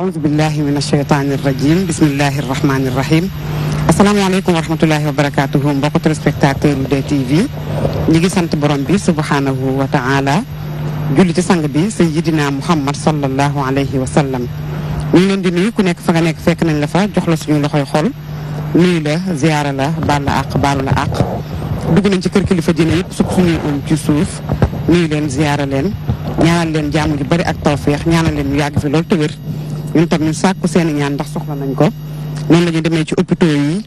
aoudu billahi min asheytaani irrajim bismillahi irrahmani irrahim asalaamaaleykum wa rahmatullahi wa barakatuhu mbokku téléspectateur u DTV ñi ngi sant borom bi subhanahu wa taala julli ci sang bi sayidina muhammad sallallahu alayhi wa sallam ñu ngi leen di nuyu ku nekk fa nga nekk fekk nañ la fa jox la suñu loxoy xol nuyu la ziyaara la baal la àq baalu la àq dugg nañ ci kër kilifa diine yëpp sukk suñuy um ci suuf nuyu leen ziyaara leen ñaanal leen jàmm ju bari ak tawféex ñaanal leen ñu yàgg fi loolu te wér ñun tamit sàkku seen ñaan ndax soxla nañ ko noonu la ñu demee ci hôpitaux yi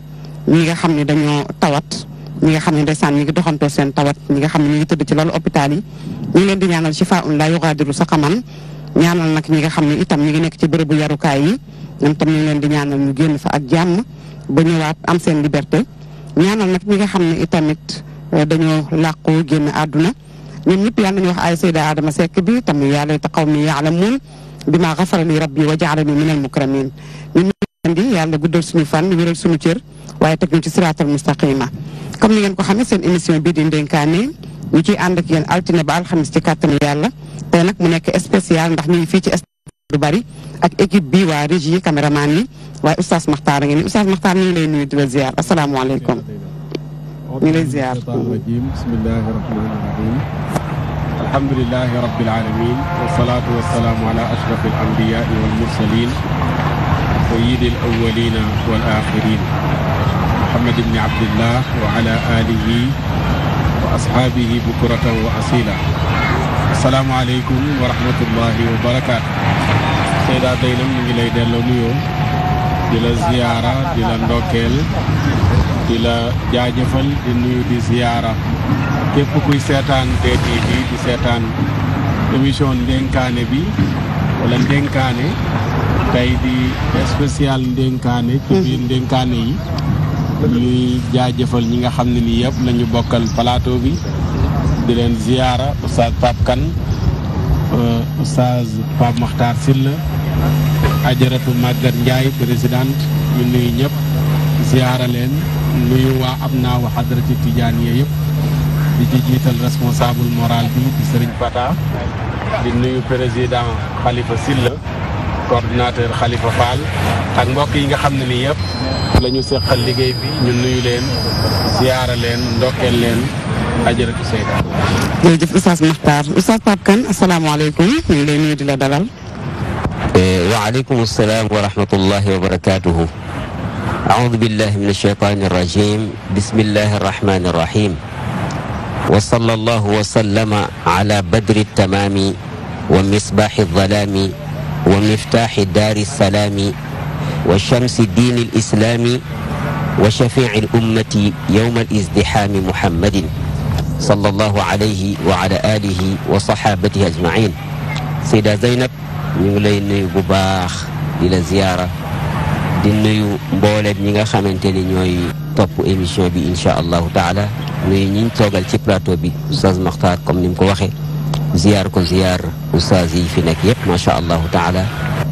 ñi nga xam ne dañoo tawat ñi nga xam ne ndeysaan ñi ngi doxantoo seen tawat ñi xam ne ñu ngi tëdd ci loolu hôpital yi ñu ngi leen di ñaanal shifaa'un laa yughaadiru saqaman ñaanal nag ñi nga xam ne itam ñi ngi nekk ci bërëbu yarukaay yi tam ñu ngi leen di ñaanal ñu génn fa ak jàmm ba ñëwaat am seen liberté ñaanal nag ñi nga xam ne itamit eh, dañoo làqoo génn àdduna ñoom ñëpp yàlla ñu wax ay Seyda Adama Seck bi tam yaa layta qawmi ya'lamuun bi maa xafara li rabbi wa jaalani minal mukramin ñun ñu di yàlla guddal suñu fan wéral suñu cër waaye teg ñu ci siraatal mustaqima comme ni ngeen ko xamee seen émission bii di ndénkaane ñu ciy ànd ak yéen altine ba alxamis ci kàttanu yàlla tey nag mu nekk spécial ndax ñu ngi fii ci du bari ak équipe bi waa régie caméraman yi waaye oustaz Maxtaar a ngi ni oustaz Maxtaar ñu ngi lay nuyu di la ziar asalaamaaleykum ñu ngi lay ziar alhamdulilahi rabbil alamin wasalaatu wasalaamu ala ashraf al anbiyaai wal mursalin sayyidi al awalina wal axirin muhammad ibni abdillah wa ala alihi wa ashaabihi bukratan wa asila asalaamu aleykum wa rahmatullahi wa barakaatu Seyda Dieynaba ñu ngi lay delloo nuyoo di la ziyaara di la ndokkeel di la jaajëfal di nuyu di ziyaara képp kuy seetaan DTV di seetaan émission ndénkaane bi wala ndénkaane tey di spécial ndénkaane ci biir yi ñuy jaajëfal ñi nga xam ne nii yëpp lañu bokkal plateau bi di leen ziyaara oustaz Pape Kane euh, oustaz Pape Makhtar ajaratu Maguette Ndiaye présidente ñu nuyu ñëpp ziyaara leen nuyu waa am naa wa xadrati tijaaniya yëpp di ci jiital responsable moral bi di Serigne di nuyu président Khalifa Silla coordinateur Khalifa Fall ak mbokk yi nga xam ne nii yëpp la ñu seqal liggéey bi ñu nuyu leen ziyaara leen ndokkeel leen ajaratu Seyda. jërëjëf Oustaz Makhtar Oustaz Pape Kane asalaamaaleykum ñu ngi lay nuyu di la dalal. Eh, waaleykum salaam wa rahmatullahi wa barakaatuhu. أعوذ بالله من الشيطان الرجيم بسم الله الرحمن الرحيم وصلى الله وسلم على بدر التمام ومصباح الظلام ومفتاح دار السلام وشمس دين الإسلام وشفيع الأمة يوم الازدحام محمد صلى الله عليه وعلى آله وصحابته أجمعين سيدة زينب ñu ngi lay nuyu bu baax di la ziyaara di nuyu mbooleem ñi nga xamante ni ñooy top émission bi incha allahu taala nuyu ñiñ toogal ci plateau bi oustaz Maxtaar comme ni mu ko waxee ziyaar ko ziyaar oustaz yi fi nekk yépp macha allahu taala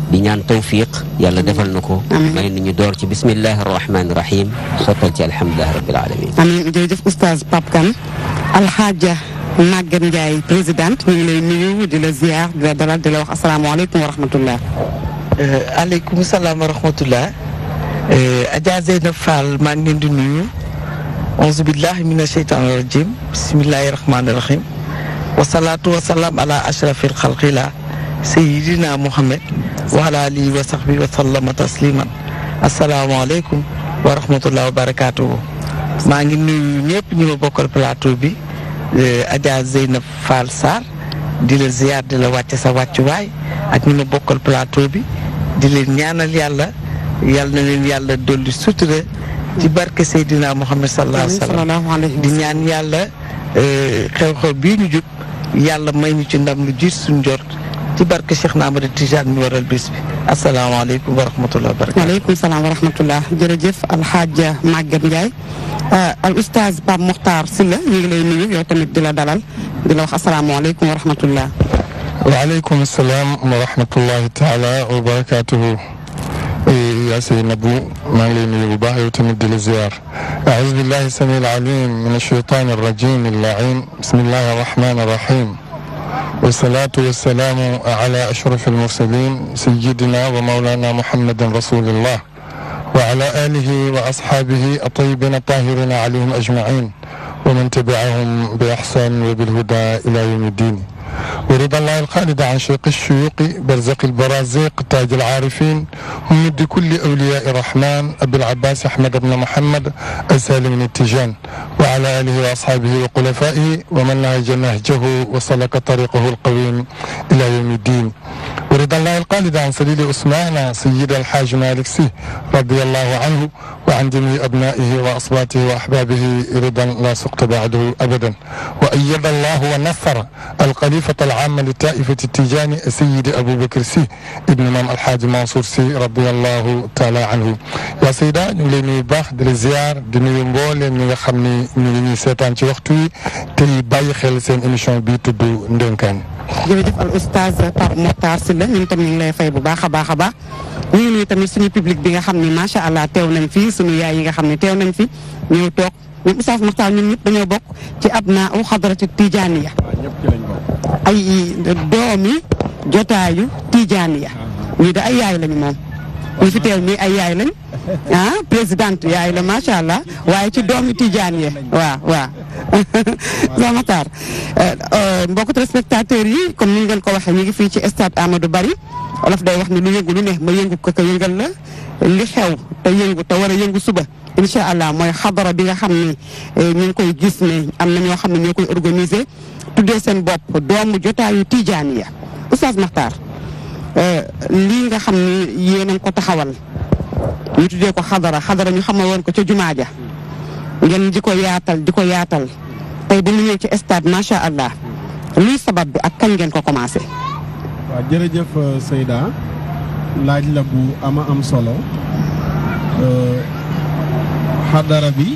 di ñaan tawfiq yàlla defal na ko may nu ñu door ci bismillahi arrahmani rahim sottal ci alhamdulilahi rabbil alamin amiin jërëjëf oustaz Pape Kane alxaaja Maguette Ndiaye présidente ñu ngi lay nuyu di la ziyaar di la dalal di la wax asalaamaaleykum Euh, aleykum salaam wa rahmatullah euh, Zeynab Fall maa ngi leen di nuyu auzu billahi mina sheytaani rajim bismillahi rahmaani rahim wasalaatu wasalaam ala ashrafil xalqila sayidina Muhammad wa ala alihi wa sahbi wa sallama tasliman maa ngi nuyu ñëpp ñu ma bokkal plateau bi euh, Adja Zeynab Fall Sarr di la ziar di la wàcce sa wàccuwaay ak ñu ma bokkal plateau bi di leen ñaanal yàlla yàlla na leen yàlla dolli sutura ci barke Seydina Muhammad sallallahu alayhi wa sallam di ñaan yàlla euh, xew-xew bii ñu jub yàlla may ñu ci ndam lu jiit suñ jot ci barke Cheikh Ahmad Tijaan mi waral bis bi asalaamaaleykum wa rahmatulah barakaatu. waaleykum salaam wa rahmatulah jërëjëf Alxaaja Maguette Ndiaye. Euh, al oustaz Pape Mokhtar Sylla ñu ngi lay nuyu yow tamit di la dalal di la wax asalaamaaleykum wa rahmatulah. waaleykum salaam wa rahmatullahi taala wa barakaatuhu eh, yaa say nabu maa ngi lay nuyu bu baax yow tamit di la ziyaar aouzu billahi sami alalim min alcheytani arrajim allain bismillahi arrahmani arrahim wasalaatu wasalaamu ala ashraf almursalin sayidina wa maulana muhammadin rasulillah wa ala alihi wa ashaabihi atayibina tahirina alayhim ajmain wa man tabiahum bi ihsan wa bilhuda ila yawmi ddin ورضا الله الخالد عن شيق الشيوخ برزق البرازيق تاج العارفين ممد كل أولياء الرحمن أبي العباس أحمد بن محمد السالم التيجان وعلى آله وأصحابه وخلفائه ومن نهج نهجه وسلك طريقه القويم إلى يوم الدين ورضا الله الخالد عن سليل عثمان سيد الحاج مالك سي رضي الله عنه وعن جميع أبنائه وأصواته وأحبابه رضا لا سقط بعده أبدا وأيد الله ونصر الخليفة alcaama litaifati tijaani sayidi aboubacar si ibnu maam alxaaji mansour si radiallahu taala anhu yaa sayda ñu ngi lay nuyu baax di la ziar di nuyu mbooleem ñi nga xam ni ñu ngi ñuy seetaan ci waxtu yi tey bàyyi xel seen émission bi tudd ndénkaan jërëjëf al oustaz Pape Mokhtar Sylla ñun tam ñu ngi lay fay bu baax a baax a baax ñu ngi nuyu tamit suñu public bi nga xam ne macha allah teew nañ fi suñu yaay yi nga xam ne teew nañ fi ñëw toog ñun oustaz Mokhtar ñun ñëpp dañoo bokk ci abnaa u xadratu tijaaniya ay doomi jotaayu tiijaan ya ñii da ay yaay lañu moom ñu fi teew nii ay yaay lañ ah présidente yaay la macha allah waaye ci doomi tiijaan ya waaw waaw Soxna Matar eh, eh, mbokk téléspectateurs yi comme ni ngeen ko waxee ñu ngi fii ci stade Amadou Barry olof day wax ni lu yëngu lu ne ma yëngu ko ko yëngal la li xew te yëngu te war a yëngu suba incha allah mooy xadara bi nga xam ne eh, ñu ngi koy gis ne am na ñoo xam ne ñoo koy organise tuddee seen bopp doomu jotaayu tijaaniya Oustaz Makhtar eh, lii nga xam ne yéen a ko taxawal ñu tuddee ko xadara xadara ñu xamal woon ko ca jumaa ja ngeen di ko yaatal di ko yaatal tey bu ñu ñëw ci stade macha allah luy sabab bi ak kañ ngeen ko commencé. waaw jërëjëf Seyda laaj la bu ama am solo. Euh, xadara bi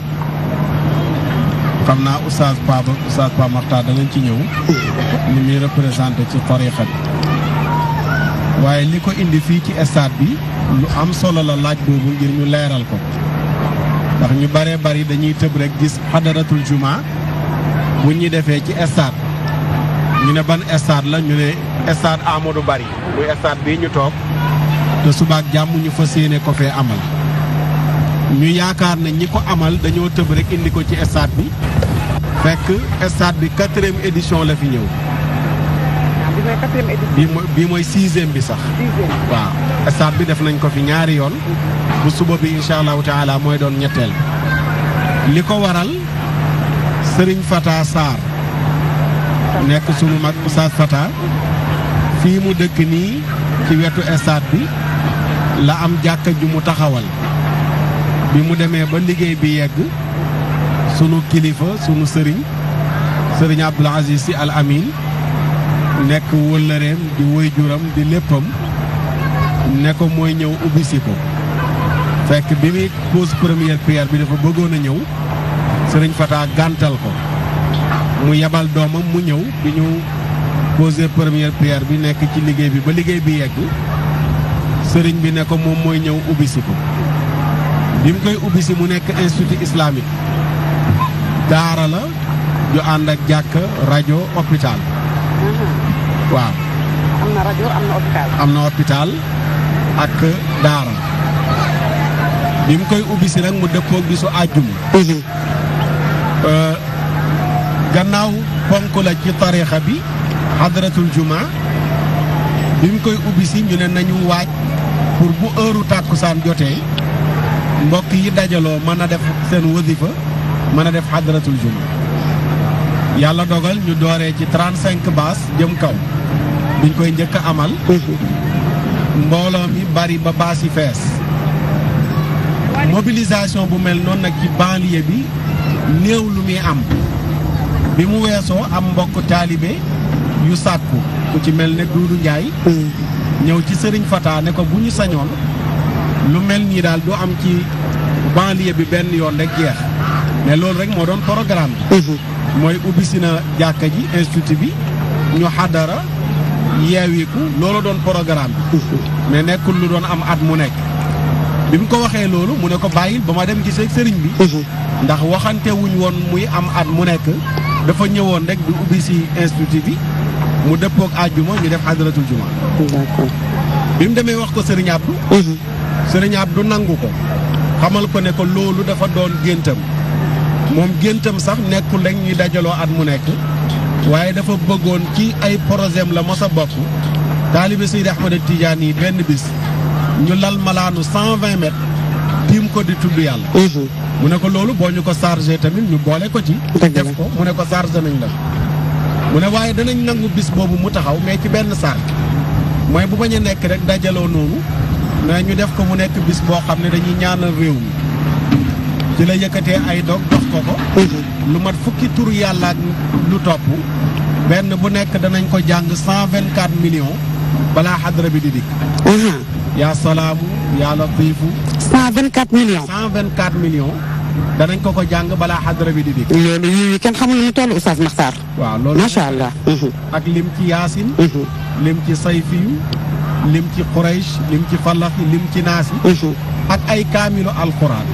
xam naa oustaz Pa oustaz Pa Maxtaar danañ ci ñëw ni muy ci tariqa bi waaye li ko indi fii ci stade bi lu am solo la laaj boobu ngir ñu leeral ko ndax ñu bëree bari dañuy tëb rekk gis xadaratul juma bu ñu defee ci stade ñu ne ban stade la ñu ne stade Amadou bari muy stade bii ñu toog te subaak jàmm ñu fas yéene ko fee amal ñu yaakaar na ñi ko amal dañoo tëb rek indi ko ci stade bi fekk stade bi quatrième édition la fi ñëw. bi mooy bi mooy sixième bi sax. waaw stade bi def nañ ko fi ñaari yoon. bu suba bi incha allahu taala mooy doon ñetteel. li ko waral Serigne Fata Sarr nekk sunu mag Oustaz Fata fii mu dëkk nii ci wetu stade bi la am jàkka ju mu taxawal. bi mu demee ba liggéey bi yegg sunu kilifa sunu sëriñ sëriñ Abdoul Aziz Sy Al Amin nekk wëllëreem di woyjuram di léppam ne ko mooy ñëw ubbi ko fekk bi muy pose première pierre bi dafa bëggoon a ñëw sëriñ Fata gàntal ko mu yebal doomam mu ñëw bi ñu pose première pierre bi nekk ci liggéey bi ba liggéey bi yegg sëriñ bi ne ko moom mooy ñëw ubbisi ko bi mu koy ubbi mu nekk institut islamique daara la yu ànd ak jàkk rajo hôpital mhm. waaw am na rajo am na hôpital am na hôpital ak daara bi mu koy ubbi si nag mu dëppoog bisu àjjuma mhm. euh, gannaaw ponk la ci tarixa bi xadratul juma bi mu koy ubbi si ñu ne nañu waaj pour bu heure tàkkusaan jotee mbokk yi dajaloo mën a def seen wasifa mën a def xadratul juma yàlla dogal ñu dooree ci 35 baas jëm kaw duñ koy njëkk a amal mbooloo mi bari ba baas yi fees mobilisation bu mel noonu nag ci banlieue bi néew lu muy am bi mu weesoo am mbokk taalibe yu sàkku ku ci mel ne Duudu Njaay mm. ñëw ci sëriñ Fata ne ko bu ñu sañoon lu mel nii daal du am ci banlieue bi benn yoon rek jeex mais loolu rek moo doon programme bi mhm. mooy ubbi si na jàkka ji institut bi ñu xadara yeewiku loolu doon programme bi mhm. mais nekkul lu doon am at mu nekk bi mu ko waxee loolu mu ne ko bàyyil ba ma dem gisee sëriñ bi mhm. ndax waxante woon muy am at mu nekk dafa ñëwoon rek du ubbi si institut bi mu dëppook àjjuma ñu def xadaratul juma bi mu demee wax ko sëriñ Abdou sëriñ Abdou nangu ko xamal ko ne ko loolu dafa doon géntam moom géntam sax nekkul rek ñuy dajaloo at mu nekk waaye dafa bëggoon ci ay projet la mos a bokk taalibe Seydi Ahmada Tidiane yi benn bis ñu lal malaanu cent vingt mètres tiim ko di tudd yàlla mhm. mu ne ko loolu boo ñu ko chargé tamit ñu boole ko ci def ko mu ne ko chargé nañ la mu ne waaye danañ nangu bis boobu mu taxaw mais ci benn sart mooy bu bañ nekk rek dajaloo noonu mais ñu def ko mu nekk bis boo xam ne dañuy ñaanal réew mi ci la yëkkatee ay dog dox ko ko mhm. lu mat fukki tur yàlla ak lu topp benn bu nekk danañ ko jàng cent vingt quatre millions balaa xadra bi di dikk mhm. yaa salaamu yaa latiifu cent vingt quatre millions cent vingt quatre millions danañ ko ko jàng balaa xadra bi di dikk loolu yooyu kenn xamul nu toll Oustaz Makhtar waaw loolu macha allah ak lim ci yaasin mhm. lim ci sayfiyu lim ci Quraysh lim ci Fallaxi lim ci Naas yi. ak ay kaamilu alquran.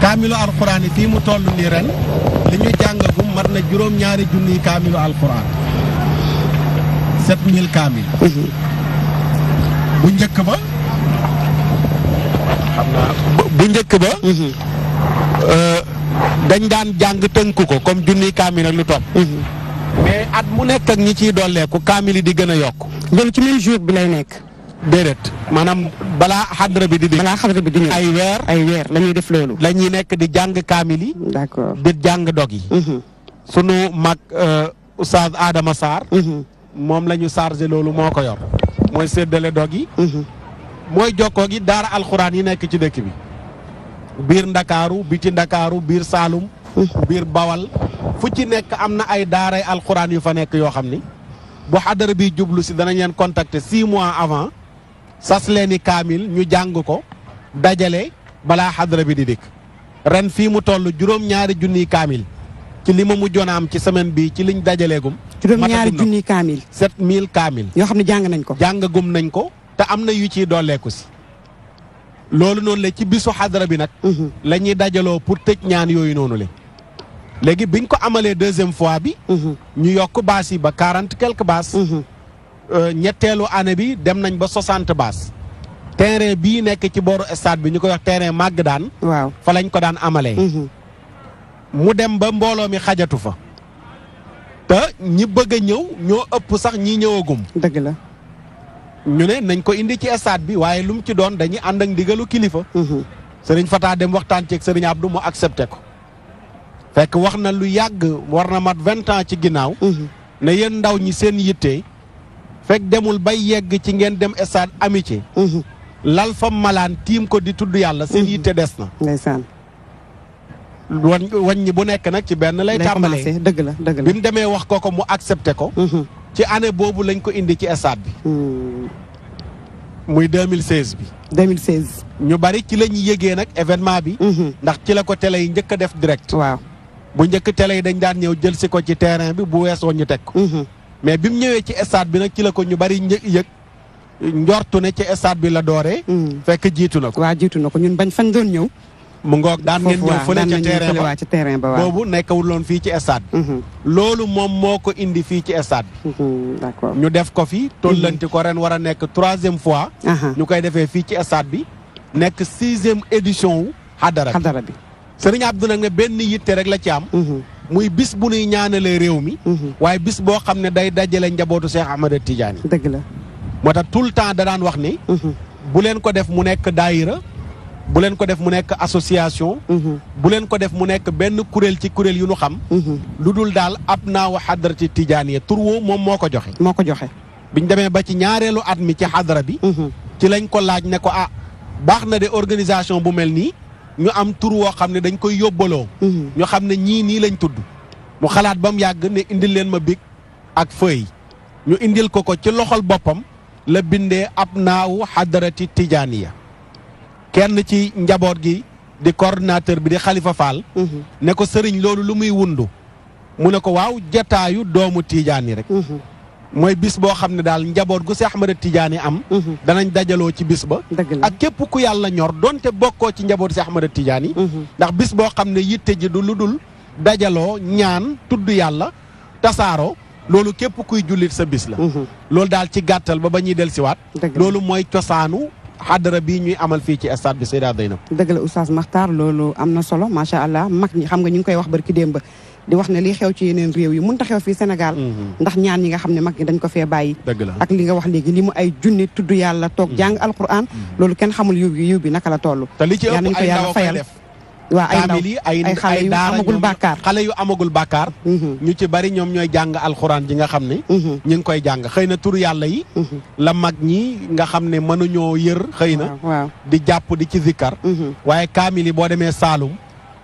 kaamilu alquran yi fii mu toll nii ren li ñu jàngagum mat na juróom-ñaari junniy kaamilu alquran. 7000 kaamil. bu njëkk ba. xam naa bu njëkk ba. Euh, dañ daan jàng tënk ko comme junniy kaamil ak lu topp. mais at mu nekk ak ñi ciy dolleeku kaamil yi di gën a yokk. loolu ci même jour bi lay nekk. déedéet maanaam balaa xadra bi di dégg. balaa xadra bi di ñëw ay weer. ay la ñuy def loolu. la ñuy nekk di jàng kaamili yi. d'accord di jàng dog yi. Mhm. sunu mag euh, Oustaz Adama Sarr. Mhm. moom lañu ñu chargé loolu moo ko yor. mooy séddale dog yi. Mhm. mooy jokkoo gi daara alxuraan yi nekk ci dëkk bi. biir ndakaaru bi ci ndakaaru biir Saalum. biir Bawal fu ci nekk am na ay daaray alxuraan yu fa nekk yoo xam ni. bu xadara bi jublu si danañ leen contacter six mois avant sas leeni kaamil ñu jàng ko dajale balaa xadara bi di dikk ren fii mu toll juróom-ñaari junniy kaamil ci li ma mujjoon am ci semaine bi ci liñ dajaleegum. juróom-ñaari junniy kaamil. 7000 kaamil. yoo xam ne jàng nañ ko. jàngagum nañ ko te am na yu ciy dooleeku si. loolu noonu la ci bisu xadara bi nag. Mhm. la ñuy dajaloo pour tëj ñaan yooyu noonu le léegi bi biñ ko amalee deuxième fois bi. Mhm. ñu yokk baas yi ba quarante quelques baas. Mhm. Euh, ñetteelu année bi dem nañ ba soixante baas. terrain bii nekk ci booru stade bi ñu koy wax terrain màgg daan. fa lañ ko daan amalee. Mhm. mu dem ba mbooloo mi xajatu fa. te ñi bëgg a ñëw ñoo ëpp sax ñi ñëwagum. dëgg la. ñu ne nañ ko indi ci stade bi waaye lu mu ci doon dañuy ànd ak ndigalu kilifa. sëriñ Fataa dem waxtaan ceeg sëriñ Abdou mu accepté ko. fekk wax na lu yàgg war na mat vingt ans ci ginnaaw. Mhm. ne yéen ndaw ñi seen yitte. fekk demul ba yegg ci ngeen dem stade amitié. Mhm. lal fa malaan tiim ko di tudd yàlla. seen mhm. yitte des na. ndeysaan. wañ bu nekk nag ci benn lay. tàmbalee dëgg dëgg la bi mu demee wax ko ko mu accepté ko. ci année boobu lañ ko indi ci stade bi. muy 2016 bi. 2016. ñu bari ci la ñu yëgee nag événement bi. ndax ci la ko télé yi njëkk a def direct. bu njëkk télé yi dañ daan ñëw jël si ko ci terrain bi bu weesoo ñu teg ko mhm. mais bi mu ñëwee ci stade bi nag ci la ko ñu bari yëg njortu ne ci stade bi la doore mhm. fekk jiitu na ko waaw jiitu na ko ñun bañ fañ ñëw mu ngoog daan ngeen ñëw fële ca terrain ba boobu nekkawul woon fii ci stade mhm. loolu moom moo ko indi fii ci stade bi ñu def ko fi tollanti ko ren war a nekk troisième fois ñu koy defee fii ci stade bi nekk sixième édition wu xadara bi sëriñ Abdou nag ne benn yitte rek la ci am. Mhm. muy bis bu nuy ñaanalee réew mi. Mhm. waaye bis boo xam ne day dajale njabootu Cheikh Ahmada Tidiane. dëgg la moo tax tout le temps da daan wax ni. Mhm. bu leen ko def mu nekk daayira. bu leen ko def mu nekk association. bu leen ko def mu nekk benn kuréel ci kuréel yu nu xam. lu dul daal ab naaw xadarati tijaaniya tur woo moom moo ko joxe. moo ko joxe biñ demee ba ci ñaareelu at mi ci xadara bi. ci lañ ko laaj ne ko ah baax na de organisation bu mel nii. ñu am tur woo xam ne dañ koy yóbbaloo. Mhm. ñu xam ne ñii nii lañ tudd. mu xalaat ba mu yàgg ne indil leen ma big ak feuille ñu indil ko ko ci loxol boppam la bindee ab naawu xadarati ya kenn ci njaboot gi di coordinateur bi di Khalifa Fall. Mhm. ne ko sëriñ loolu lu muy wundu mu ne ko waaw jataayu doomu tijaan yi rek. Mhm. mooy bis boo xam ne daal njaboot gu Seex Ahmada Tijaani am mhm. danañ dajaloo ci bis ba ak képp ku yàlla ñor donte bokkoo ci njaboot Seex Ahmada Tijaani mhm. ndax bis boo xam ne yitte ji du lu dul dajaloo ñaan tudd yàlla tasaaroo loolu képp kuy jullit sa bis la mhm. loolu daal ci gàttal ba ba ñuy dellusiwaat loolu mooy cosaanu xadara bii ñuy amal fii ci stade bi Seyda Zeynab dëgg la Oustaz Makhtar loolu am na solo macha allah mag ñi xam nga ñu ngi koy wax barki démb di wax ne lii xew ci yeneen réew yi mënut ta xew fii senegal mhm. ndax ñaan yi nga xam ne mag ñi dañ ko fee bàyyi ak li nga wax léegi li mu ay junni tudd yàlla toog mhm. jàng alquran mhm. loolu kenn xamul yiw bi naka la toll yal nañ ko yàlla fayal waaw ay ndaw ay xale yu amagul xale yu amagul bàkkaar ñu ci bari ñoom ñooy jàng alxuraan ji nga xam ne ñu ngi koy jàng xëy na tur yàlla yi la mag ñi nga xam ne mënuñoo yër xëy na di jàpp di ci zikkar waaye kaamil yi boo demee Saalum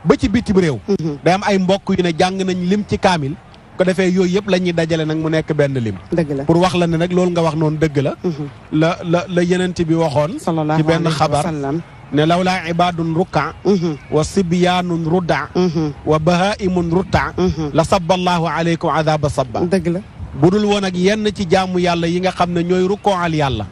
ba ci bitim réew. Mhm. day am ay mbokk yu ne jàng nañ lim ci kaamil. ko defee yooyu yëpp la dajale nag mu nekk benn lim. dëgg la pour wax la ne nag loolu nga wax noon dëgg la. Mhm. la la la yenent bi waxoon. ci benn xabar ne lawlaa ibaadun rukka mhm. wa sibyaanun rudda wa bahaimun rutta la saballaahu aleykum adaaba sabba dëgg la budul woon ak yenn ci jaamu yàlla yi nga xam ne ñooy rukkoonal yàlla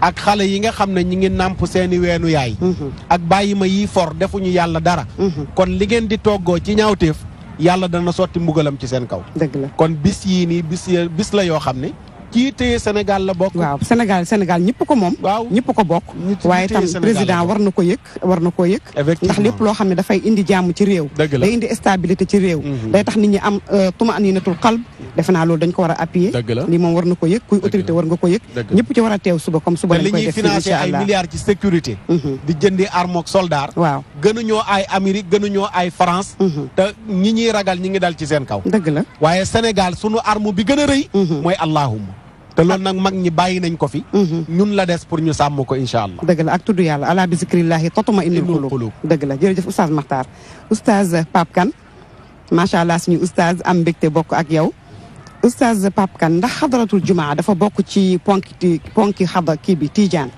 ak xale yi nga xam ne ñi ngi nàmp seeni weenu yaay mhm. ak bàyyi ma yiy for defuñu yàlla dara mhm. kon li ngeen di toggoo ci ñaawteef yàlla dana sotti mbugalam ci seen kaw dëgg la kon bis yii nii bis la yoo xam ne kii te Sénégal la bokk. waaw Sénégal Sénégal ñëpp ko moom. waaw ñëpp ko bokk. waaye itam président war na ko yëg war na koo yëg. ndax lépp loo xam ne dafay indi jàmm ci réew. day indi stabilité ci réew. Mhm. day tax nit ñi am euh, tumaaninatul qalb. defe naa loolu dañ ko war a appuyer. lii moom war na ko yëg kuy autorité war nga ko yëg. ñëpp ci war a teew suba comme suba lañ koy def te li ñuy financé ay milliards ci sécurité. Mhm. di jëndi arme ak soldat. waaw gënuñoo ay Amérique gënuñoo ay France. Mhm. te ñi ñuy ragal ñi ngi dal ci seen kaw. dëgg la waaye Sénégal sunu arme bi gën rëy. mooy allahuma te loolu nag mag ñi bàyyi nañ ko fi mhm. ñun la des pour ñu sàmm ko incha allah dëgg la ak tudd yàlla ala bi zikrillahi tatma innil qulub dëgg la jërëjëf oustaz Makhtar oustaz Pape Kane macha allah suñu oustaz am mbégte bokk ak yow oustaz Pape ndax xadaratul jumaa dafa bokk ci ponki ponki xada kii bi tijaan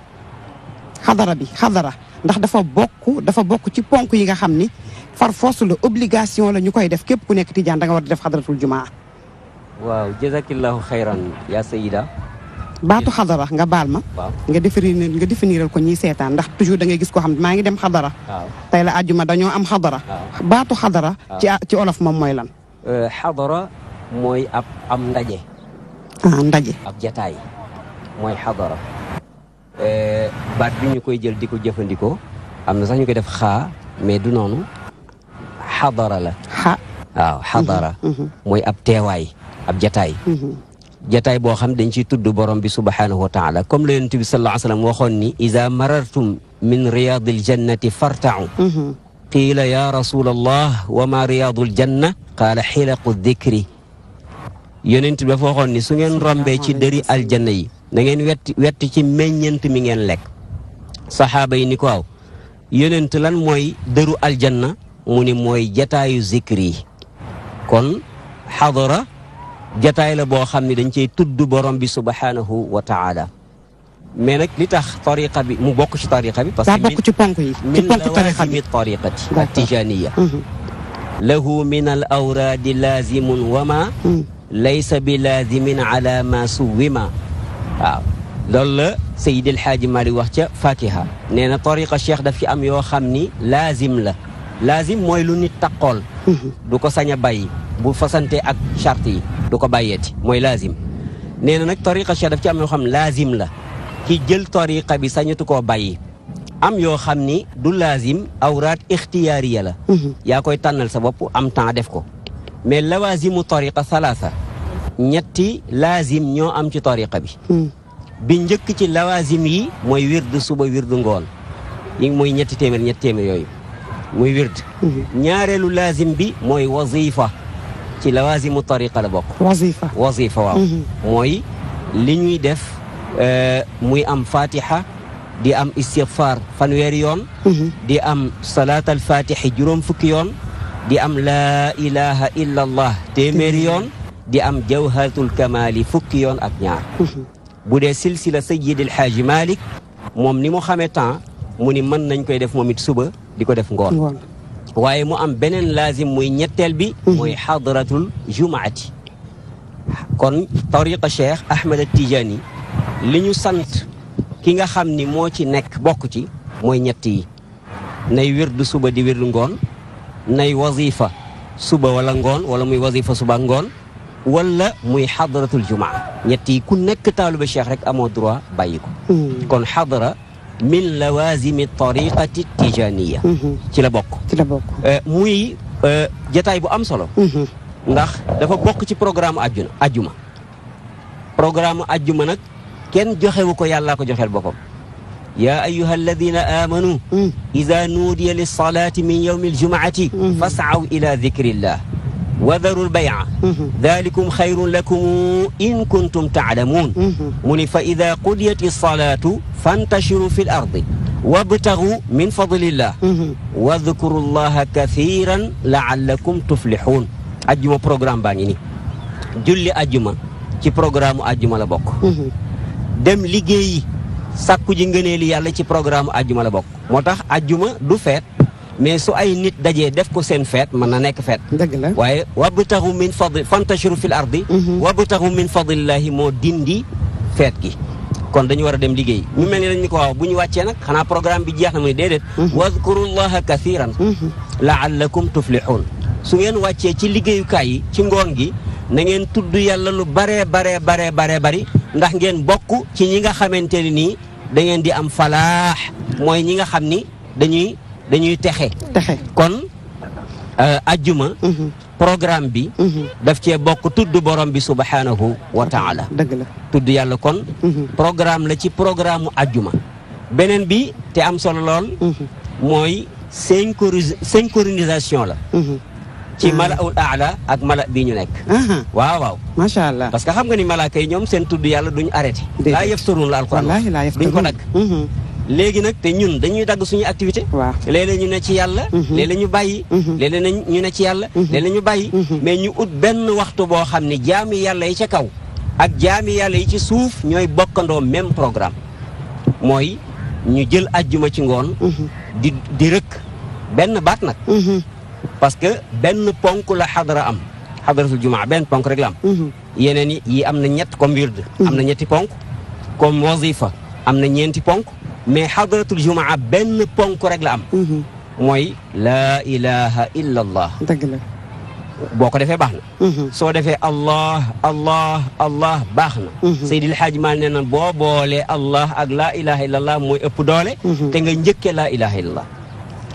xadara bi xadara ndax dafa bokk dafa bokk ci ponk yi nga xam ni far force la obligation la ñu koy def képp ku nekk tijaan da nga war di def xadaratul jumaa waaw jazakillahu xayran yaa sayida baatu xadara nga baal ma nga définir nga définiral ko ñiy seetaan ndax toujours da ngay gis koo xam ne maa ngi dem xadara tey la àjjuma dañoo am xadara baatu xadara ci olof moom mooy lan euh, xadara mooy am ndaje ah, ndaje ab jataay mooy xadara euh, baat bi ñu koy jël di ko jëfandikoo am na sax ñu koy def xaa mais du noonu xadara la waaw xadara mm-hmm. Mm-hmm. mooy ab teewaay ab jataay mhm. jataay boo xam dañ ciy tudd borom bi subhaanahu wa taala comme la yonent bi sallallahu i wa sallam waxoon ni iza marartum min riyaadil jannati fartau mhm. qiila ya rasulallah wa ma riyaadul janna qaala xilaqu dikri yonent bi ni su ngeen rombee ci dëri aljanna yi na ngeen wett ci meññent mi ngeen lekk saxaaba yi ni ko waaw yonent lan mooy deru aljanna mu ni mooy jataayu zikri yi kon xadara jataay la boo xam ne dañ cey tudd borom bi subhanahu wa taala mais nag li tax tariqa mu bokk ci tariqa bi parce que daa bokk yi min lawaazimi tariqati atijaniya mhm. lahu min al awraadi laazimun wa ma mhm. laysa bi laazimin ala ma suwima waaw loolu la Seydil Xaaji Mari wax ca Fatiha nee na tariqa cheikh daf ci am yoo xam ni laazim la laazim mooy lu nit taqool mhm. du ko saña bay bàyyi bu fasante ak charte yi du ko bàyyeeti mooy laazim nee na nag tariqa cheikh daf ci am yoo xam laazim la ki jël tariqa bi sañatu koo bàyyi am yoo xam ni du laazim awraat ixtiyaariya la mhm. yaa koy tànnal sa bopp am temps def ko mais lawaazimu tariqa salaasa ñetti laazim ñoo am ci tariqa bi mhm. bi njëkk ci lawaasim yi mooy wirdu suba wirdu ngoon yi mooy ñetti téeméer ñetti téeméer yooyu muy wird mhm. ñaareelu laazim bi mooy wazifa ci lawaazimu tariqa la bokk. wazifa wazifa waaw. Mhm. mooy li ñuy def euh, muy am fatiha di am istighfar fanweeri yoon. Mhm. di am salaatal fatixi juróom fukki yoon. di am laa ilaha illa allah téeméeri yoon. di am jawharatul kamaali fukki yoon ak ñaar. Mhm. bu dee silsila sayyidil xaaji Malik moom ni mu xamee temps mu ni mën nañ koy def moom it suba di ko def ngoon. waaye mu am beneen laazim muy ñetteel bi mhm. mooy xadratul jumaati kon tariqa cheikh ahmed tijaani li ñu sant ki nga xam ni moo ci nekk bokk ci mooy ñett yi nay wirdu suba di wirdu ngoon nay wazifa suba wala ngoon wala muy wazifa suba ngoon walla muy xadratul jumaa ñett yi ku nekk taalu ba cheikh rek amoo droit bàyyi mhm. kon xadra min lawazimi tariqati tijaniya mhm. ci la bokk ci la bokk euh, muy euh, jataay bu am solo mhm. ndax dafa bokk ci programme ajjuna ajjuma programme ajjuma nag kenn joxewu ko yàllaa ko joxeel boppam yaa ayyuha alladina amanu mm. ida nuudiya lisalaati min yawmi aljumaati mm-hmm. fasaaw ila dikrillah wa darul bay'a mm-hmm. dalikum xayrun lakum in kuntum taalamuun mm-hmm. mu ni fa ida qudiyat alsalaatu fantashiru fi l ardi wabtagu min fadlillah mm-hmm. wadkuru llaha kathiran laallakum tuflixuun ajjuma programme baa ngi ni julli ajjuma ci programme ajjuma la bokk dem liggéeyi sàkku ji ngëneeli yàlla ci programme ajjuma la bokk moo tax ajjuma du feet mais su ay nit dajee def ko seen feet mën na nekk feet dëgg la waaye wabtaxu min fadli fantashiru fil ardi mhm. wabtaxu min fadlillahi moo dindi feet gi kon dañu war a dem liggéey mu mel ni dañ ni ko waaw bu ñu wàccee nag xanaa programme bi jeex na mu ne déedéet mhm. wadkurullaha kathiran mhm. laallakum tuflihun su ngeen wàccee ci liggéeyukaay yi ci ngoon gi na ngeen tudd yàlla lu baree bare bare baree bari ndax ngeen bokk ci ñi nga xamante ni dangeen di am falaax mooy ñi nga xam ni dañuy dañuy texe. texe kon euh, ajjuma. Mhm. programme bi. Mhm. daf cee bokk tudd borom bi subhaanahu wa taala. dëgg la tudd yàlla kon. Mhm. programme la ci programme mu ajjuma. beneen bi te am solo lool. mooy synchronisation la. ci ah. mala'ul aala ak mala bi ñu nekk waaw waaw macha allah parce que xam nga ni malaaka yi ñoom seen tudd yàlla duñu arrêté laa yëf sorun la alquran duñ ko nag léegi nag te ñun dañuy dagg suñu activité waaw léeg ñu ne ci yàlla léeg-léeg ñu bàyyi léeg-léeg ñu ne ci yàlla mhm. léeg-léeg ñu bàyyi mhm. mhm. mais ñu ut benn waxtu boo xam ne jaam yàlla yi ca kaw ak jaami yàlla yi ci suuf ñooy bokkandoo même programme mooy ñu jël ajjuma ci ngoon di di rëkk benn baat nag parce que benn ponk la xadara am xadaratul jumaa benn ponk rek la am yeneen yi am na ñett comme wird am na ñetti ponk comme wazifa am na ñeenti ponk mais xadratul jumaa benn ponk rek la am mhm. mooy laa ilaha illa allah dëgg la boo ko defee baax na mhm. soo defee allah allah allah baax na mhm. Seydil Xaaj Maal nee na boo boolee allah ak laa ilaha illa allah mooy ëpp doole te nga njëkkee laa ilaha illa allah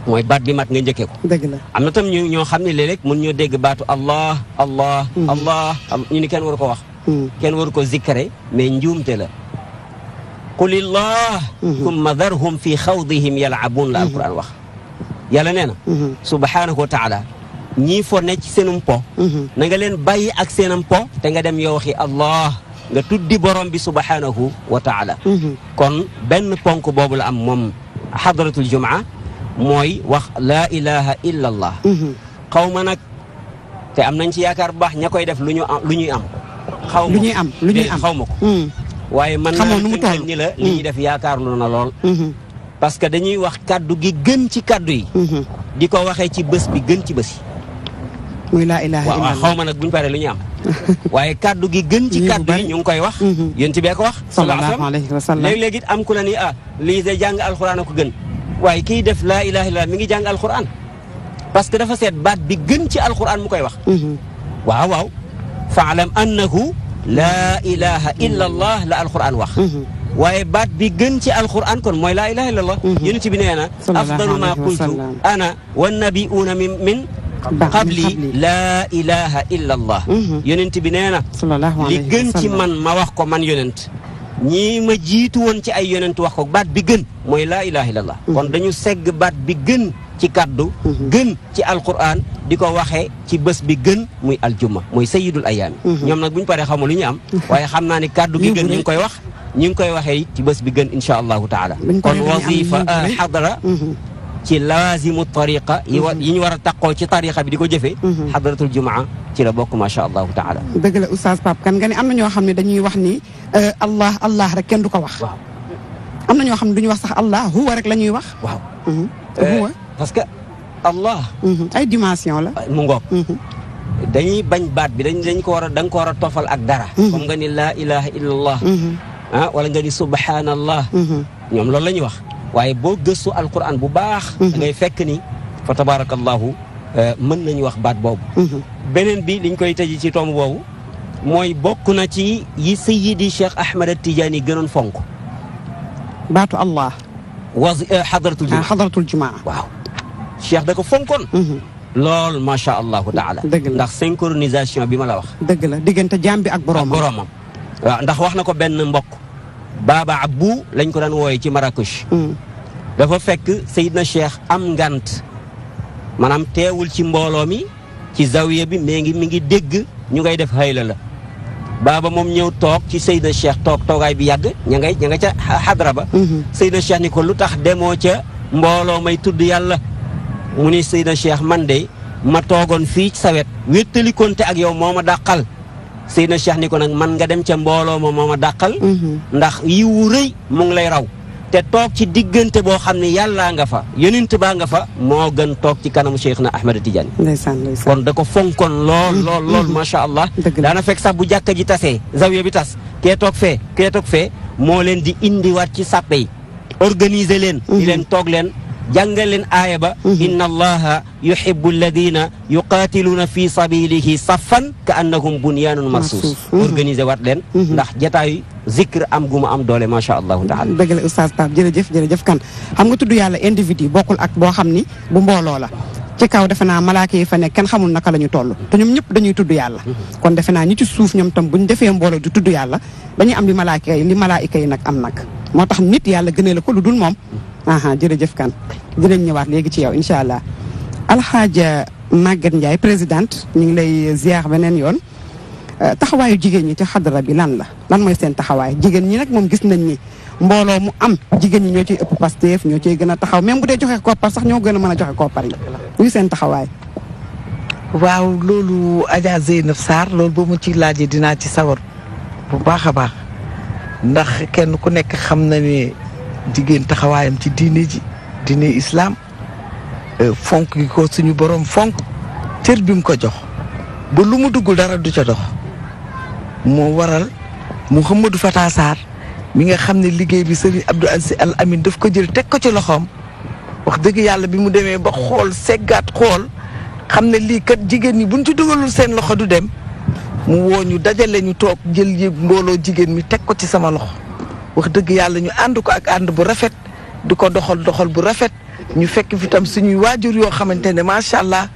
mooy baat bi mat nga njëkkee ko dëgg la am na tam ñu ñoo xam ne léeg-léeg mën ñoo dégg baatu allah allah allah ñu ni kenn waru ko wax kenn waru ko zikkare mais njuumte la qulillah mhm. thumma dharhum fi xawdihim yalabuun la mhm. alquran wax yàlla nee na mhm. subhaanahu wa taala ñii fo ne ci seenum po na nga leen bàyyi ak seenam po te nga dem yow waxi allah nga tuddi borom bi subhaanahu wa taala kon benn ponk boobu la am moom xadratul jumaa mooy wax laa ilaha illa allah xaw ma nag te am nañ ci yaakaar bu baax ña koy def lu ñu am lu ñuy am xaw ma lu ñuy am xaw ma ko waaye man naa la nii mm. la li ñuy def yaakaarlu na lool mm-hmm. parce que dañuy wax kàddu gi gën ci kàddu yi mm-hmm. di ko waxee ci bés bi gën ci bés yi muy laa ilaaha illallah ma nag buñu paree lu ñu am waaye kàddu gi gën ci kàddu yi ñu ngi koy wax yéen ci bee ko wax sallallahu alayhi wa sallam léeg-léeg it am ku la nii ah lii de jàng alxuraan a ko gën waaye kiy def laa ilaaha illallah mi ngi jàng alxuraan parce que dafa seet baat bi gën ci alxuraan mu koy wax mm-hmm. waaw waaw faalam annahu laa ilaha illa allah la alquran wax mhm. waaye baat bi gën ci alquran kon mooy laa ilaha illa allah mhm. yonent bi nee na afdalu ma qultu ana wa nabiuuna min min qabli laa ilaha illa allah mhm. yonent bi nee na li gën ci man ma wax ko man yonent ñii ma jiitu woon ci ay yonent wax ko baat bi gën mooy laa ilaha illa allah kon dañu segg baat bi gën ci kaddu mhm. gën ci alquran di ko waxee ci bés bi gën muy aljuma muy sayidul ayaami mhm. ñoom nag bu ñu paree xamul lu ñu am waaye xam naa ni kaddu gi gën ñu koy wax ñu ngi koy waxee ci bés bi gën insha allahu taala kon wazifa xadra mhm. ci laazimu tariqa yi ñu war a taqoo ci tariqa bi di ko jëfee xadratul jumaa ci la bokk macha allahu taala dëgg la oustaz Pape Kane nga ne am na ñoo xam ne dañuy wax ni euh, allah allah rek kenn du ko wax am na ñoo xam ne duñu wax sax allah huwa rek la ñuy wax waaw euh, parce que allah mhm. ay dimension la mu ngoog mhm. dañuy bañ baat bi dañ dañ ko war a da nga war a tofal ak dara mhm. comme nga ni laa ilaha illallah ah wala nga ni subhanallah ñoom loolu la ñuy wax waaye boo gëstu alquran bu baax da ngay fekk ni fa tabarakallahu eh, mën nañu wax baat boobu beneen bi liñ koy tëji ci tomb boobu mooy bokk na ci yi sayidi cheikh ahmad tijaani gënoon fonk baatu allah wa xadratul eh, ah, jumaa waaw cheikh da ko fonkoon mhm. lool macha allahu taala ndax synchronisation bi ma la wax dëgg la diggante jaam bi ak boroomam waaw ndax wax na ko benn mbokk baaba abbu lañ ko daan wooye ci Marrakech mhm. dafa fekk na Cheikh am ngant maanaam teewul ci mbooloo mi ci zawiya bi mee ngi mi ngi dégg ñu ngay def xayla la baaba moom ñëw toog ci Seydina Cheikh toog toogaay bi yàgg ña nga ca xadra ba mhm. Seydina Cheikh ni ko lu tax demoo ca mbooloo may tudd yàlla mu ni Seydina Cheikh man de ma toogoon fii sawet sa ak yow moo ma dàqal Seydina Cheikh ni ko nag man nga dem ca mbooloo ma moo ma dàqal mhm. ndax yiwu rëy mu ngi lay raw te toog ci diggante boo xam ne yàllaa nga fa yonent baa nga fa moo gën toog ci kanamu Cheikh na Ahmed Tidiane kon da ko fonkoon lool lool mhm. lool macha allah daana fekk sax bu jàkka ji tasee zawiya bi tas kee toog fee toog fee moo leen di indiwaat ci sàppe yi leen di mhm. leen toog leen jàngal leen aaya ba mhm. inna allaha yuhibbu alladina yuqaatiluuna fi sabilihi saffan ka annahum bunyaanun marsuus mhm. organisé wat leen mhm. ndax jataayu zikr am gu mu am doole macha allahu taala la oustaz Pape jërëjëf jërëjëf kan xam nga tudd yàlla individu bokkul ak boo xam ni bu mbooloo la ci kaw defe naa malaaka fa nekk xamul naka la ñu toll te ñoom ñëpp dañuy tudd yàlla kon defe naa ñi suuf ñoom tam buñ defee mbooloo di tudd yàlla dañuy am li malaaka yi li malaayika nag am nag moo tax nit yàlla gënee la ko lu dul moom aha jërëjëf kan dinañ ñëwaat léegi ci yow incha allah alxaaja Maguette Ndiaye présidente ñu ngi lay ziar beneen yoon euh, taxawaayu jigéen ñi ci xadara bi lan la lan mooy seen taxawaay jigéen ñi nag moom gis nañ ni mbooloo mu am jigéen ñi ñoo ci ëpp Pastef ñoo ciy gën a taxaw même bu dee joxe koppar sax ñoo gën a mën a joxe koppar yi muy seen taxawaay waaw loolu Adja Zeynab saar loolu ba mu ci laajee dinaa ci sawar bu baax a baax ndax kenn ku nekk xam na ni jigéen taxawaayam ci diine ji diine islaam euh, fonk gi ko suñu boroom fonk cër bi mu ko jox ba lu mu duggul dara du ca dox moo waral Mouhamadou Fata Sarr mi nga xam ne liggéey bi Serigne Abdou Ansi Al Amin daf ko jël teg ko ci loxoom wax dëgg yàlla bi mu demee ba xool seggaat xool xam ne lii kat jigéen ñi buñ ci dugalul seen loxo du dem mu woo ñu dajale ñu toog jël yëg mbooloo jigéen mi teg ko ci sama loxo wax dëgg yàlla ñu ànd ko ak ànd bu rafet du ko doxal doxal bu rafet ñu fekk fi tam suñuy waajur yoo xamante ne macha allah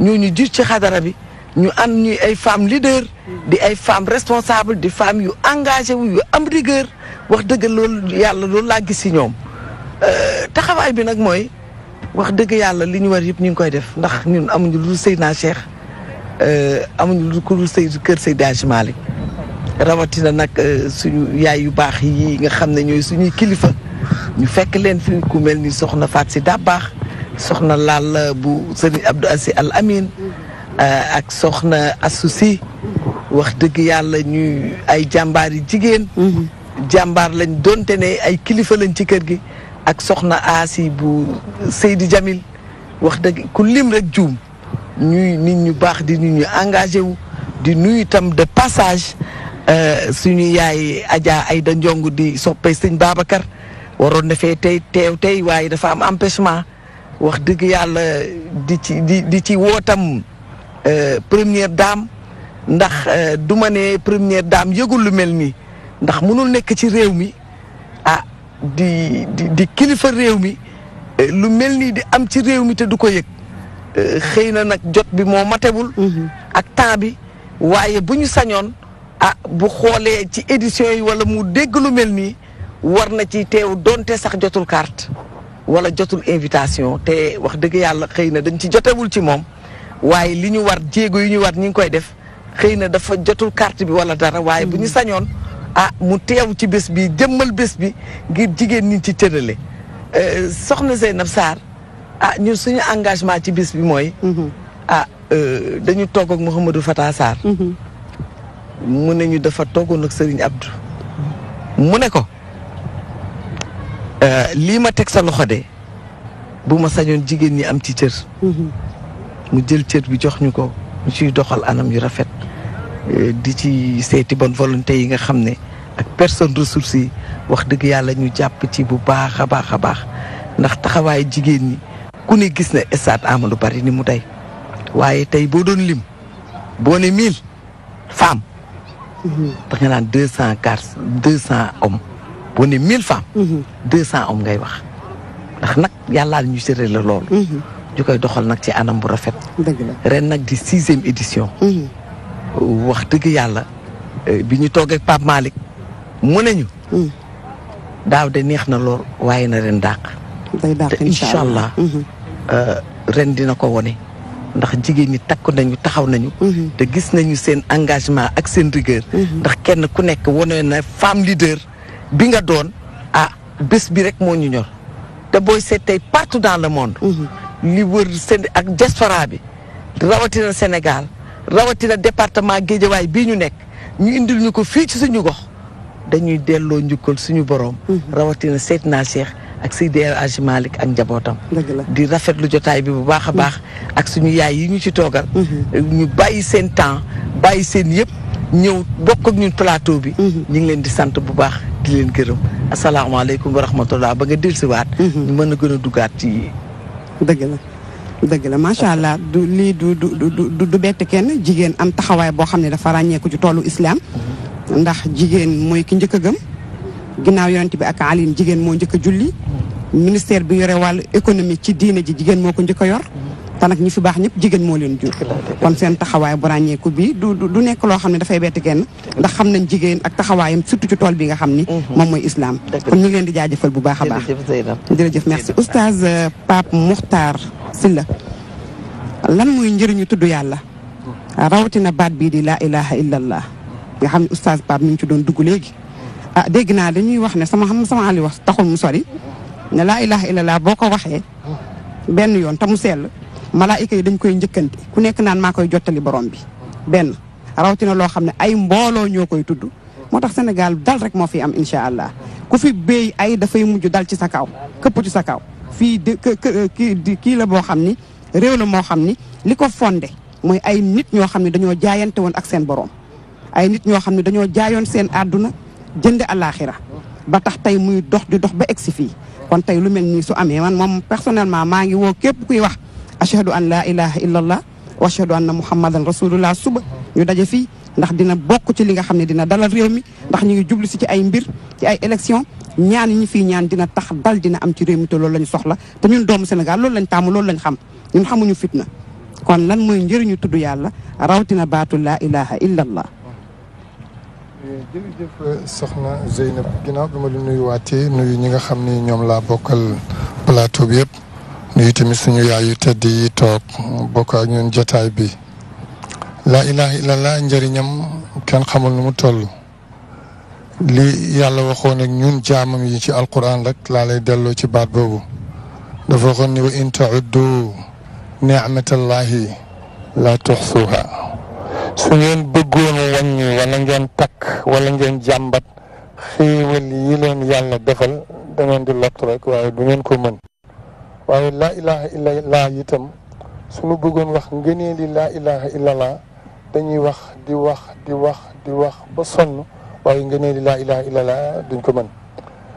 ñu jur ci xadara bi ñu ànd ñuy ay femmes leader di ay femmes responsable di femmes yu engagé wu yu am rigueur wax dëgg loolu yàlla loolu laa gis si ñoom euh, taxawaay bi nag mooy wax dëgg yàlla li ñu war yëpp ñu ngi koy def ndax ñun amuñu lu Seydina Cheikh euh, amuñu lu ku Seydou kër Seydi Hadji Malick rawatina nag euh, suñu yaay yu baax yi nga xam ne ñooy suñuy kilifa ñu fekk leen fi ku mel ni soxna Faat si daa baax soxna Laal bu Serigne Abdou Assi Al Amin euh, ak soxna Asusi wax dëgg yàlla ñuy ay jàmbaar yi jigéen mhm. jàmbaar lañ donte ne ay kilifa lañ ci kër gi ak soxna Asi bu Seydi Jamil wax dëgg ku lim rek juum ñuy nit ñu baax di nit ñu engagé wu di nuy itam de passage Euh, suñu yaay Adja Ayda Ndiongo di soppe sëñ Babacar waroon na tey teew tey waaye dafa am empêchement wax dëgg yàlla di ci di di ci wootam euh, première daam ndax euh, du ma ne première daam yëgul lu mel nii ndax mënul nekk ci réew mi ah di di di kilifa réew mi lu mel nii di am ci réew mi te du ko yëg xëy na nag jot bi moo matewul mhm. ak temps bi waaye bu ñu sañoon ah bu xoolee ci éditions yi wala mu dégg lu mel nii war na ci teew donte sax jotul carte wala jotul invitation te wax dëgg yàlla xëy na dañ ci jotewul ci moom waaye li ñu war jéego yi ñu war ñu ngi koy def xëy na dafa jotul carte bi wala dara waaye bu ñu hmm. sañoon ah mu teew ci bés bi jëmmal bés bi ngir jigéen ñi ci tërale euh, soxna Zeynab Sarr ah ñun suñu engagement ci bés bi mooy hmm. ah euh, dañu toog ak Mouhamadou Fata Sarr hmm. mu ne ñu dafa toogoon ak Serigne Abdou mu ne ko euh, lii ma teg sa loxo de bu ma sañoon jigéen ñi am ci cër. Mhm. mu jël cër bi jox ñu ko ñu ciy doxal anam yu rafet euh, di ci seeti bon volonté yi nga xam ne ak personne ressource yi wax dëgg yàlla ñu jàpp ci bu baax a baax a baax ndax taxawaay jigéen ñi ku ne gis na stade Amadou Barry ni mu day waaye tey boo doon lim boo ne mille femmes da nga naan deux cent garçons deux cent hommes boo ne mille femmes. Mhm. deux cent hommes ngay wax ndax nag yàllaal ñu séré la lool mhm. ñu koy doxal nag ci anam bu rafet. ren nag di sixième édition. Mhm. wax dëgg yàlla eh, bi ñu toogee Pape Malick mu ne ñu. daaw de neex na lool waaye na ren dàq. day dàq eh, ren dina ko wone ndax jigéen ñi takk nañu taxaw nañu. Mhm. te gis nañu seen engagement ak seen rigueur. Mhm. ndax kenn ku nekk wane na femme leader bi nga doon ah bés bi rek moo ñu ñor te booy seet tey partout dans le monde. Mhm. li wër seen ak diaspora bi rawatina Sénégal rawatina département Guédiawaay bii ñu nekk ñu indi ñu ko fii ci suñu gox dañuy delloo njukkal suñu borom. rawatina seet naa Cheikh. ak Seydi El Hadji Malick ak njabootam di rafetlu jotaay bi bu baax a baax ak suñu yaay yi ñu ci toogal mm-hmm. ñu bàyyi seen temps bàyyi seen yëpp ñëw bokk ak ñun plateau bi mm-hmm. ñu ngi leen di sant bu baax di leen gërëm asalaamaaleykum wa rahmatullah ba nga waat mm-hmm. ñu mën a gën a dugaat ci dëgg la dëgg la macha allah du lii du du du bett kenn jigéen am taxawaay boo xam ne dafa ràññeeku ci toolu islam. ndax jigéen mooy ki njëkk a gëm. ginnaaw yonent bi ak alin jigéen moo njëkk a julli ministère bi yore wàllu économie ci diine ji jigéen moo ko njëkk yor te nag ñi fi baax ñëpp jigéen moo leen jur kon seen taxawaay bu ràññeeku bi du du nekk loo xam ne dafay bett kenn ndax xam nañ jigéen ak taxawaayam surtout ci tool bi nga xam ni mhm. moom mooy islam kon ñu ngi leen di jaajëfal bu baax a baax jërëjëf merci oustaz euh, Pape Moukhtar la lan mooy njëriñu tudd yàlla rawatina baat bii di laa ilaha illallah nga xam ne oustaz Pape mi ngi ci doon dugg léegi ah dégg naa dañuy wax ne sama xam sama àll wax mu sori ne laa ilaha illallah boo ko waxee benn yoon tamu mu sell malaayika yi dañ koy njëkkante ku nekk naan maa koy jottali borom bi benn rawatina loo xam ne ay mbooloo ñoo koy tudd moo tax Sénégal dal rek moo fi am incha allah ku fi béy ay dafay mujj dal ci sa kaw këpp ci sa kaw fii de kii kii la boo xam ni réew la moo xam ni li ko fondé mooy ay nit ñoo xam ne dañoo jaayante woon ak seen borom ay nit ñoo xam ne dañoo jaayoon seen àdduna jënde àllaaxira ba tax tey muy dox di dox ba egsi fii kon tey lu mel nii su amee man moom personnellement maa ngi woo képp kuy wax ashhadu an laa ilaha illallah wa ashhadu anna muhammadan rasulullah suba ñu daje fi ndax dina bokk ci li nga xam ne dina dala réew mi ndax ñu ngi jublu si ci ay mbir ci ay élection ñaan ñi fii ñaan dina tax dal dina am ci réew mi te loolu lañu soxla te ñun doomu Sénégal loolu lañ taamu loolu lañ xam ñun xamuñu fitna kon lan mooy njëriñu tudd yàlla rawatina baatu laa ilaha illallah soxna Zeynab ginnaaw bi ma la nuyuwaatee nuyu ñi nga xam ni ñoom la bokkal plateau bi yëpp nuyu tamit suñu yaay yu tedd yi toog bokk ak ñun jotaay bi. laa ilaha illallah njëriñam kenn xamul nu mu toll. li yàlla waxoon ak ñun jaamam yi ci alquran rek laa lay delloo ci baat boobu. dafa waxoon ni wa in tauddu ni'matallahi la tuxsuha su ngeen bëggoon wàññi wala ngeen takk wala ngeen jàmbat xéewal yi leen yàlla defal da ngeen di lott rek waaye du ngeen ko mën waaye laa ilaha illa laa itam suñu bëggoon wax ngënee li la ilaha illa laa dañuy wax di wax di di wax ba sonn waaye ngënee li laa ilaha illa ko mën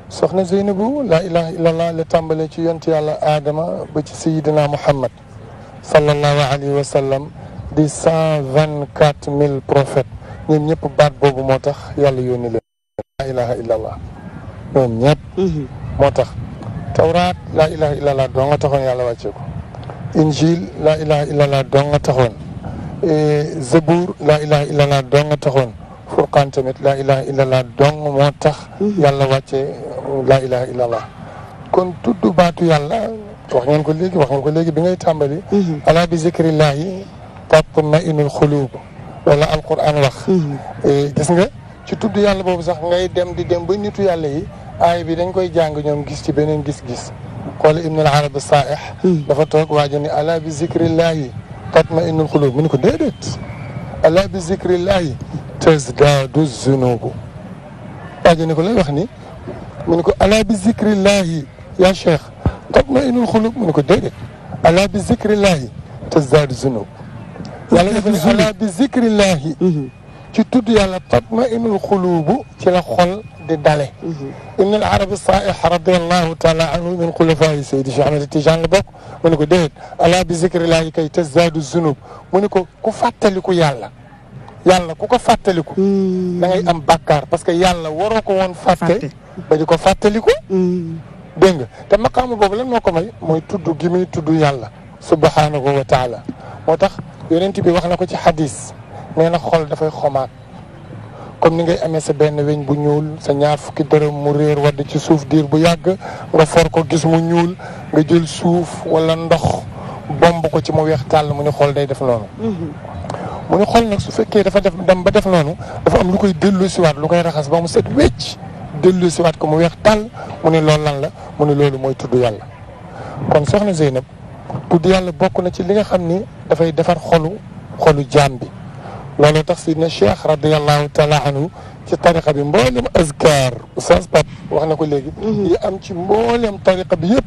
soxna Zeynabu laa ilaha illa la tàmbale ci yont yàlla aadama ba ci sayidina muhammad sallallahu alayhi wa di cent vingt quatre mille prophètes ñoom ñëpp baat boobu moo tax yàlla yónni leen laa ilaha illallah ñoom ñëpp mhm. moo tax tawraat laa ilaha illallah doo nga taxoon yàlla wàccee ko injil laa ilaha illallah doo nga taxoon zabour laa ilaha illallah doo nga taxoon furqaan tamit laa ilaha illallah dong moo tax mhm. yàlla wàccee laa ilaha illallah kon tudd baatu yàlla wax ngeen ko léegi wax nga ko léegi bi ngay tàmbali mhm. ala bi zikrillahi tatma inul xuluub wala alquran wax mhm. e, gis nga ci tudd yàlla boobu sax ngay dem di dem ba nitu yàlla yi aay bi dañ koy jàng ñoom gis ci beneen gis-gis xool ibn al arab saaih mhm. dafa toog waajo ni ala bi zikrillaahi tatma inul xuluub mu ni ko déedéet ala bi zikrillaahi tasdaadu zunubu waajo ni ko lay ni mu ni ko ala bi zikrillaahi ya cheikh tatma inul xuluub mu ni ko déedéet ala bi zikrillaahi tasdaadu zunubu yàlla dafa ne ala bi zikrillahi mhm. ci tudd yàlla tatma inul xuluubu ci la xol di dale mhm. ibn al arabi saih radiallahu taala anhu min xulafaayi saydi Cheikh Ahmed Tidiane la bokk mu ne ko déedéet ala bi zikrillahi kay tazaadu zunub mu ne ko ku fàttaliku yàlla yàlla ku ko fàttaliku mhm. da ngay am bàkkaar parce que yàlla waroo ko woon fàtte ba di ko fàttaliku dégg nga te maqaamu boobu lan moo ko may mooy tudd gi muy tudd yàlla subhanahu wa taala moo tax yonent bi wax na ko ci xadis nee na xol dafay xomaat comme ni ngay amee sa benn weñ bu ñuul sa ñaar fukki dërëm mu réer wadd ci suuf diir bu yàgg nga for ko gis mu ñuul nga jël suuf wala ndox bomb ko ci mu weex tàll mu ni xol day def noonu mm-hmm. xol nag su fekkee dafa def dem ba def noonu dafa am koy dellu siwaat lu koy raxas ba set wécc dellu siwaat ko mu weex tàll mu ni loolu lan la mu ni loolu mooy tudd yàlla kon soxna Zeynab tudd yàlla bokk na ci li nga xam ni dafay defar xolu xolu jaam bi looloo tax sidna cheikh radiallahu taala ci tariqa bi mboolem azkar oustaz Pape wax na ko léegi mhm. am ci mboolem tariqa bi yëpp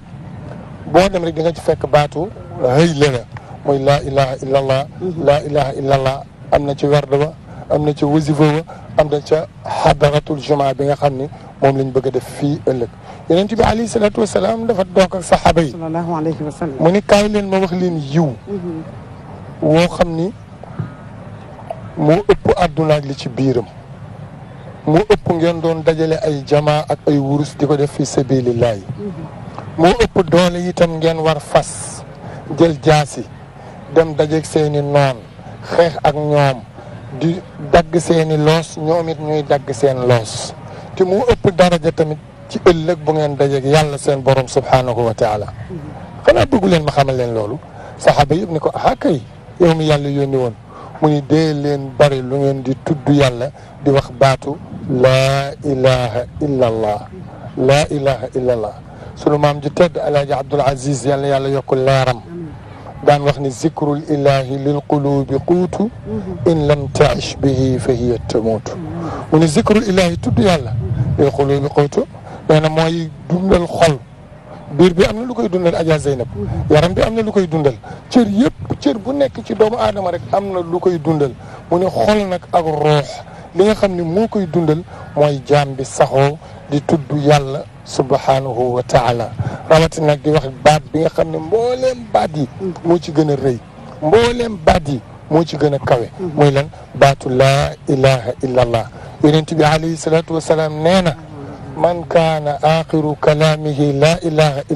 boo dem nga ci fekk baatu hëy la mooy laa ilaha illa allah mhm. laa am na ci werd ba am na ca wasifa wa am na ca xadaratul jumaa bi nga xam ni moom lañ bëgg a def fii ëllëg yonent bi alayhi salaatu wasalaam dafa doog ak saxaaba yi mu ni kaay leen ma wax leen yiw mhm. woo xam ni moo ëpp àdduna li ci biiram moo ëpp ngeen doon dajale ay jamaa ak ay wurus di ko def fi sabilillahi mhm. moo ëpp doole itam ngeen war fas jël jaasi dem dajeeg seeni noon xeex ak ñoom di dagg seeni loos ñoom it ñuy dagg seen loos te mu ëpp daraja tamit ci ëllëg bu ngeen dajag yàlla seen borom subhaanahu wa taala xanaa bëggu leen ma xamal leen loolu saxaaba yëpp ni ko ah kay yow mi woon mu ni dee leen bari lu ngeen di tudd yàlla di wax baatu laa ilaha illa allah laa ilaha illa sunu maam ji tedd alaaji abdul aziz yàlla yàlla yokk leeram daan wax ni zikrul ilahi lil qulubi quutu mhm. in lam taish bihi fa hiya tamuutu mhm. mu ne zikrul ilahi tudd yàlla lil qulubi quutu nee na mooy dundal xol biir bi am na lu koy dundal Adja Zeynab mhm. yaram bi am na lu koy dundal cër yëpp cër bu nekk ci doomu aadama rek am na lu koy dundal mu ne xol nag ak roox li nga xam ne moo koy dundal mooy jaam bi saxoo di tudd yàlla subhanahu wa taala rawati nag di wax baat bi nga xam ne mbooleem baat yi moo ci gën a rëy mbooleem baat yi moo ci gën a kawe muy lan baatu laa ilaha illa allah yonent bi alayhi salaatu wasalaam nee na man kaana illa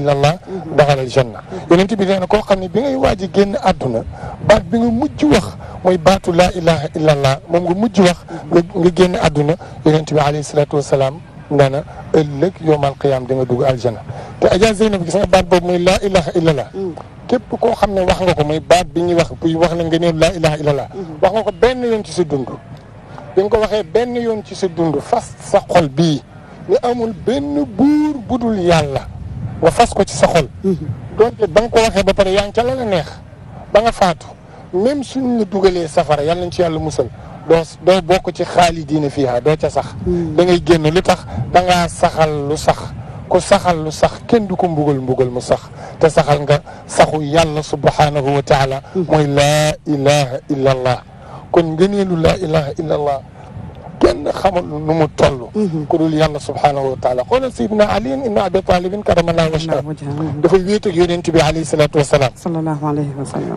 allah daxalal janna yonent bi nee na koo xam ne bi ngay génn àdduna baat bi nga mujj wax mooy baatu laa ilaha illa allah moom nga mujj wax nga génn àdduna yonent bi alayhi salaatu wasalaam nee na ëllëg yowmal qiyaam di nga dugg aljana te Adja Zeynab gis nga baat boobu muy laa ilaha illallah mm. képp koo xam ne wax nga ko muy baat bi ñuy wax buy wax la nga neen laa ilaha illallah mm-hmm. wax nga ko benn yoon ci sa dund bi nga ko waxee benn yoon ci sa dund fas sa xol bii ñu amul benn buur budul yàlla nga fas ko ci sa xol mm-hmm. ba nga ko waxee ba pare yaa ngi ca la la neex ba nga faatu même suñ la dugalee safara yàlla nañ ci yàlla musal doo doo bokk ci xaalidiina fiihaa doo ca sax hmm. da ngay génn lu tax da ngaa saxal lu sax ku saxal lu sax kenn du ko mbugal mbugal mu sax te saxal nga saxu yàlla subhaanahu wa taala hmm. mooy laa ilaha illa allah kon ngëneelu laa ilaha illa allah kenn xamul nu mu toll hmm. ku dul yàlla subhaanahu wa taala xoolal sayyidina ali ibn abi talibin karamallahu wajhahu dafa wéetak yonent bi alayhi salaatu wasalaam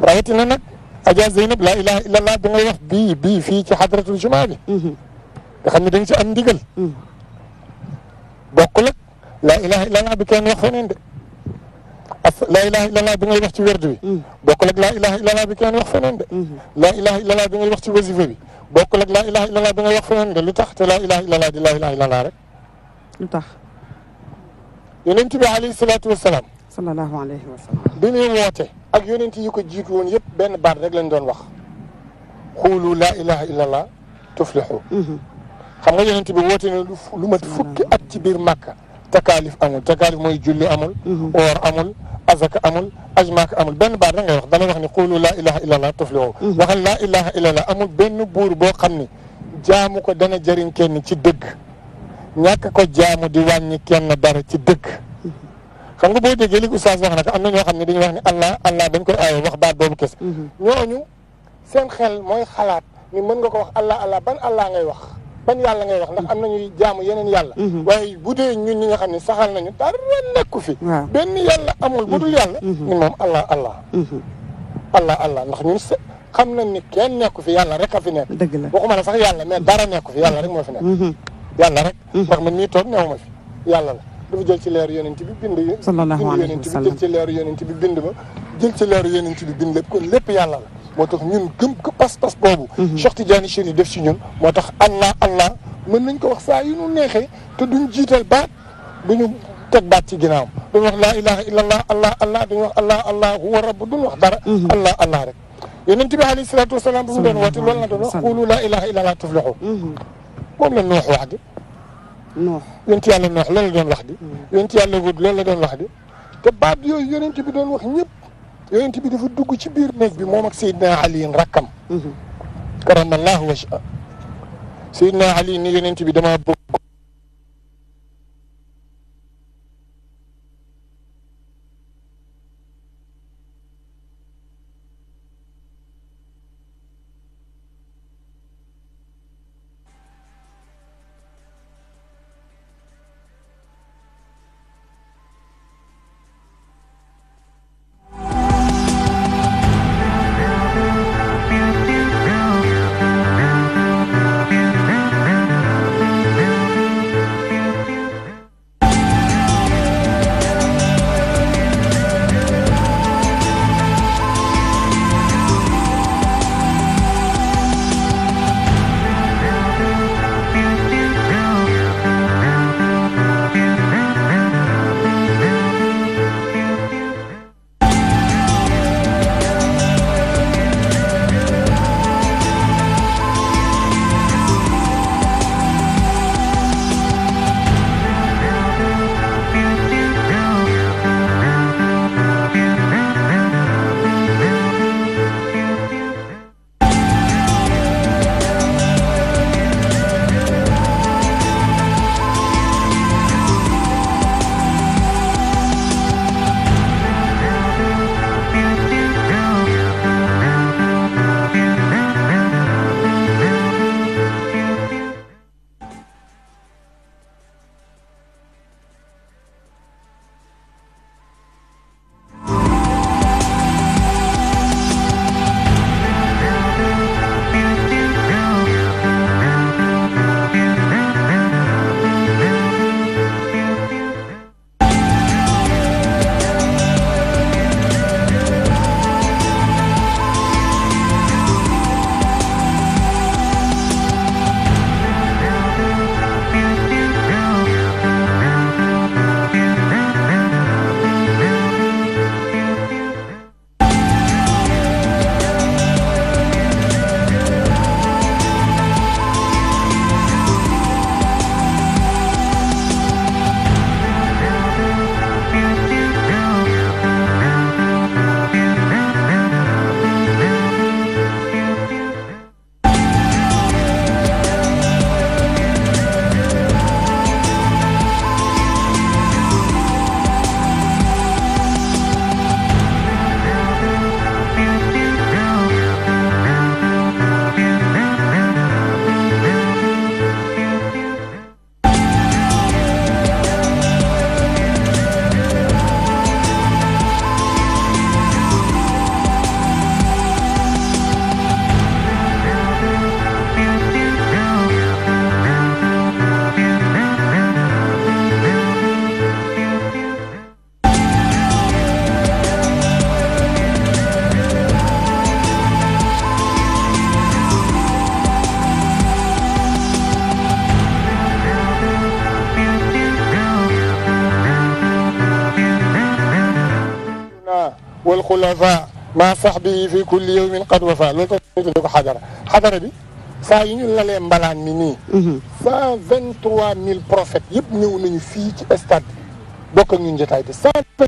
rawatina nag Adja Zeynab laa ilaha illallah bi ngay wax bii bii fii ci xadratul jumaa bi mhm. nga xam ne dañ ci am ndigal mhm. bokkul ak laa ilaha illallah bi kenn wax feneen de as laa ilaha illallah bi ngay wax ci werd bi mhm. bokkul ak laa ilaha illallah bi kenn wax feneen de laa ilaha illallah bi ngay wax ci wasifa bi bokkul ak laa ilaha illallah bi ngay wax feneen de lu tax te laa ilaha illallah di laa ilaha illallah rek lu tax yonent bi alayhi salaatu wasalaam sallallahu alayhi wa bi muy woote ak yonent yi ko jiitu woon yëpp benn baat rek lañ doon wax xuulu laa ilaha illallah tuflixu mhm. xam nga yonent bi woote ne lu mat fukki at ci biir màkka takaalif amul takaalif mooy julli amul mhm. woor amul azaka amul ajmaaka amul benn baat rek ngay wax dana wax ne xuulu laa ilaha illallah tuflixu mhm. waxal laa ilaha illallah amul benn buur boo xam ni jaamu ko dana jëriñ kenn ci dëgg ñàkk ko jaamu di wàññi kenn dara ci dëgg xam nga boo déggee li oustaz wax nag am na ñoo xam ne dañuy wax ne allah allah dañ koy aaye wax baat boobu kese mhm. ñooñu seen xel mooy xalaat ni mën nga ko wax allah allah ban allah ngay wax ban yàlla ngay wax ndax am nañuy jaamu yeneen yàlla mhm. waaye bu dee ñun ñi nga xam ne saxal nañu dara nekku fi benn yàlla amul bu dul mhm. yàlla ni moom allah allah allah allah ndax ñun xam nañ ni kenn nekku fi yàlla rek a fi nekk dëgg la waxuma la sax yàlla mais dara nekku fi yàlla rek moo fi nekk yàlla rek ndax man mii toog neew ma fi yàlla la dafa jël ci leer yonent bi bind yi sallallahu alayhi wa sallam jël ci leer yonent bi bind ma jël ci leer yonent bi bind lépp kon lépp yàlla la moo tax ñun gëm ko pas-pas boobu mhm. Cheikh Tidiane Chérif def ci ñun moo tax Allah Allah mën nañ ko wax saa yu nu neexee te duñ jiital baat duñu teg baat ci ginnaawam duñu wax laa ilaha illa allah allah allah duñu wax allah allah huwa rabb duñu wax dara allah mhm. allah rek yonent bi alayhi salaatu wasalaam bu mu doon woote loolu la doon wax qulu laa ilaha illa allah tuflixu mhm. moom la Nuux wax noox yonent yàlla noox loolu la doon wax di mm. yonent yàlla wut loolu la doon wax di te baat yooyu yonent bi doon wax ñëpp yonent bi dafa dugg ci biir néeg bi moom ak Seydina Ali rakkam mm-hmm. karamallahu wajha Seydina Ali ni yonent bi dama bëgg walxulafa ma sahbihi fi kulli yawmin qad wafa loolu tax ñu tuddee ko xadara xadara bi saa yu ñu lalee mbalaan mi nii mhm. cent vingt trois mille prophètes yëpp ñëw nañu fii ci stade bi bokk ak ñun jotaay bi cent bi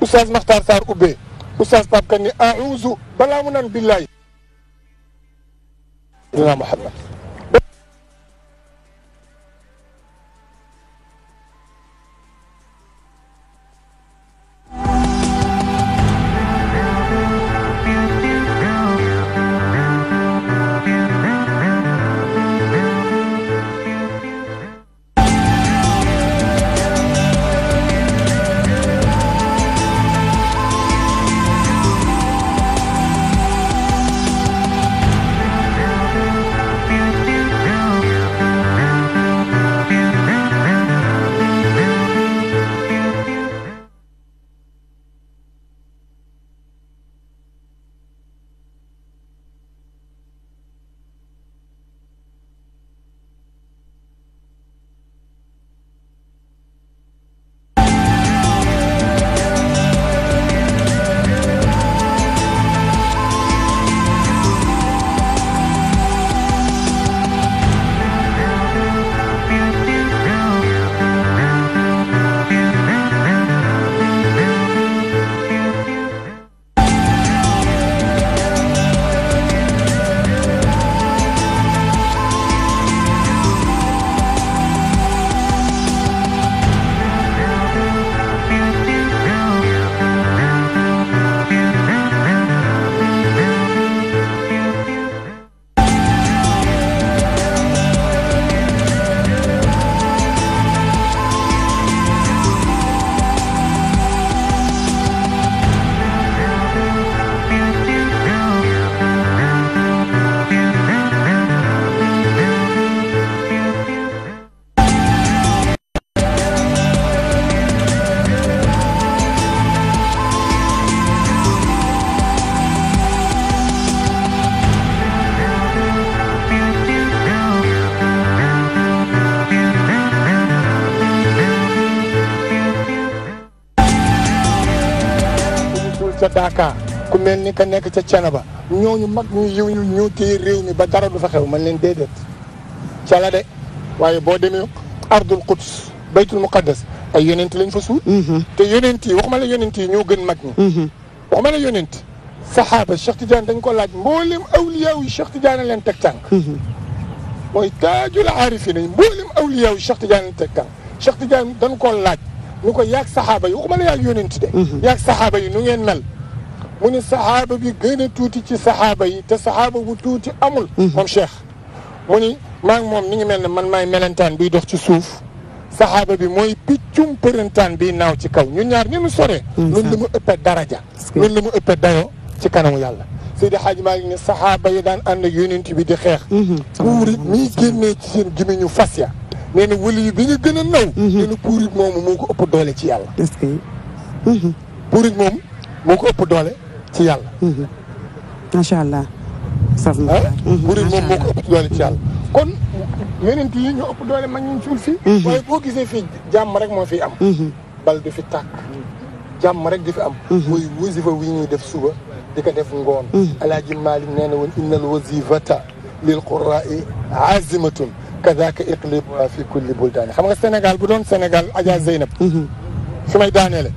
oustaz Makhtar Sarr ubbee oustaz Pape Kane ni aouzu balaa mu naan billaay dinaa Muhammad Daaka ku mel ni ka nekk ca Thiénaba ñooñu mag ñu yiw ñu ñoo téye réew mi ba dara du fa xew man leen déedéet ca la de waaye boo demee ardul quds baytul muqaddas ay yonent lañ fa suul mm-hmm. te yonent yi waxuma la yonent yi ñoo gën mag ñi mm-hmm. waxuma la yonent saxaaba Cheikh Tidiane dañ ko laaj mboolem awliyaaw yi Cheikh Tidiane leen teg tànk mm-hmm. mooy taajul aarifin yi mboolem awliyaaw yi Cheikh Tidiane leen teg tànk Cheikh Tidiane dañ ko laaj ñu ko yaag saxaaba yi waxuma la yaag yonent de yaag saxaaba yi nu ngeen mel mu ni saxaaba bi gën tuuti ci saxaaba yi te saxaaba bu tuuti amul mhm. moom cheikh mu ni maa ngi moom mi mel ne man may melentaan biy dox ci suuf saxaaba bi mooy piccum përëntaan biy naaw ci kaw ñun ñaar ni mu soree loolu la mu ëppee daraja loolu la mu ëppee dayoo ci kanamu yàlla Seydi Hadji Malick ne saxaaba yi daan ànd ak yonent bi di xeex buuri mhm. mii génnee ci seen gémmiñu fas ya nee na wëli bi nga gën a naw mhm. nee na puurit moomu moo ko ëpp doole ci yàlla puurit moomu moo ko ëpp doole ci yàlla. macha allah. saf na ah? murid moom moo ko ëpp doole ci yàlla kon yonent yi ñu ëpp doole mag ñu suul fii. Mhm. waaye boo gisee fii jàmm rek moo fi am. Mhm. bal du fi tàkk jàmm rek di fi am. Mhm. muy wasifa wi ñuy def suba di ko def ngoon. alaaji Maalik nee na woon innal wasifata lil qurra'i azimatun kadaka iqlibuha fi kulli buldaani xam nga Sénégal bu doon Sénégal Adja Zeynab. su may daaneele.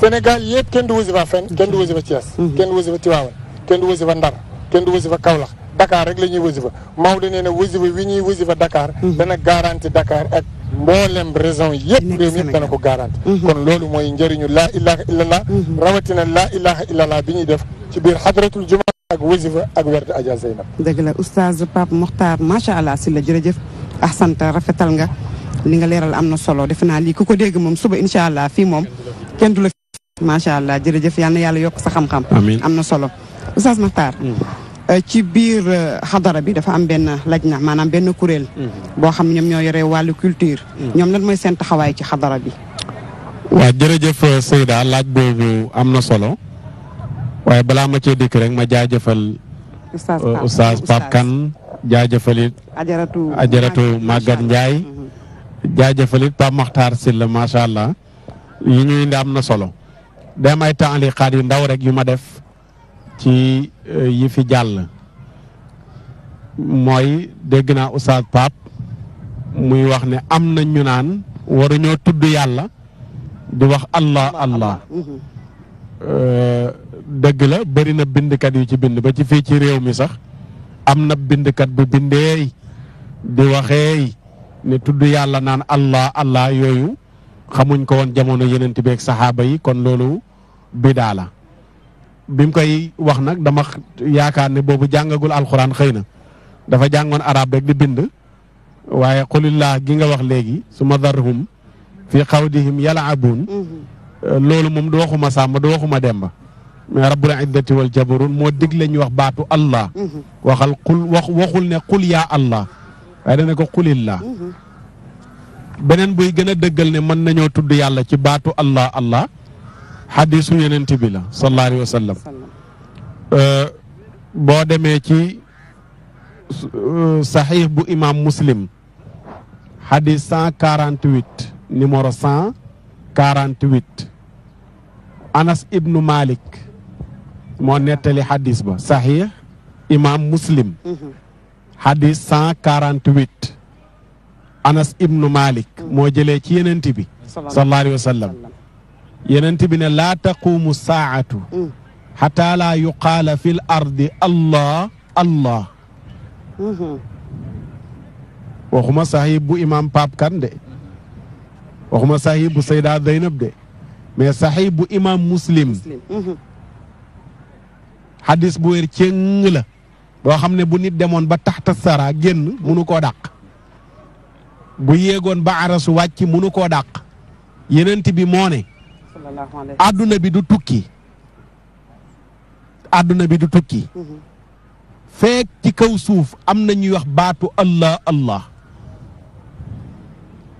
Sénégal yëpp kenn du wusi fa fenn kenn du wusi fa Thiès mhm. kenn du wusi fa Tivaouane kenn du wusi fa Ndar kenn du wusi fa Kaolack Dakar rek la ñuy wusi fa Maodo nee na wusi fa wi ñuy wusi fa Dakar mhm. dana garanti Dakar ak mboolem raison yëpp réew yëpp dana ko garanti mhm. kon loolu mooy njëriñu laa ilaha illallah rawatina laa ilaha illallah bi def ci biir xadratul juma ak wasifa ak werde Adja Zeynab la oustaz Pape Mokhtar macha allah si la jërëjëf ahsanta rafetal nga li nga leeral am na solo defe naa lii ku ko dégg moom suba incha allah fii moom macha allah jërëjëf yal yàlla yokk sa xam-xam. amiin am na solo Oustaz Makhtar. Mm. Euh, ci biir euh, xadara bi dafa am benn laj na maanaam benn kuréel. Mm. boo xam ñoom ñoo yore wàllu culture. Mm. ñoom lan mooy seen taxawaay ci xadara bi. waaw jërëjëf euh, Seyda laaj boobu am na solo waaye balaa ma cee dikk rek ma jaajëfal. jëfal Pape Oustaz Pape Kane jaajëfalit. ajaratu ajaratu Maguette Ndiaye. Mm-hmm. jaajëfalit Pape Makhtar Sylla macha allah yi ñuy indi am na solo. day am ay yu ndaw rek yu ma def ci euh, yi fi jàll mooy dégg naa Oustaz Pape muy wax ni am na ñu naan waruñoo tudd yàlla di wax allah allah euh, dëgg la bëri na bindkat yu ci bind ba ci fii ci réew mi sax am na bindkat bu bindeey di waxeey ne tudd yàlla naan allah allah yooyu xamuñ ko woon jamono yeneen bi ak saxaaba yi kon loolu bidaa la bi koy wax nag dama yaakaar ne boobu jàngagul alxuraan xëy na dafa jàngoon arab rek di bind waaye xulillah gi nga wax léegi su ma darhum fi xawdihim yalaabuun mm-hmm. loolu moom du waxuma sàmm du waxuma demba mais rabbul izzati wal jabarun moo digle ñu wax baatu allah mm-hmm. waxal qul wax waxul ne qul yaa allah waaye dana ko qulillah mm-hmm. beneen buy gën a dëggal ne mën nañoo tudd yàlla ci baatu allah allah xadiisu yonent bi la sallallahu alayhi wa euh, boo demee ci euh, saxiix bu imaam muslim xadiis cent quarante huit numéro cent quarante huit anas ibnu malik moo nettali xadiis ba saxiix imaam muslim xadiis mhm. quarante huit anas ibnu malik moo jëlee ci yenent bi sallallahu alayhi bi ne laa taqumu saatu xataa mm. laa yuqaala fi l allah allah mm-hmm. waxuma sahib imam Pape de waxuma sahib bu Zeynab de mais sahib imam muslim xadis mm-hmm. bu wér cëng la boo xam ne bu nit demoon ba taxta sara génn munu koo dàq bu yéegoon ba arasu wàcc munu koo dàq yenent bi moo ne àdduna bi du tukki àdduna bi du tukki mhm. feek ci kaw suuf am na ñuy wax baatu allah allah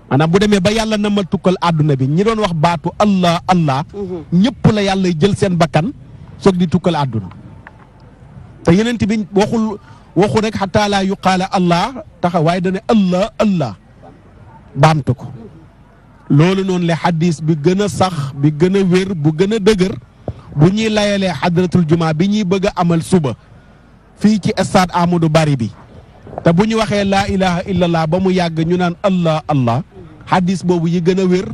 maanaam bu demee ba yàlla na ma tukkal àdduna bi ñi doon wax baatu allah allah mhm. ñépp la yàlla jël seen bakkan soog di tukkal àdduna te yenent bi waxul waxul rek xataa laa yuqaala allah taxa waaye dane allah allah baamtu ko loolu noonu la xadis bi gën a sax bi gën a wér bu gën a dëgër bu ñuy layalee xadratul juma bi ñuy bëgg amal suba fii ci stade Amadou bari bi te bu ñu waxee laa ilaha illallah ba mu yàgg ñu naan allah allah xadis boobu yi gën a wér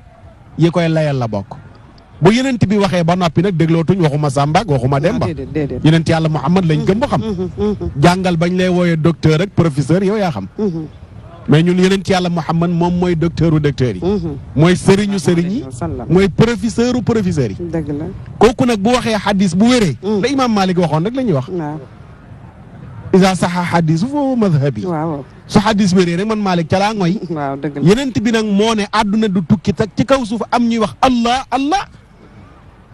yi koy layal la bokk bu yenent bi waxee ba noppi nag déglootuñ waxuma Samba ak waxuma Demba ah, yenent yàlla Muhammad lañ gëm ba xam mm-hmm, mm-hmm. jàngal bañ lay wooyee docteur ak professeur yow yaa xam mm-hmm. mais ñun yeneen ci yàlla Muhammad moom mooy docteuru docteur yi. Mhm. mooy sëriñu sëriñ yi. mooy professeuru professeur yi. dëgg la kooku nag bu waxee xadis bu wéree. Mm. la imaam Malik waxoon rek la ñuy wax. waaw. isa saxa xadis foofu madhab yi. su xadis wéree rek man Malik ca laa ngoy. waaw dëgg bi nag moone ne àdduna du tukki tak ci kaw suuf am ñuy wax allah allah.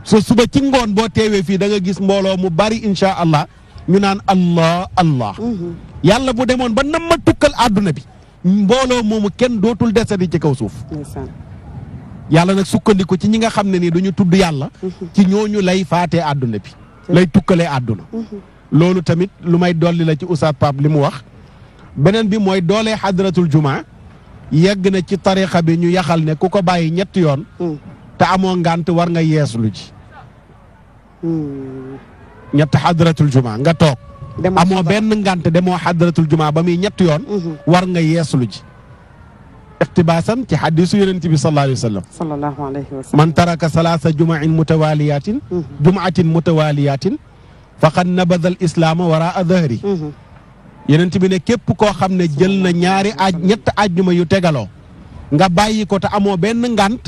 so suba ci ngoon boo teewee fii da nga gis mbooloo mu bari incha allah ñu naan allah allah. Mhm. yàlla bu demoon ba nam ma tukkal àdduna bi. mbooloo moomu kenn dootul desati ci kaw suuf yàlla nag sukkandiku ci ñi nga xam ne nii duñu tudd yàlla mhm. ci ñooñu lay faate àdduna bi mhm. lay tukkalee àdduna mhm. loolu tamit lu may dolli la ci Oustaz Pape li mu wax beneen bi mooy doolee xadratul jumaa yegg na ci tarixa bi ñu yaxal ne ku ko bàyyi ñetti yoon te amoon ngant war nga yeeslu ji ñett xadratul jumaa nga toog amoo benn ngant demoo xadaratul jumaa ba muy ñetti yoon mhm. war nga yeeslu ji iqtibaasan ci xadisu yonent bi sallallahu alayhi wa sallam man taraka salaasa jumaatin mutawaliyatin mhm. jumaatin mutawaliyatin faqad nabada al islaama waraa dahri mhm. yonent bi ne képp koo xam ne jël na ñaari aj ñett ajjuma yu tegaloo nga bàyyi ko te amoo benn ngant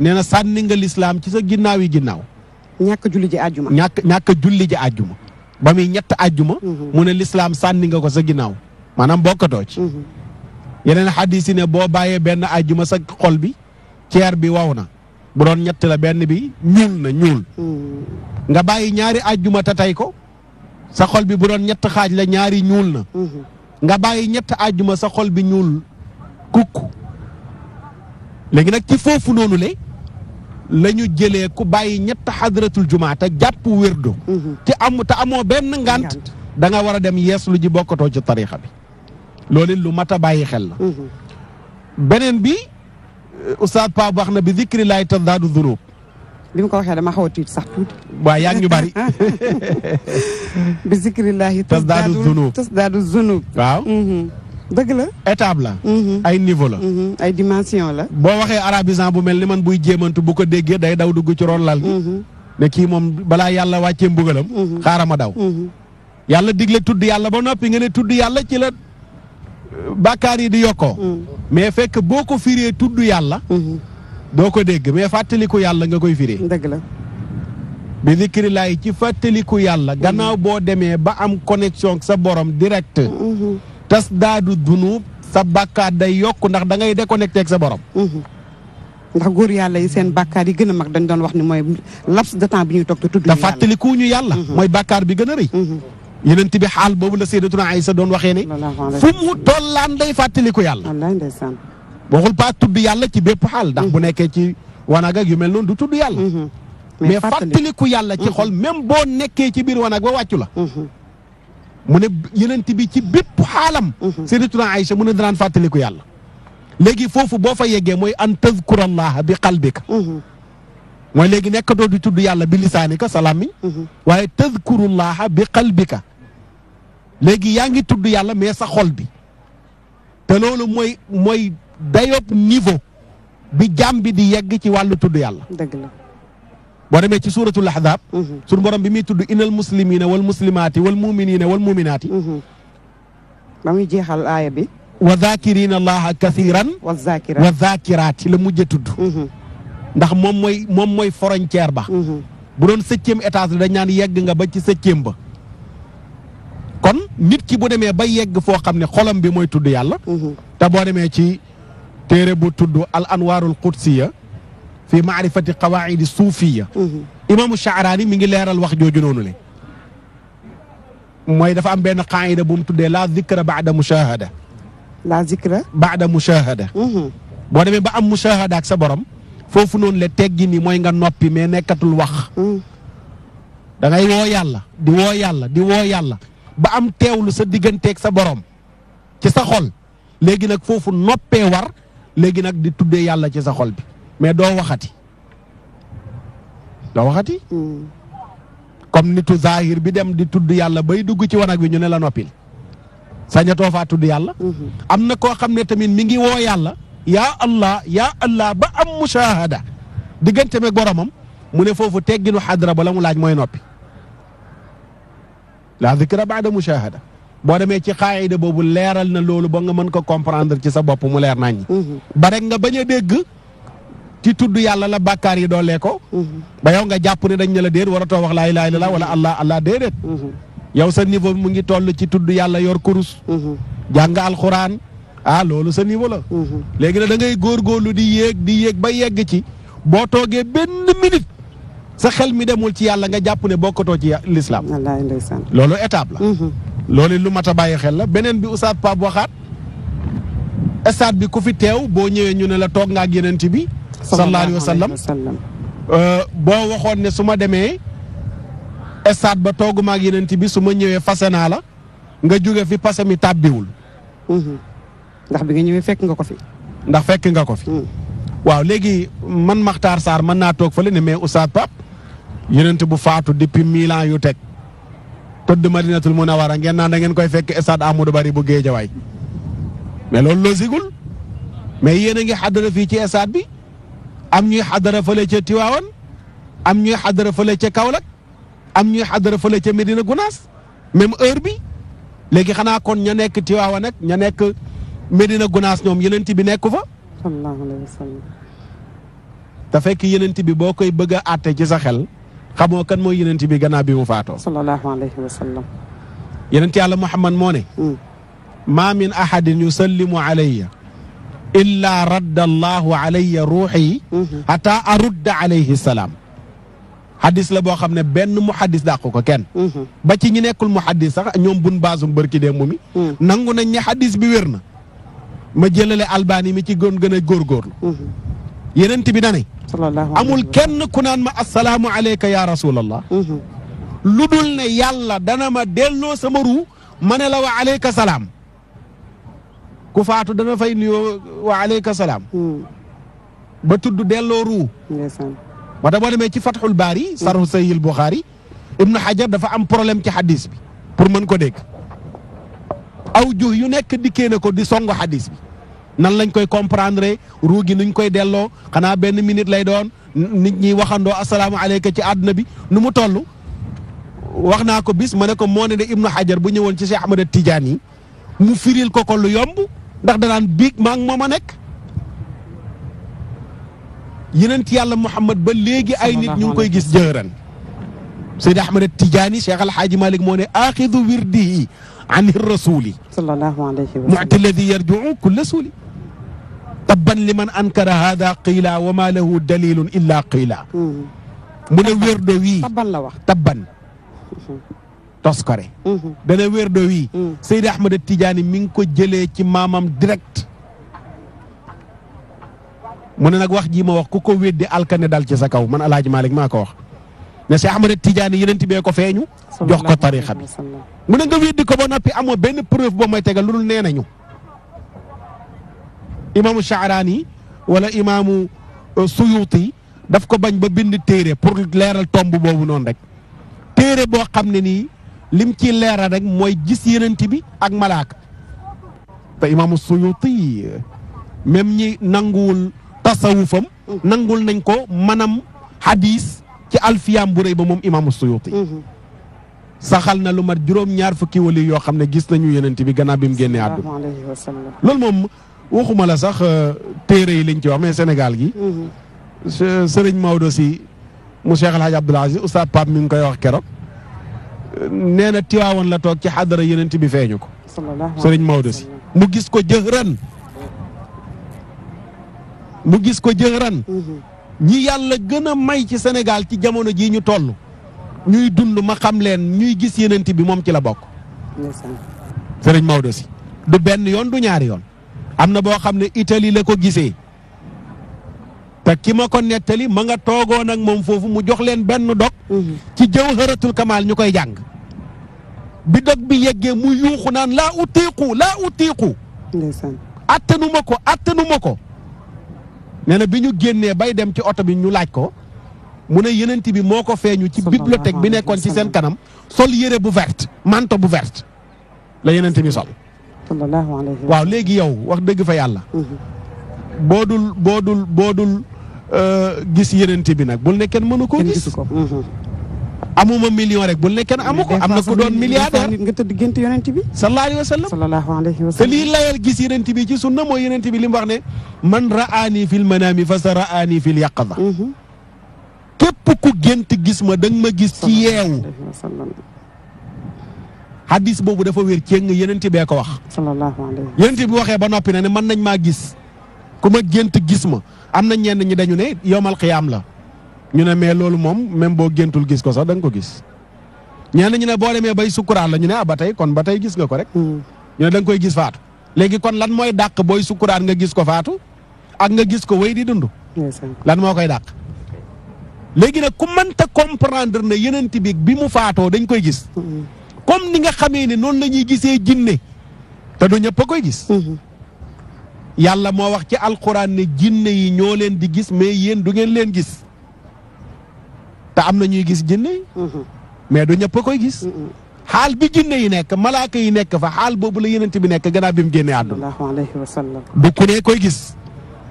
nee na sànni nga lislaam ci sa ginnaaw yi ginnaaw ñàkk julli ba muy ñett àjjuma mhm. mu ne lislaam sànni nga ko sa ginnaaw maanaam bokkatoo ci mhm. yeneen xadis yi ne boo bàyyee benn àjjuma sa xol bi ceer bi waw na bu ñett la benn bi ñuul na ñuul mhm. nga bàyyi ñaari àjjuma ta tey ko sa xol bi bu doon ñett xaaj la ñaari ñuul na nga bàyyi ñett àjjuma sa xol bi ñuul kukk léegi nag ci foofu noonu le la ñu jëlee ku bàyyi ñett xadratul jumaa te jàpp wérdu mhm. te am te amoo benn ngant danga nga war a dem yeeslu ji bokkatoo ci tarixa bi loolu lu mat a bàyyi xel la mhm. beneen bi euh, Oustaz Pape na bi zikri laay tadaadu dunub bi ko waxee dama xaw a sax tuuti waaw yaa ngi ñu bari bi zikri laay dëgg la étape la. Mm-hmm. ay niveau la. Mm-hmm. ay dimension la. boo waxee arabisant bu mel ni man buy jéemantu bu ko dégg day daw dugg ci roon lal gi. Mm-hmm. ne kii moom balaa yàlla wàccee mbugalam. xaaral ma daw. yàlla digg digle tudd yàlla ba noppi nga ne tudd yàlla ci la euh, bàkkaar yi di yokkoo. Mm. mais fekk boo ko firee tudd yàlla. doo ko dégg mais fàttaliku yàlla nga koy firee. dëgg la. bi ci fàttaliku yàlla. gannaaw boo demee ba am connexion sa borom direct. tas daadu dunub sa bàkkaat day yokk ndax da ngay déconnecté ak sa borom. Mhm. ndax góor yàlla yi seen bàkkaar yi gën a mag dañ doon wax ni mooy laps de temps bi ñuy toog te tudd. ñu yàlla yàlla. Mhm. mooy bàkkaar bi gën a rëy. Mhm. yeneen bi xaal boobu la Sayyidatuna sa doon waxee ne. fu mu tollaan day fàttaliku yàlla. wallaay ndeysaan. waxul pas yàlla ci bépp xaal. ndax bu nekkee ci wanaag ak yu mel noonu du tudd yàlla. mais fàttaliku yàlla ci xol même boo nekkee ci biir wanaag ba wàccu la. mu ne yenent bi ci bépp xaalam mhm. sayyidatuna Aïcha mu ne danaan fàttaliku yàlla léegi foofu boo fa yeggee mooy an tazkura allaha bi qalbika mhm. mooy léegi nekkatoo di tudd yàlla bi lisaanika salaam mhm. yi waaye tazkurullaha bi qalbika léegi yaa ngi tudd yàlla mais sa xol bi te loolu mooy mooy dayob niveau bi jaam bi di yegg ci wàllu tudd yàlla dëgg la boo demee ci suuratul ahzaab mhm. suñu borom bi muy tudd innal muslimina wal muslimaati wal muminina wal muminaati mhm. ba muy jeexal aaya bi wa zakirina allaha kathiran wa zakiraat la mujj tudd mhm. ndax moom mooy moom mooy frontière ba bu doon septième étage la dañ naan yegg nga ba ci septième ba kon nit ki bu demee ba yegg foo xam ne xolam bi mooy tudd yàlla te boo demee ci téere bu tudd al anwarul qudsiya fi maarifati qawaidi suufiya mhm. imaamu Shaaraani mi ngi leeral wax jooju noonu le mooy dafa am benn qaayida bu mu tuddee la zikra baada mushahada la zikra baada mushahada mhm. boo demee ba am mushahada ak sa borom foofu noonu le teggi ni mooy nga noppi mais nekkatul wax mhm. da ngay woo yàlla di woo yàlla di woo yàlla ba am teewlu sa digganteeg sa borom ci sa xol léegi nag foofu noppee war léegi nag di tuddee yàlla ci sa xol bi mais doo waxati doo waxati. comme nitu zahir bi dem di tudd yàlla bay dugg ci wanag wi ñu ne la noppil sañatoo faa tudd yàlla. Mm-hmm. am na koo xam ne tamit mi ngi woo yàlla. yaa allah yaa allah ba am mushahada diggante me goromam mu ne foofu tegginu xadra ba bala mu laaj mooy noppi. la zikra baada mushahada boo demee ci xaayida boobu leeral na loolu ba nga mën ko comprendre ci sa bopp mu leer nañ mm-hmm. ba rek nga bañ a ci tudd yàlla la bàkkaar yi doolee ko mhm. ba yow nga jàpp ne dañ ne la déet waratoo wax laa ilaaha illallaah wala mhm. allah allah déedéet mhm. yow sa niveau mu ngi toll ci tudd yàlla yor kurus jàng alxuraan ah loolu sa niveau la léegi nag da ngay góorgóorlu di yéeg di yéeg ba yegg ci boo toogee benn minute sa xel mi demul ci yàlla nga jàpp ne bokkatoo ci lislaam loolu étape la loolu lu mat a bàyyi xel la beneen bi Oustaz Pape waxaat stade bi ku fi teew boo ñëwee ñu ne la toog nga ak bi sallallahu alayhi wa sallam euh, boo waxoon ne su ma demee stade ba toog maak yeneen yenent bi su ma ñëwee fase naa la nga jóge fi pase mi tàbbiwul mhm. ndax bi nga ñëwee fekk nga ko fi ndax fekk nga ko fi mhm. waaw léegi man maxtaar saar mën naa toog fële ne mais Oustaz Pape yenent bu faatu depuis mille ans yu teg tëdd Madinatul Munawara ngeen naan da ngeen koy fekk stade Amadou Barry bu Guédiawaye mais loolu loo sigul mais a ngi xaddara fii ci stade bi am ñuy xadara fële ca Tiwaawan am ñuy xadara fële ca Kaolack am ñuy xadara fële ca Medina Gunaas même heure bi léegi xanaa kon ña nekk Tiwaawan ak ña nekk Medina Gunaas ñoom yenent bi nekku fa. sallallahu alayhi fekk yenent bi boo koy bëgg a àtte ci sa xel xamoo kan mooy yenent bi gannaaw bi mu faatoo. sallallahu alayhi wa sallam. yenent yàlla Muhammad moo ne. Mm. ma min ahadin yusallimu alayya illaa radda allahu alayya ruuxi hatta arudda alayhi salaam hadis la boo xam ne benn mu hadis dàq ko kenn ba ci ñi nekkul mu hadis sax ñoom bun baasum bërki dee mi nangu nañ ne hadis bi wér na ma jëlale albani mi ci gën gën a góorgóorlu yenent bi na ne amul kenn ku naan ma assalaamu aleyka ya rasulallah lu dul ne yàlla dana ma delloo sama ru ma ne la wa aleyka salaam ku faatu dana fay nuyoo wa aleyka salaam. Hmm. ba tudd delloo ruu. moo tax boo demee ci Fatxul Baari. sarhu Sayyil Buxaari. Ibnu Hajar dafa am problème ci xadis bi. pour mën ko dégg. aw juh yu nekk dikkee na ko di songu xadis bi. nan lañ koy comprendre ruu gi nuñ koy delloo xanaa benn minute lay doon nit ñi waxandoo asalaamu aleyka ci àdduna bi nu mu toll. wax naa ko bis ma ne ko moo ne de Ibnu Hajar bu ñëwoon ci Cheikh Ahmad Tidiane yi mu firil ko ko yomb. ndax danaan biig maa ngi moom a nekk yenent yàlla Muhammad ba léegi ay nit ñu ngi koy gis jëran Seydi Ahmad Tijaani Cheikh Alhaaji Malik moo ne aaxidu wirdihi ani rasuli sallallahu alayhi wa sallam muti alladi yarjuu kulla suuli tabban li man ankara hada qiila wa ma lahu dalilun illa qiila hmm. mu ne wérdo wii tabban la wax tabban hmm. toskore mhm. dana wérdo wi mhm. Seydi Ahmada Tidiane mi ngi ko jëlee ci maamam direct mu ne nag wax jii ma wax ku ko weddi alkane dal ci sa kaw man alaaji Malick maa ko wax ne Seydi Ahmada Tidiane yenent bee ko feeñu jox ko tarixa bi mu ne nga weddi ko ba noppi amoo benn preuve boo ma tegal lu dul nee nañu imaamu Shaaraani wala imaamu euh, Suyuuti daf ko bañ ba bind téere pour leeral tomb boobu noon rek téere boo xam ne nii lim ci leera rek mooy gis yenent bi ak malaaka te imaamu suyuti même ñi nanguwul tasawufam nanguwul nañ ko manam hadis ci alfiyaam bu rëy ba moom imaamu suyuti mhm. saxal na lu mat juróom-ñaar fukki wali yoo xam ne gis nañu yenent bi gannaaw bi mu génnee àdduna lool moom waxuma la sax euh, téere yi lañ ci wax mais Sénégal gi mhm. sëriñ Maodo si mu Cheikh El Hadj Abdoul Aziz oustaz Pape mi ngi koy wax keroog nee na tiwaawoon la toog ci xadara yenent bi feeñu ko sëriñ Maodo si mu gis ko jëhran mu gis ko jëhran mm-hmm. ñi yàlla gën a may ci senegal ci jamono jii ñu toll ñuy dund ma xam leen ñuy gis yenent bi moom ci la bokk sëriñ Maodo si du benn yoon du ñaari yoon am na boo xam ne Italie la ko gisee te ki ma ko nettali ma nga toogoon ak moom foofu mu jox leen benn dog mhm. ci jawharatul kamaal ñu koy jàng bi dog bi yeggee mu yuuxu naan laa utiiqu laa utiiqu attanuma ko attanuma ko nee na bi ñu génnee bay dem ci oto bi ñu laaj ko mu ne yenent bi moo ko feeñu ci bibliothèque bi nekkoon ci seen kanam sol yére bu verte manto bu verte la yenent bi sol waaw léegi yow wax dëgg fa yàlla mhm. boodul boodul boodul Euh, gis yenente bi nag bul ne kenn mënu koo gis mhm. ma million rek bul ne kenn amu ko am na ku doon milliardaire nga tëdd gént yonent bi sallallahu alayhi wa sallam sallallahu alayhi te lii layal gis yonent bi ci sunna mooy yonent bi li mu wax ne man raani fil manami fa sa raani fil yaqada mhm. képp ku gént gis ma danga ma gis ci yeewu hadis boobu dafa wér céng yonent bee ko wax sallallahu alayhi yonent bi waxee ba noppi na ne mën nañ maa gis ku ma gént gis ma am na ñenn ñi dañu ne yomal xiyaam la ñu ne mais loolu moom même boo géntul gis ko sax da nga ko gis ñenn ñu ne boo demee ba sukkuraat la ñu ne ah ba tey kon ba tey gis nga ko rek. Hmm. ñu ne da nga koy gis faatu. léegi kon lan mooy dàq booy sukkuraat nga gis ko faatu ak nga gis ko wéy di dund. lan moo koy dàq. léegi nag ku mënta comprendre ne yenent bi bi mu faatoo dañ koy gis. Hmm. comme ni nga xamee ne noonu la ñuy gisee jinne te du ñëpp a koy gis. Hmm. yàlla moo wax ci alquran ne jinne yi ñoo leen di gis mais yéen du ngeen leen gis te am na ñuy gis jinne yi mm-hmm. mais du ñëpp koy gis mm-hmm. xaal bi jinne yi nekk malaaka yi nekk fa xaal boobu la yenent bi nekk gannaaw bi mu génnee àdduna du ku ne koy gis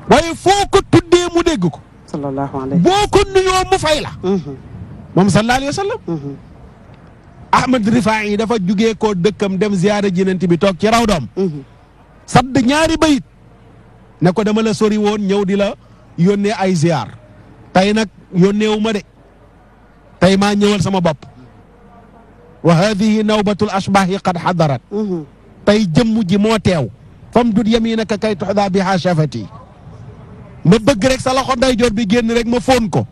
waaye foo ko tuddee mu dégg ko boo ko nuyoo mu fay la mm-hmm. moom sallallahu alayhi wa sallam ahmad rifaa yi dafa jugee koo dëkkam dem ziyaara jinent bi toog ci raw doom sadd ñaari bayit ne ko dama la sori woon ñëw di la yónnee ay ziar tey nag yónneewu ma de tey maa ñëwal sama bopp wa hadihi nawbatul ashbahi qad xadarat mhm. tey jëmm ji moo teew fam dut yaminaka kay tuxda biha shafati ma bëgg rek sa day ndeyjoor bi génn rek ma fóon ko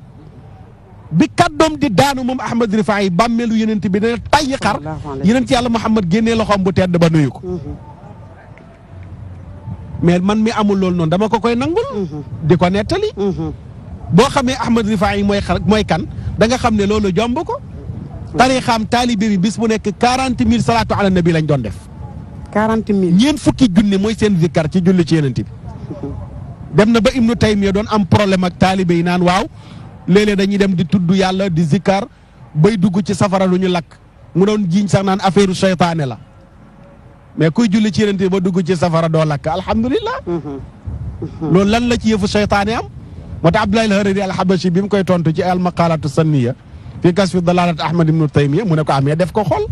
bi kàddoom di daanu moom Ahmad Rifaayi bàmmeelu yenent bi dana tayyi xar yenent yàlla Muhammad génnee loxoom bu tedd ba nuyu ko mhm. mais man mi amul loolu noonu dama ko koy nangul. Mhm. di ko nettali. Mhm. boo xamee Ahmad Rifaayi mooy xa mooy kan danga xam ne loolu jomb ko. tarixaam taalibe bi bis bu nekk quarante mille salaatu ala nabi lañ doon def. quarante mille ñeent fukki junni mooy seen zikkar ci julli ci yeneen bi dem na ba im Ibnu mi doon am problème ak taalibe yi naan waaw léeg-léeg dañuy dem di tudd yàlla di zikkar bay dugg ci safara lu ñu lakk mu doon jiiñ sax naan affaire seytaane la. mais kuy julli ci yonent bi ba dugg ci safara doo lakk alhamdulilah. loolu lan la ci yëfu seytaane am. moo tax Abdoulaye la hariri al bi mu koy tontu ci al-maqaalatu sanniya fii kasfi dalaalat Ahmad ibnu Taymiya mu ne ko amee ah, def ko xol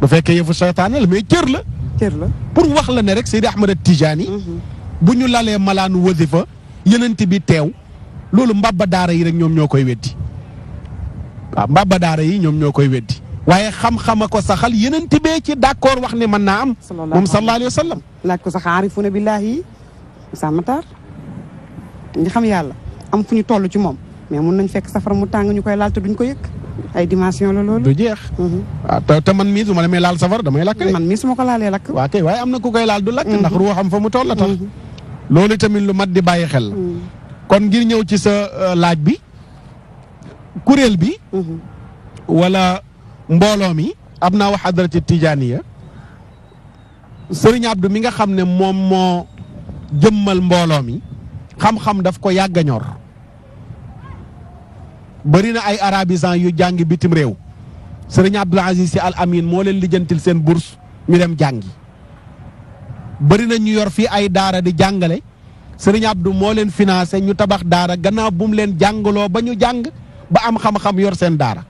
bu fekkee yëfu seytaane la mais cër la. cër la pour wax la ne rek Seydi Ahmad Tijaani. Mhm. bu ñu lalee malaanu wasifa yonent bi teew loolu mbabba daara yi rek ñoom ñoo koy weddi waaw mbabba daara yi ñoom ñoo koy weddi. waaye xam-xama ko saxal yeneen tibee ci d'accord wax ne man naa am. moom sallallahu alayhi wa sallam. laaj ko sax aarifuna billahi sa matar ñi xam yàlla am fu ñu toll ci moom mais mun nañ fekk safara mu tàng ñu koy laal te duñ ko yëg ay dimension la loolu. du jeex. waaw mhm. ah, te man mii su ma demee laal safara damay lakk. man mii su ma ko laalee lakk. waa kay waaye am na ku koy laal du lakk. ndax mhm. ruuxam fa mu toll tax. Mhm. loolu tamit lu mat di bàyyi xel. kon ngir ñëw ci sa euh, laaj bi kuréel bi. wala. mbooloo mi ab naa wax hadrati tijaaniya sëriñ Abdou mi nga xam ne moom moo jëmmal mbooloo mi xam-xam daf ko yàgg a ñor bëri na ay arabisants yu jàngi bitim réew sëriñ Abdou Aziz Sy Al Amin moo leen lijjantil seen bourse ñu dem jàngi bëri na ñu yor fii ay daara di jàngale sëriñ Abdou moo leen finance ñu tabax daara gannaaw bu leen jàngaloo ba ñu jàng ba am xam-xam yor seen daara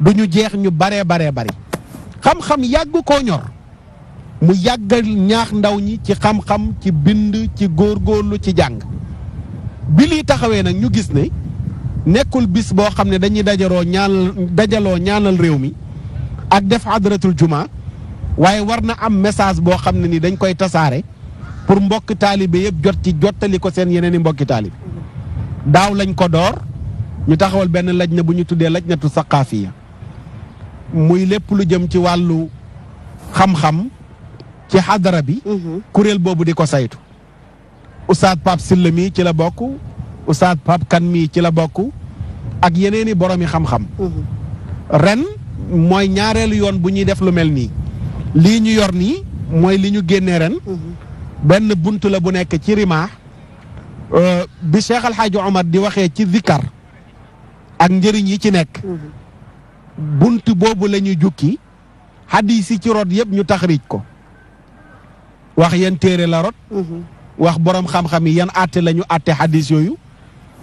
du ñu jeex ñu baree baree bari xam-xam yàgg koo ñor mu yàggal ñaax ndaw ñi ci xam-xam ci bind ci góor góorgóorlu ci jàng bi lii taxawee nag ñu gis ne nekkul bis boo xam ne dañuy dajaroo ñaanal dajaloo ñaanal réew mi ak def hadratul juma waaye war na am message boo xam ne ni dañ koy tasaare pour mbokki taalibe yëpp jot ci jottali ko seen yeneen i mbokki taalibe daaw lañ ko door ñu taxawal benn laj na bu ñu tuddee laj natu saqaafiya muy lépp lu jëm ci wàllu xam-xam ci xadara bi. Mhm. kuréel boobu di ko saytu. Oustaz Pape Sylla ci la bokk Oustaz Pape Kan mii ci la bokk ak yeneeni boroomi xam-xam. Mhm. ren mooy ñaareelu yoon bu ñuy def lu mel nii. lii ñu yor nii mooy li ñu génnee ren. Mhm. benn bunt la bu nekk ci rima euh, bi Cheikh Al Hadj Omar di waxee ci zikkar ak njëriñ yi ci nekk. bunt boobu lañuy ñu jukki xadiis yi ci rot yëpp ñu tax taxriij ko wax yan téere la rot mhm. wax boroom xam-xam yi yan àtte lañu ñu àtte xadiis yooyu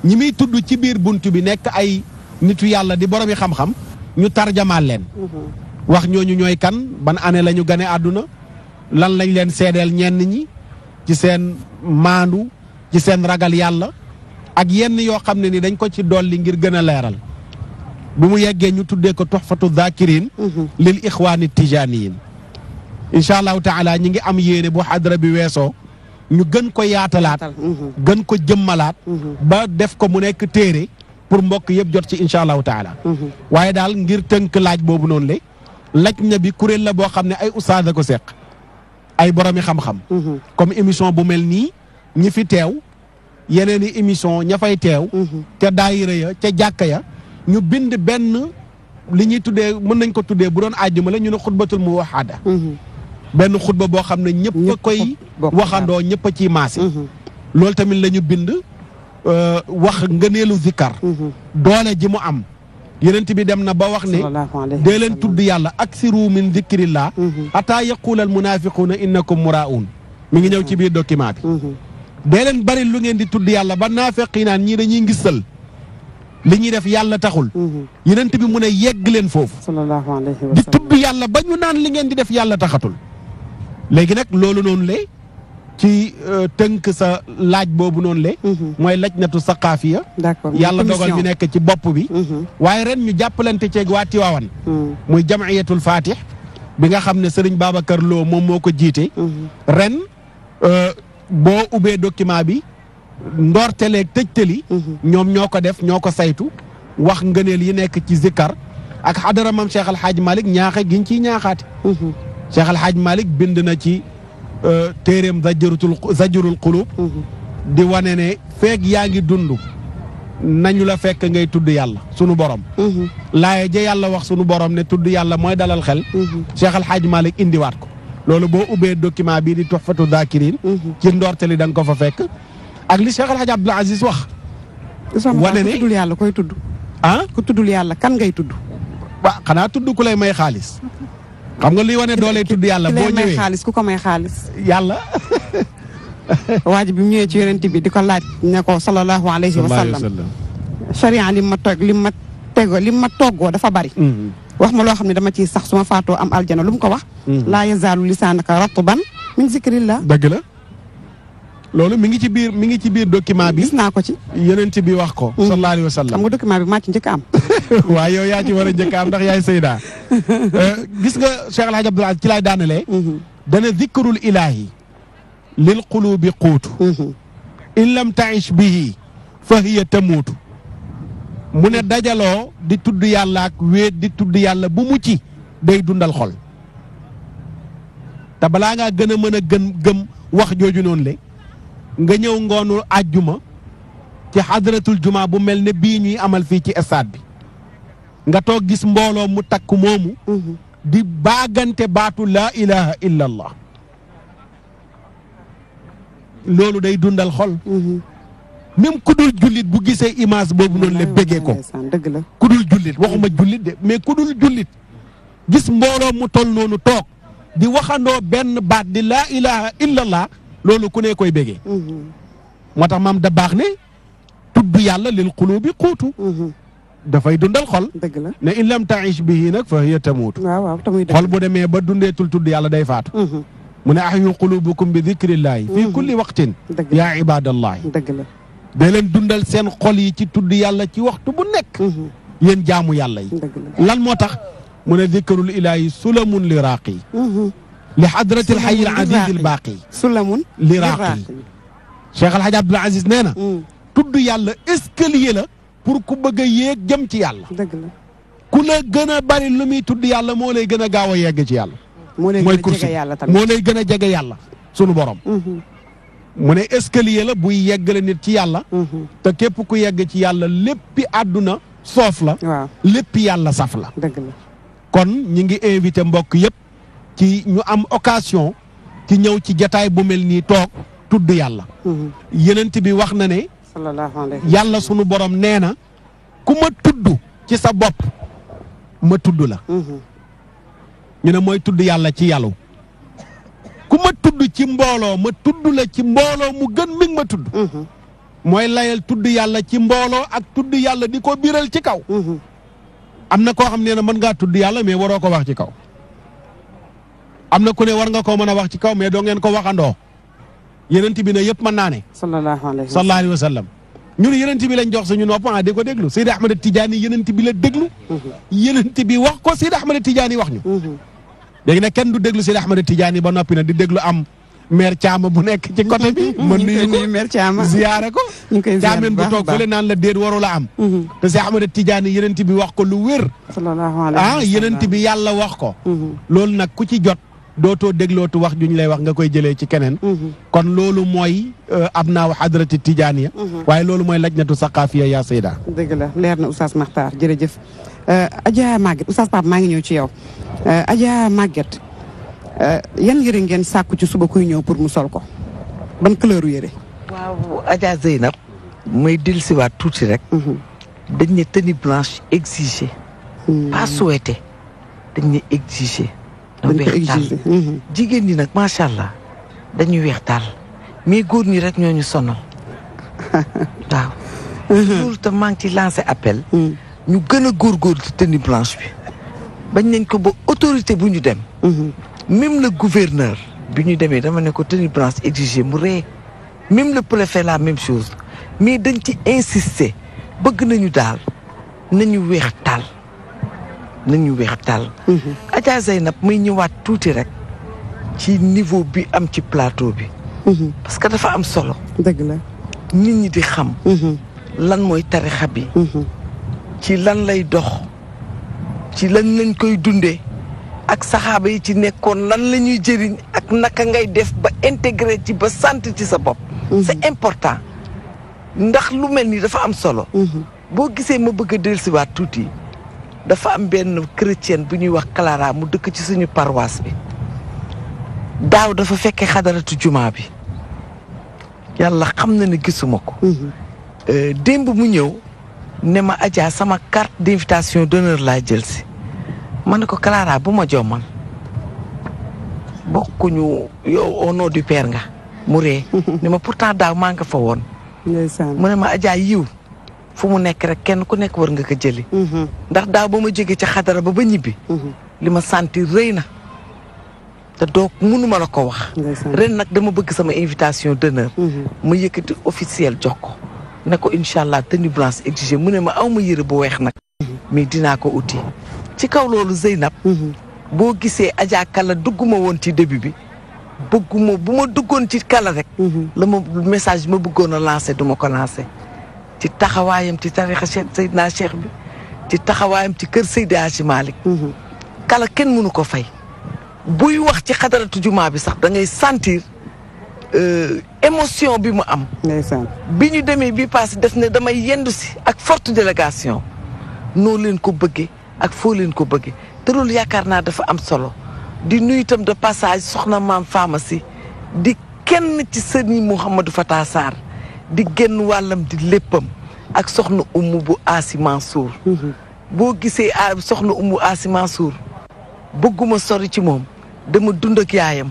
ñi muy tudd ci biir bunt bi nekk ay nitu yàlla di boromi xam-xam ñu tarjamaal leen mhm. wax ñooñu ñooy kan ban année lañu gane àdduna lan lañ leen seedeel ñenn ñi ci seen maandu ci seen ragal yàlla ak yenn yoo xam ne ni dañ ko ci dolli ngir gën a leeral bu mu yeggee ñu tuddee ko toxfatu zakirin mhm. lil ixwaani tijaaniyin incha allahu taala ñi ngi am yéene bu xadra bi weesoo ñu gën ko yaatalaat mhm. gën ko jëmmalaat mhm. ba def ko mu nekk téere pour mbokk yëpp jot ci incha allahu taala waaye daal ngir tënk laaj boobu noonu le laj na bi kuréel la boo xam ne ay ustaada ko seq ay boromi xam-xam comme émission bu mel nii ñi fi teew yeneen i émission ña fay teew ca daayira ya ca jàkka ya ñu bind benn li ñuy tuddee mën nañ ko tuddee bu doon àjjuma la ñu ne xutbatul mu waxaada mhm. benn xutba boo xam ne ñëpp a koy waxandoo ñëpp a ciy maase mhm. loolu tamit la ñu bind euh, wax ngëneelu zikkar mhm. doole ji mu am yenent bi dem na ba wax ne dee leen tudd yàlla aksiru min zikrillah hatta yaqula al munafiquuna innakum muraun mi ngi ñëw ci biir document bi dee leen bari lu ngeen di tudd yàlla ba naafeqi naan ñii dañuy ngisal li ñuy def yàlla taxul mhm. yenent bi mun ne yegg leen foofu di tudd yàlla ba ñu naan li ngeen di def yàlla taxatul léegi nag loolu noonu le ci euh, tënk sa laaj boobu noonu le mhm. mooy lajnatu saqaafiya yàlla dogal ñu nekk ci bopp bi mhm. waaye ren ñu jàppalante ceeg waa Tiwaawan muy jamiyatul fatih bi nga xam ne Serigne Babacar Lo moom moo ko jiite ren euh, boo ubbee document bi ndoorteleeg tëjtali mhm. ñoom ñoo ko def ñoo ko saytu wax ngëneel yi nekk ci zikkar ak xadara mam Cheikh Al Hadj Malick giñ ciy ñaaxaate mhm. Cheikh Al Hadj bind na ci euh, téeréem zajrutul zajrul qulub mhm. di wane ne feeg yaa ngi dund nañu la fekk ngay tudd yàlla sunu borom laaye ja yàlla wax sunu borom ne tudd yàlla mooy dalal xel Cheikh Al Hadj indiwaat ko loolu boo ubbee document bii di Tuhfatu Dhakirine ci ndoorteli da ko fa fekk ak li Cheikh El Hadj Abdoul Aziz wax. wane ne ku tuddul yàlla koy tudd. ah ku tuddul yàlla kan ngay tudd. waaw xanaa tudd ku lay may xaalis. xam nga liy wane doole tudd yàlla boo ñëwee ku ku ko may xaalis. yàlla. waa ji bi ñëwee ci yonent bi di ko laaj ne ko sallallahu alayhi wa sallam. charia li ma toog li ma toggoo dafa bari. Mm-hmm. wax ma loo xam ne dama ciy sax su ma faatoo am aljana lu mu ko wax. Mm-hmm. laa yazaalu lisaanaka ratban min zikrillah dëgg la. loolu mi ngi ci biir mi ngi ci biir document bi. gis naa ko ci. yonent bi wax ko. Mm. sallallahu alayhi wa sallam xam nga document bi maa ci njëkk am. waaw yaa ci war a njëkk am ndax yaay eh, gis nga Cheikh El Hadj Abdoul Aziz ci laay daanelee. Mm-hmm. dana zikrul ilaahi. lil qulubi quutu. Mm-hmm. in lam taish bihi fa hiya tamuutu. mu ne dajaloo di tudd yàlla ak wéet di tudd yàlla bu mu ci day dundal xol. te balaa nga gën a mën a gën gëm wax jooju noonu le nga ñëw ngoonu àjjuma ci xadratul juma bu mel ne bii ñuy amal fii ci stade bi nga toog gis mbooloo mu takk moomu mhm. di baagante baatu laa ilaha illa loolu day dundal xol mhm. même ku dul jullit bu gisee image boobu noonu la bégee ko ku dul jullit waxuma jullit de mais ku dul jullit gis mbooloo mu tol noonu toog di waxandoo benn baat di laa ilaha illa loolu ku ne koy béggee mhm. moo tax maam da baax ne tudd yàlla lil qulubi quutu mhm. dafay dundal xol dëgg la ne in lam taish bihi nag fa hiya tamuutu waaw waaw xol bu demee ba dundeetul tudd yàlla day faatu mhm. mu ne ahyu qulubukum bi dhikrillahi fii kulli waqtin yaa ibadallahi dëgg la da leen dundal seen xol yi ci tudd yàlla ci waxtu bu nekk yéen jaamu yàlla yi lan moo tax mu ne dhikrul ilaahi sulamun li raaqi li xadratil xayil azizil baaqi sulamun li raaqi Cheikh Al Hadj Abdoul Aziz nee na. tudd yàlla escalier la pour ku bëgg a yéeg jëm ci yàlla. dëgg la ku la gën a bari lu muy tudd yàlla moo lay gën a gaaw a yegg ci yàlla. moo lay gën a jege yàlla tamit moo lay gën a jege yàlla sunu borom. Mhm. mu ne escalier la buy yeggale nit ci yàlla. Mhm. te képp ku yegg ci yàlla léppi àdduna soof la. waaw léppi yàlla saf la. dëgg la kon ñi ngi invité mbokk yëpp. ci ñu am occasion ci ñëw ci jataay bu mel nii toog tudd yàlla mhm. yenent bi wax na ne yàlla sunu borom nee na ku ma tudd ci sa bopp ma tudd la mhm. ñu ne mooy tudd yàlla ci yàlla ku ma tudd ci mbooloo ma tudd la ci mbooloo mu gën mi ma tudd mhm. mooy layal tudd yàlla ci mbooloo ak tudd yàlla di ko biral ci kaw am na koo xam ne na mën ngaa tudd yàlla mais waroo ko wax ci kaw am na ku ne war nga koo mën a wax ci kaw mais doo ngeen ko waxandoo yenent bi na yëpp mën naa ne sallallahu alayhi wa sallam ñun yenent bi lañ jox suñu nopp ah di ko déglu Seydi Ahmad Tidiane yenent bi la déglu mm-hmm. yenent bi wax ko Seydi Ahmad Tidiane wax ñu mm-hmm. léegi nag kenn du déglu Seydi Ahmad Tidiane ba noppi na di déglu am maire Thiam bu nekk ci côté bi. mën nañu ko ko. ñu koy ziyaare bu baax bu toog fële naan la déet waru la am. Mm-hmm. te Seex Ahmada Tijaani yenent bi wax ko lu wér. sallallahu alayhi wa ah, sallam ah yenent bi yàlla wax ko. loolu nag ku ci jot. dootoo déglootu wax juñ lay wax nga koy jëlee ci keneen mhm. kon loolu mooy am euh, ab naaw tiijaan tijaaniya mhm. waaye loolu mooy lajnatu saqaafiya yaa sayda dëgg la leer na oustaz Makhtar jërëjëf euh, Adja Maguette oustaz Pape maa ngi ñëw ci yow euh, Adja Maguette yan yëre ngeen sàkku ci suba kuy ñëw pour mu sol ko ban couleur yëre waaw Adja Zeynab mooy dellusiwaat tuuti rek mhm. dañ ne tenue blanche exigée pas dañ ne exigée dañ ko mhm. jigéen ñi nag macha allah dañuy weex taal mais góor ñi rek ñoo ñu sonal waaw. loolu mhm. tam maa ci lancé appel. Mhm. ñu gën a góor ci tenue blanche bi. bañ nañ ko ba autorité bu ñu dem. même le gouverneur. bi ñu demee dama ne ko tenue blanche exigée mu ree même le préfet la même chose mais dañ ci insister bëgg nañu daal na ñu weex taal. nañu weex tàll mhm. Adja Zeynab may ñëwaat tuuti rek ci niveau bi am ci plateau bi mhm. parce que dafa am solo dëgg la nit ñi di xam mhm. lan mooy tarixa bi ci lan lay dox ci lan lañ koy dundee ak saxaaba yi ci nekkoon lan la ñuy jëriñ ak naka ngay def ba intégre ci ba sant ci sa bopp c'est important ndax lu mel ni dafa am solo boo gisee ma bëgg a dellusiwaat tuuti dafa am benn chrétienne bu ñuy wax Clara mu dëkk ci suñu parwaas bi daaw dafa fekkee xadaratu jumaa bi yàlla xam na ne gisuma ko mhm. euh, démb mu ñëw ne ma Adja sama carte d'invitation d'honneur laa jël si ma ne ko Clara bu ma jommal bokkuñu yow au nom du père nga mu ree ne ma pourtant daaw maa nga fa woon mu ne ma Adja yiw fu mu nekk rek kenn ku nekk war nga ko jëli mhm. ndax daaw ba ma jógee ca xadara ba ba ñibbi mhm. li ma sentir rey na te donc mënu ma la ko wax ren nag dama bëgg sama invitation d'honneur mhm. ma yëkkati officiel jox ko ne ko incha allah tenue blanche exigée mu ne ma aw ma yëre bu weex nag mais dinaa ko uti ci kaw loolu Zeynab boo gisee Adja Kala dugguma woon ci début bi bëgguma bu ma duggoon ci kala rek la ma message ma bëggoon a lancé du ma ko ci taxawaayam ci tarixa Seydina Cheikh bi ci taxawaayam ci kër Seydi Hadji Malick mm-hmm. kala kenn mënu ko fay buy wax ci xadaratu jumaa bi sax da ngay sentir euh, émotion bi mu am bi ñu demee bi passé def ne damay yendu si ak forte délégation noo leen ko bëggee ak foo leen ko bëgge te loolu yaakaar naa dafa am solo di nuyu itam de passage soxna maam pharmacie di kenn ci sëriñ Mouhamadou Fata Sarr di génn wàllam di léppam ak soxna umu bu Asi Mansour mhm. boo gisee soxna umu Asi Mansour bëgguma sori ci moom dama dund ak yaayam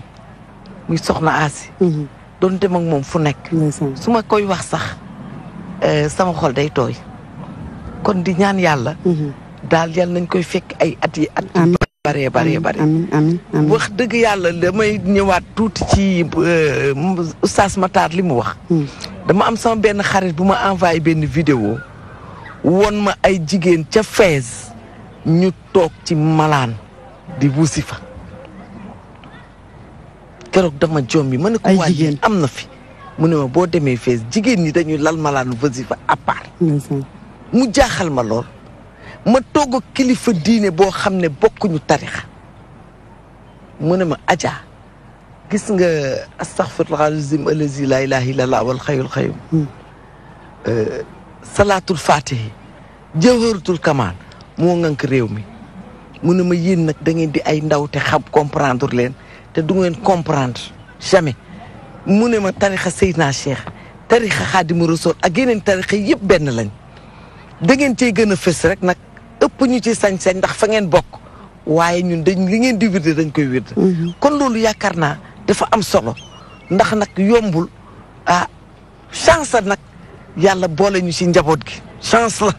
muy soxna Asi mhm. doon dem ak moom fu nekk su ma koy wax sax eh, sama xol day tooy kon di ñaan yàlla mhm. daal yàlla nañ koy fekk ay at yi at bare bare bare wax dëgg yàlla damay ñëwaat tuuti ci euh, oustaz Matar li mu wax hmm. dama am sama benn xarit bu ma envoyé benn vidéo won ma ay jigéen ca fees ñu toog ci malaan di wusi fa keroog dama joom bi ma ne waa jigéen am na fi mu ne ma boo demee fees jigéen ñi dañuy lal malaan wusi fa à part mu jaaxal ma lool ma togg kilifa diine boo xam ne bokkuñu tarix mu ne ma ajaa gis nga astaghfirullah alazim alazi la ilaha illallah wal xayul xayum hmm. euh, salaatul fatihi jawharatul kamal moo ngànk réew mi mu ne ma yéen nag da ngeen di ay ndaw te xam comprendre leen te du ngeen comprendre mu ne ma tarixa Seydina Cheikh tarixa Xaadimu Rasuul ak yeneen tarixa yëpp benn lañ da ngeen cey gën a fës rek nag ëpp ñu ci sañ-sañ ndax fa ngeen bokk waaye ñun dañ li ngeen di wirde dañ koy wirde mhm. kon loolu yaakaar naa dafa am solo ndax nag yombul ah chance la nag yàlla boole ñu ci njaboot gi chance la.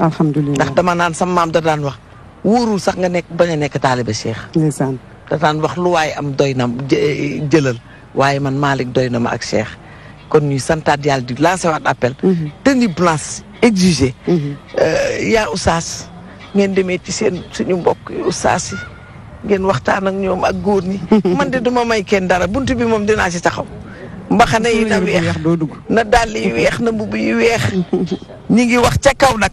alhamdulilah ndax dama naan sam maam da daan wax wóorul sax nga nekk bañ a nekk taaliba Cheikh. ndeysaan da daan wax lu waaye am doy na jëlal waaye man Malick doy na ma ak Cheikh kon ñuy santaat yàlla di lancer waat appel. Mhm. tenue blanche exigée. Mhm. Euh, yaa oustaz. ngeen demee ci seen suñu mbokk yu ustaas ngeen waxtaan ak ñoom ak góor ñi. man de duma may kenn dara bunt bi moom dinaa ci taxaw. mbaxana yi na weex na dàll yi weex na mbubb weex. ñi ngi wax ca kaw nag.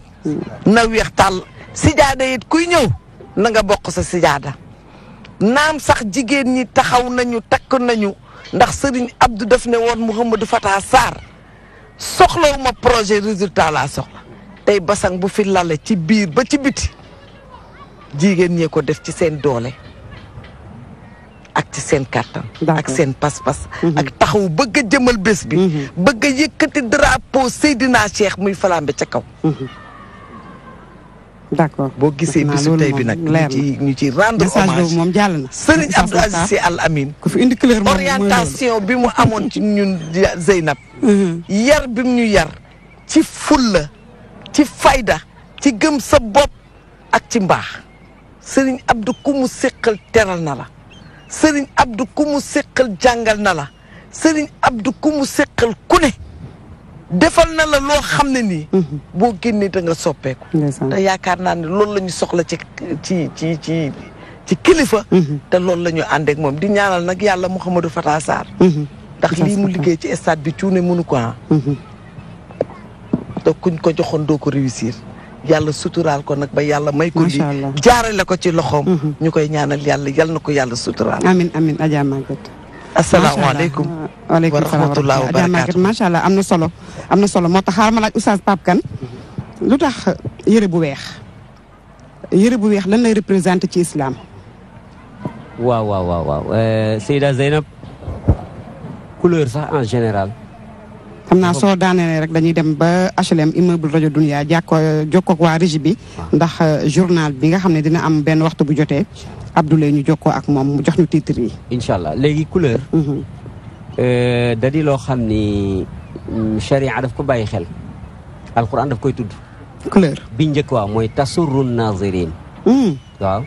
na weex tàll sijaada it kuy ñëw na nga bokk sa sijaada naam sax jigéen ñi taxaw nañu takk nañu ndax sëriñ Abdou def ne woon mu Mouhamadou Fata Sarr soxlawu ma projet résultat la soxla. tey basang bu fi lale ci biir ba ci biti jigéen ñee ko def ci seen doole ak ci seen kàttan ak seen pas-pas mhm. ak taxaw bëgg a jëmal bés bi mhm. bëgg a yëkkati drapeau Seydina Cheikh muy falambe ca kaw mhm. d'accord boo gisee bisu tey bi nag ñu ci ci rendre hommage moom jàll na Serigne Abdou Aziz Sy Al Amine ku orientation bi mu amoon ci ñun Zeynab yar bi mu ñu yar ci fulla ci fayda ci gëm sa bopp ak ci mbaax sëriñ Abdou ku mu séqal teral na la sëriñ Abdou ku mu séqal jàngal na la sëriñ Abdou ku mu séqal kune ne defal na la loo xam ne nii. Mhm. boo génnee da nga soppeeku. te yaakaar naa ne loolu la soxla ci ci ci ci ci kilifa. Mhm. te loolu lañu ñu ànd moom di ñaanal nag yàlla Mouhamadou Fata Sarr. Mhm. ndax lii mu liggéey ci stade bi cuune mënu ko ah. te kuñ ko joxoon doo ko réussir yàlla suturaal ko nag ba yàlla may ko lii jaarale ko ci loxoom mhm. ñu koy ñaanal yàlla yal na ko yàlla suturaal amin amin Adja Maguette asalaamaaleykum waaleykum salaam wa rahmatulah macha allah am na solo am na solo moo tax xaaral ma laaj oustaz Pape Kane lu tax yére bu weex yére bu weex lan lay représenté ci islam. waaw waaw waaw waaw euh, Seyda Zeynab couleur sax en général xam na soo daanelee rek dañuy dem ba HLM immeuble rajo Dunia jàkko jokkoo ak waa régie bi ndax euh, journal bi nga xam ne dina am benn waxtu bu jotee Abdoulaye ñu jokkoo ak moom mu jox nu titre yi incha allah léegi couleur mhm. euh, da xam ni charia mm, daf ko bàyyi xel alquran daf koy tudd couleur bi njëkk waaw mooy tasurru nazirin mm. waaw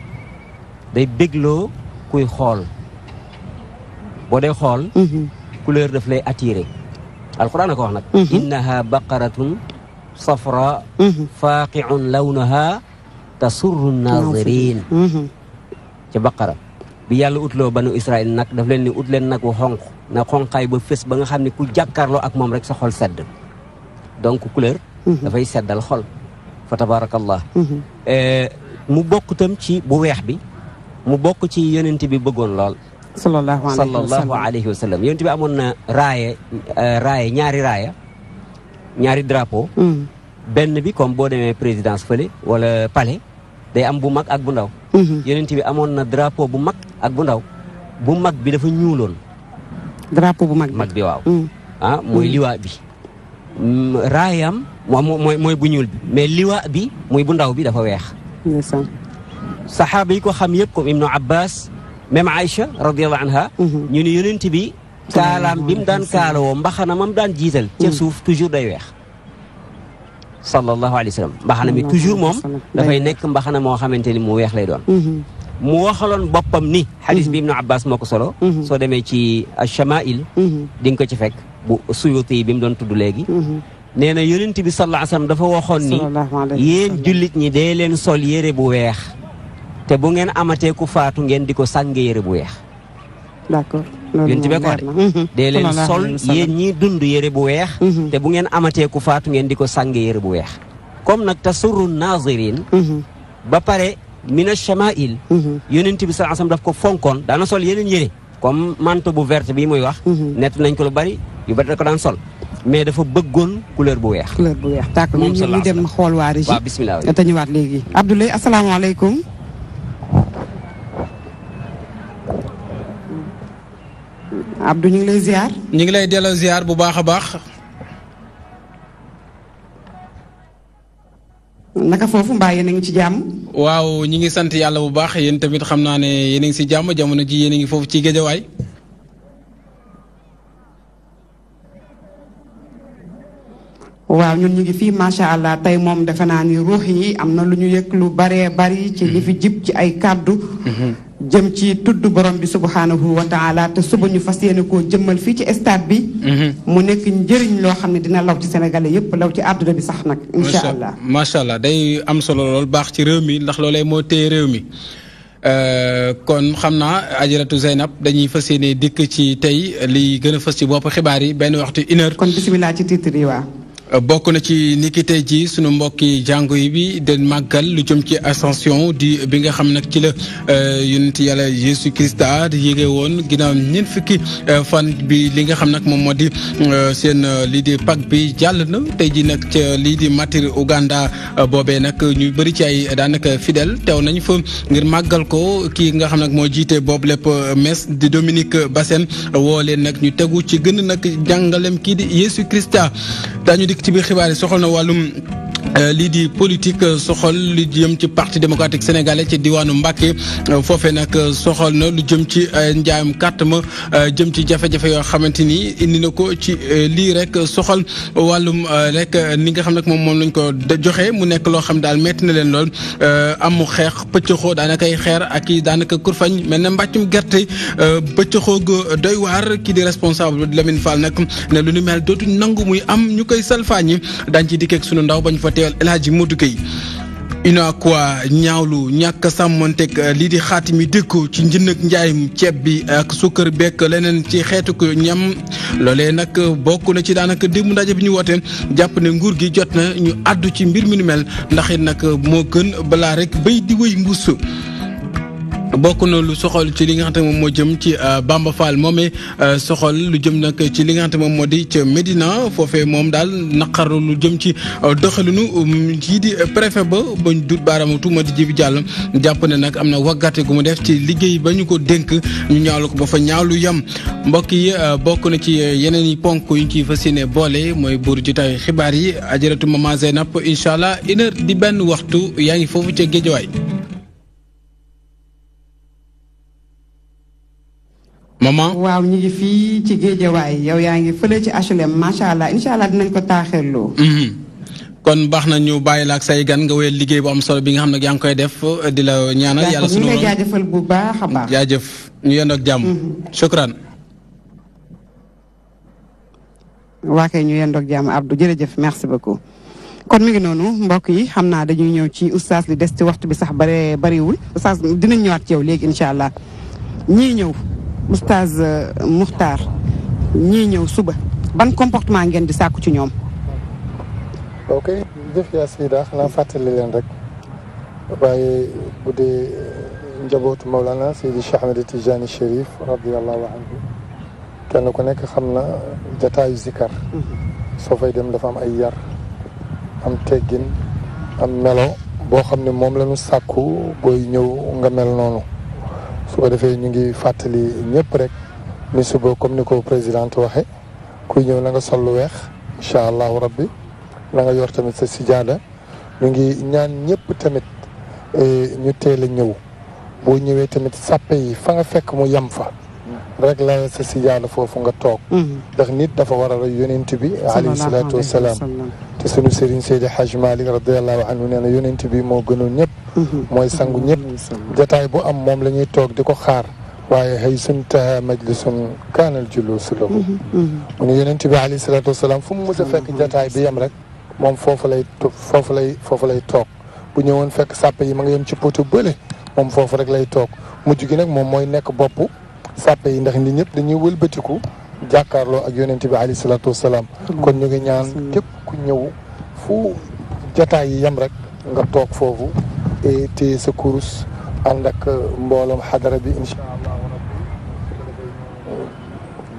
day bégloo kuy xool boo dee xool mhm. couleur daf lay attiré alquran a ko wax nag mhm. innaha baqaratun safra mhm. faaqiun lawnaha tasurru nazirin mhm. ci baqara bi yàlla utloo banu israil nag daf leen ni ut leen nag wu xonq na xonqaay ba fés ba nga xam ne ku jàkkaarloo ak moom rek sa xol sedd donc couleur dafay seddal xol fa tabarakallah eh, mu bokk tam ci bu weex bi mu bokk ci yonent bi bëggoon lool sallallahu alayhi wa sallam yonent bi amoon na raaye euh, ñaari raaya ñaari drapeau hmm. bi comme boo demee présidence fële wala palais day am bu mag ak bu ndaw hmm. bi amoon na drapeau bu mag ak bu ndaw mag bi dafa ñuuloon drapeau bu mag mag bi waaw muy hmm. ah, mooy liwaa bi raayam mooy bu ñuul bi mais liwaa bi muy bu ndaw bi dafa weex saxaaba yi ko xam yëpp comme ibnu abbas même Aïcha radiallahu anha mhm. ñu ni yonent bi kaalaam bi mu daan kaalawoo mbaxana mam daan jiital ca mhm. suuf toujours day weex sallallahu alayhi wa mbaxana mi toujours moom dafay nekk mbaxana moo xamante ni mu weex lay doon mhm. mu waxaloon boppam ni xadis bi ibnu abbas moo ko solo soo demee ci chamail di nga ko ci fekk bu suyuti bi mu doon tudd léegi nee na yonent bi sallallahu alayhi dafa waxoon ni yéen jullit ñi dee leen sol yére bu weex te bu ngeen amatee ku faatu ngeen di ko sàng yére bu weex. d'accord loolu moom leer mhm. sol yéen ñii dund yére bu weex. Mhm. te bu ngeen amatee ku faatu ngeen di ko sàng yére bu weex. comme nag tasurru nazirin mhm. ba pare mina shamail yonent bi sallallahu alayhi wasallam daf ko fonkoon daana sol yeneen yére comme manteau bu verte bi mooy wax. net nañ ko lu bari yu bari da ko daan sol. mais dafa bëggoon couleur bu weex. couleur bu weex d'accord ñun ñu dem xool waa Régis. waaw Abdou ñu ngi lay ziar. ñu ngi lay delloo ziar bu baax a baax. naka foofu mbaa yéen a ngi ci jàmm. waaw ñu ngi sant yàlla bu baax yéen tamit xam naa ne yéen a ngi si jàmm jamono ji yéen a ngi foofu ci géejawaay. waaw ñun ñu ngi fii macha allah tey moom defe naa ni ruux yi am na lu ñu yëg lu baree bari ci fi mm-hmm. jib ci ay kàddu. Mm-hmm. jëm ci tudd borom bi subhanahu wa taala te suba ñu fas yéene koo jëmmal fii ci stade bi. Mhm. mu nekk njëriñ loo xam ne dina law ci Sénégal yëpp law ci àdduna bi sax nag. incha allah macha allah day am solo lool baax ci réew mi ndax loolee moo téye réew mi. Euh, kon xam naa ajaratu Zeynab dañuy fas yéene dikk ci tey lii gën a fës ci bopp xibaar yi benn waxtu une heure. kon bisimilah ci titre waa bokk na ci niki tey jii sunu mbokki jàngo yi bi den màggal lu jëm ci ascension di bi nga xam nag ci la euh, yonent yàlla Jésus Christa di yéege woon ginnaaw ñeent fukki euh, fan bi li nga xam nag moom moo di euh, seen lii di Pâques bi jàll na tey jii nag ca lii di Matir Uganda boobe nag ñu bëri ci ay daanaka fidel teew nañ fa ngir màggal ko kii nga xam nag moo jiite boob lépp mes di Dominique Bassène woo nag ñu tegu ci gën nag jàngalem kii di Jésus Christa dañu dikk ci biir xibaar yi soxal na wàllum. Euh, lii di politique euh, soxal lu jëm ci parti démocratique sénégalais ci diwaanu Mbàkke euh, foofee nag soxal na lu jëm ci njaayam carte ma jëm ci jafe-jafe yoo xamante ni indi na ko ci lii rek soxal wàllum rek ni nga xam nag moom moom lañ ko joxe mu nekk loo xam daal metti na leen lool mu xeex pëccëxoo daanaka ay xeer ak i daanaka kurfañ mel na mbàccum gerte pëccëxoo ga doy waar kii di responsable Lamine Fall nag ne lu ni mel dootu nangu muy am ñu koy salfaañi daañ ci ndaw teewal El Hadji Modou Gueye UNACOIS ñaawlu ñàkk sàmmanteeg eh, lii di mi dëkkoo ci njënd ak njaayum ceeb bi ak sukkër bekk leneen ci xeetu ko ñam loole nag bokk na ci daanaka démb ndaje bi ñu woote jàpp ne nguur gi jot na ñu àddu ci mbir mi nu mel ndaxit it nag moo gën balaa rek bay di wéy mbuus bokk na lu soxol ci li nga xam moom moo jëm ci euh, Bamba Fall moomee euh, soxal lu jëm nag ci li nga xam moom moo di ca Médina foofe moom daal naqaru lu jëm ci euh, doxalinu yii um, di préfet ba bañ dut baaraamu tuuma di jibi jàll jàpp ne nag am na waggate gu mu def ci liggéey ba ñu ko dénk ñu ñaawlu ko ba fa ñaawlu yam mbokk yi bokk na ci yeneen yi ponk yu ñu ciy fas yéene boole mooy buur jotaay xibaar yi ajaratu Mama Zeynab incha allah une di benn waxtu yaa ngi foofu ca Géejawaay maman waaw ñu ngi fii ci géejawaay yow yaa ngi fële ci HLM macha allah incha allah dinañ ko taaxirloo. Mhm. kon baax na ñu bàyyi la ak say gan nga wéyal liggéey bu am solo bi nga xam ne yaa ngi koy def eh, di la ñaanal. yàlla sunu ñu ngi jaajëfal bu baax a baax. jaajëf ñu yendoo ak jàmm. Mhm. shukran. waa kay ñu yendoo ak jàmm Abdou jërëjëf merci beaucoup. kon mi noonu mbokk yi xam naa dañuy ñëw ci oustaz li des ci waxtu bi sax bare bariwul oustaz dinañ ñëwaat ci yow léegi incha allah ñii ñëw. oustaz euh, Muxtaar ñii ñëw suba ban comportement ngeen di sàkku ci ñoom. ok jëf yaa Seyda xanaa fàttali leen rek waaye bu euh, njabootu Mawlana Seydi Cheikh Ahmed Tijani Chérif radiallahu anhu kenn ku nekk xam na jataayu zikar. soo fay dem dafa am ay yar am teggin am melo boo xam ne moom la ñu sàkku booy ñëw nga mel noonu. su ko defee ñu ngi fàttali ñëpp rek ni suba comme ni ko présidente waxe kuy ñëw la nga sol lu weex incha allahu rabbi la nga yor tamit sa sijaada ñu ngi ñaan ñëpp tamit eh, ñu teel a ñëw boo ñëwee tamit sàppe yi fa nga fekk mu yem fa rek la sa sijaada foofu nga toog mm-hmm. ndax nit dafa war a roy bi alayhi salaatu wasalaam te sunu sëriñ Seydi Hajj Malik radiallahu anhu nee na bi moo gënoon ñëpp Mm-hmm. mooy sangu ñëpp jataay bu am moom la ñuy toog di ko xaar waaye xëy suntaha majlisun kaanal juluusu lahu mm-hmm. Mm-hmm. mu ne yonent bi alayhi salaatu wasalaam fu mu mës fekk jataay bi yem rek moom foofu lay foofu lay foofu lay toog bu ñëwoon fekk sàpp yi ma nga yem ci potu bële moom foofu rek lay toog mujj gi nag moom mooy nekk boppu sàpp yi ndax nit ñëpp dañuy wëlbatiku jàkkaarloo ak yonent bi alayhi salaatu wasalaam kon ñu ngi ñaan képp ku ñëw fu jataay yi yem rek nga toog foofu téye sa kurus ànd ak mbooloom xadara bi incha allah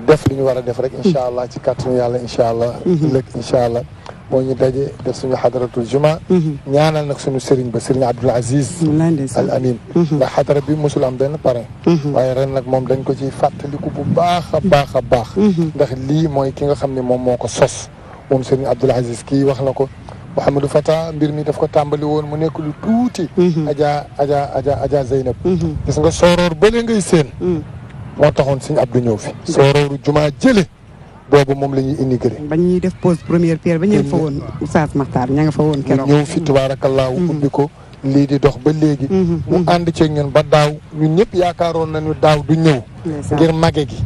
def li ñu war a def rek incha allah ci kàttanu yàlla incha allah mhm. ëllëg incha allah moo ñu daje def suñu xadaratul juma mhm. ñaanal nag suñu sëriñ ba sëriñ Abdul Aziz Al Amin mhm. ndax xadara bi mosul am benn moom dañ ko ci fàttaliku bu baax a baax a baax ndax lii mooy ki nga xam ne moom moo ko sos moom sëriñ Abdul Aziz wax na ko Mouhamadou Fata mbir mi def ko tàmbali woon mu nekk lu tuuti. Mhm. Adja Adja aja Adja Zeynab. Mhm. gis nga sooroor bële ngay seen. Mhm. moo taxoon suñu Abdou ñëw fi. soorooru juma jële boobu moom la ñuy immigré. ba ñuy def pose première pierre ba ñu fa woon Oustaz Makhtar ña nga fa woon keroog. ñëw fi tubaarakallaahu ubbi ko lii di dox ba léegi. mu ànd ceeg ñun ba daaw ñu ñëpp yaakaaroon nañu daaw du ñëw. ngir mage gi.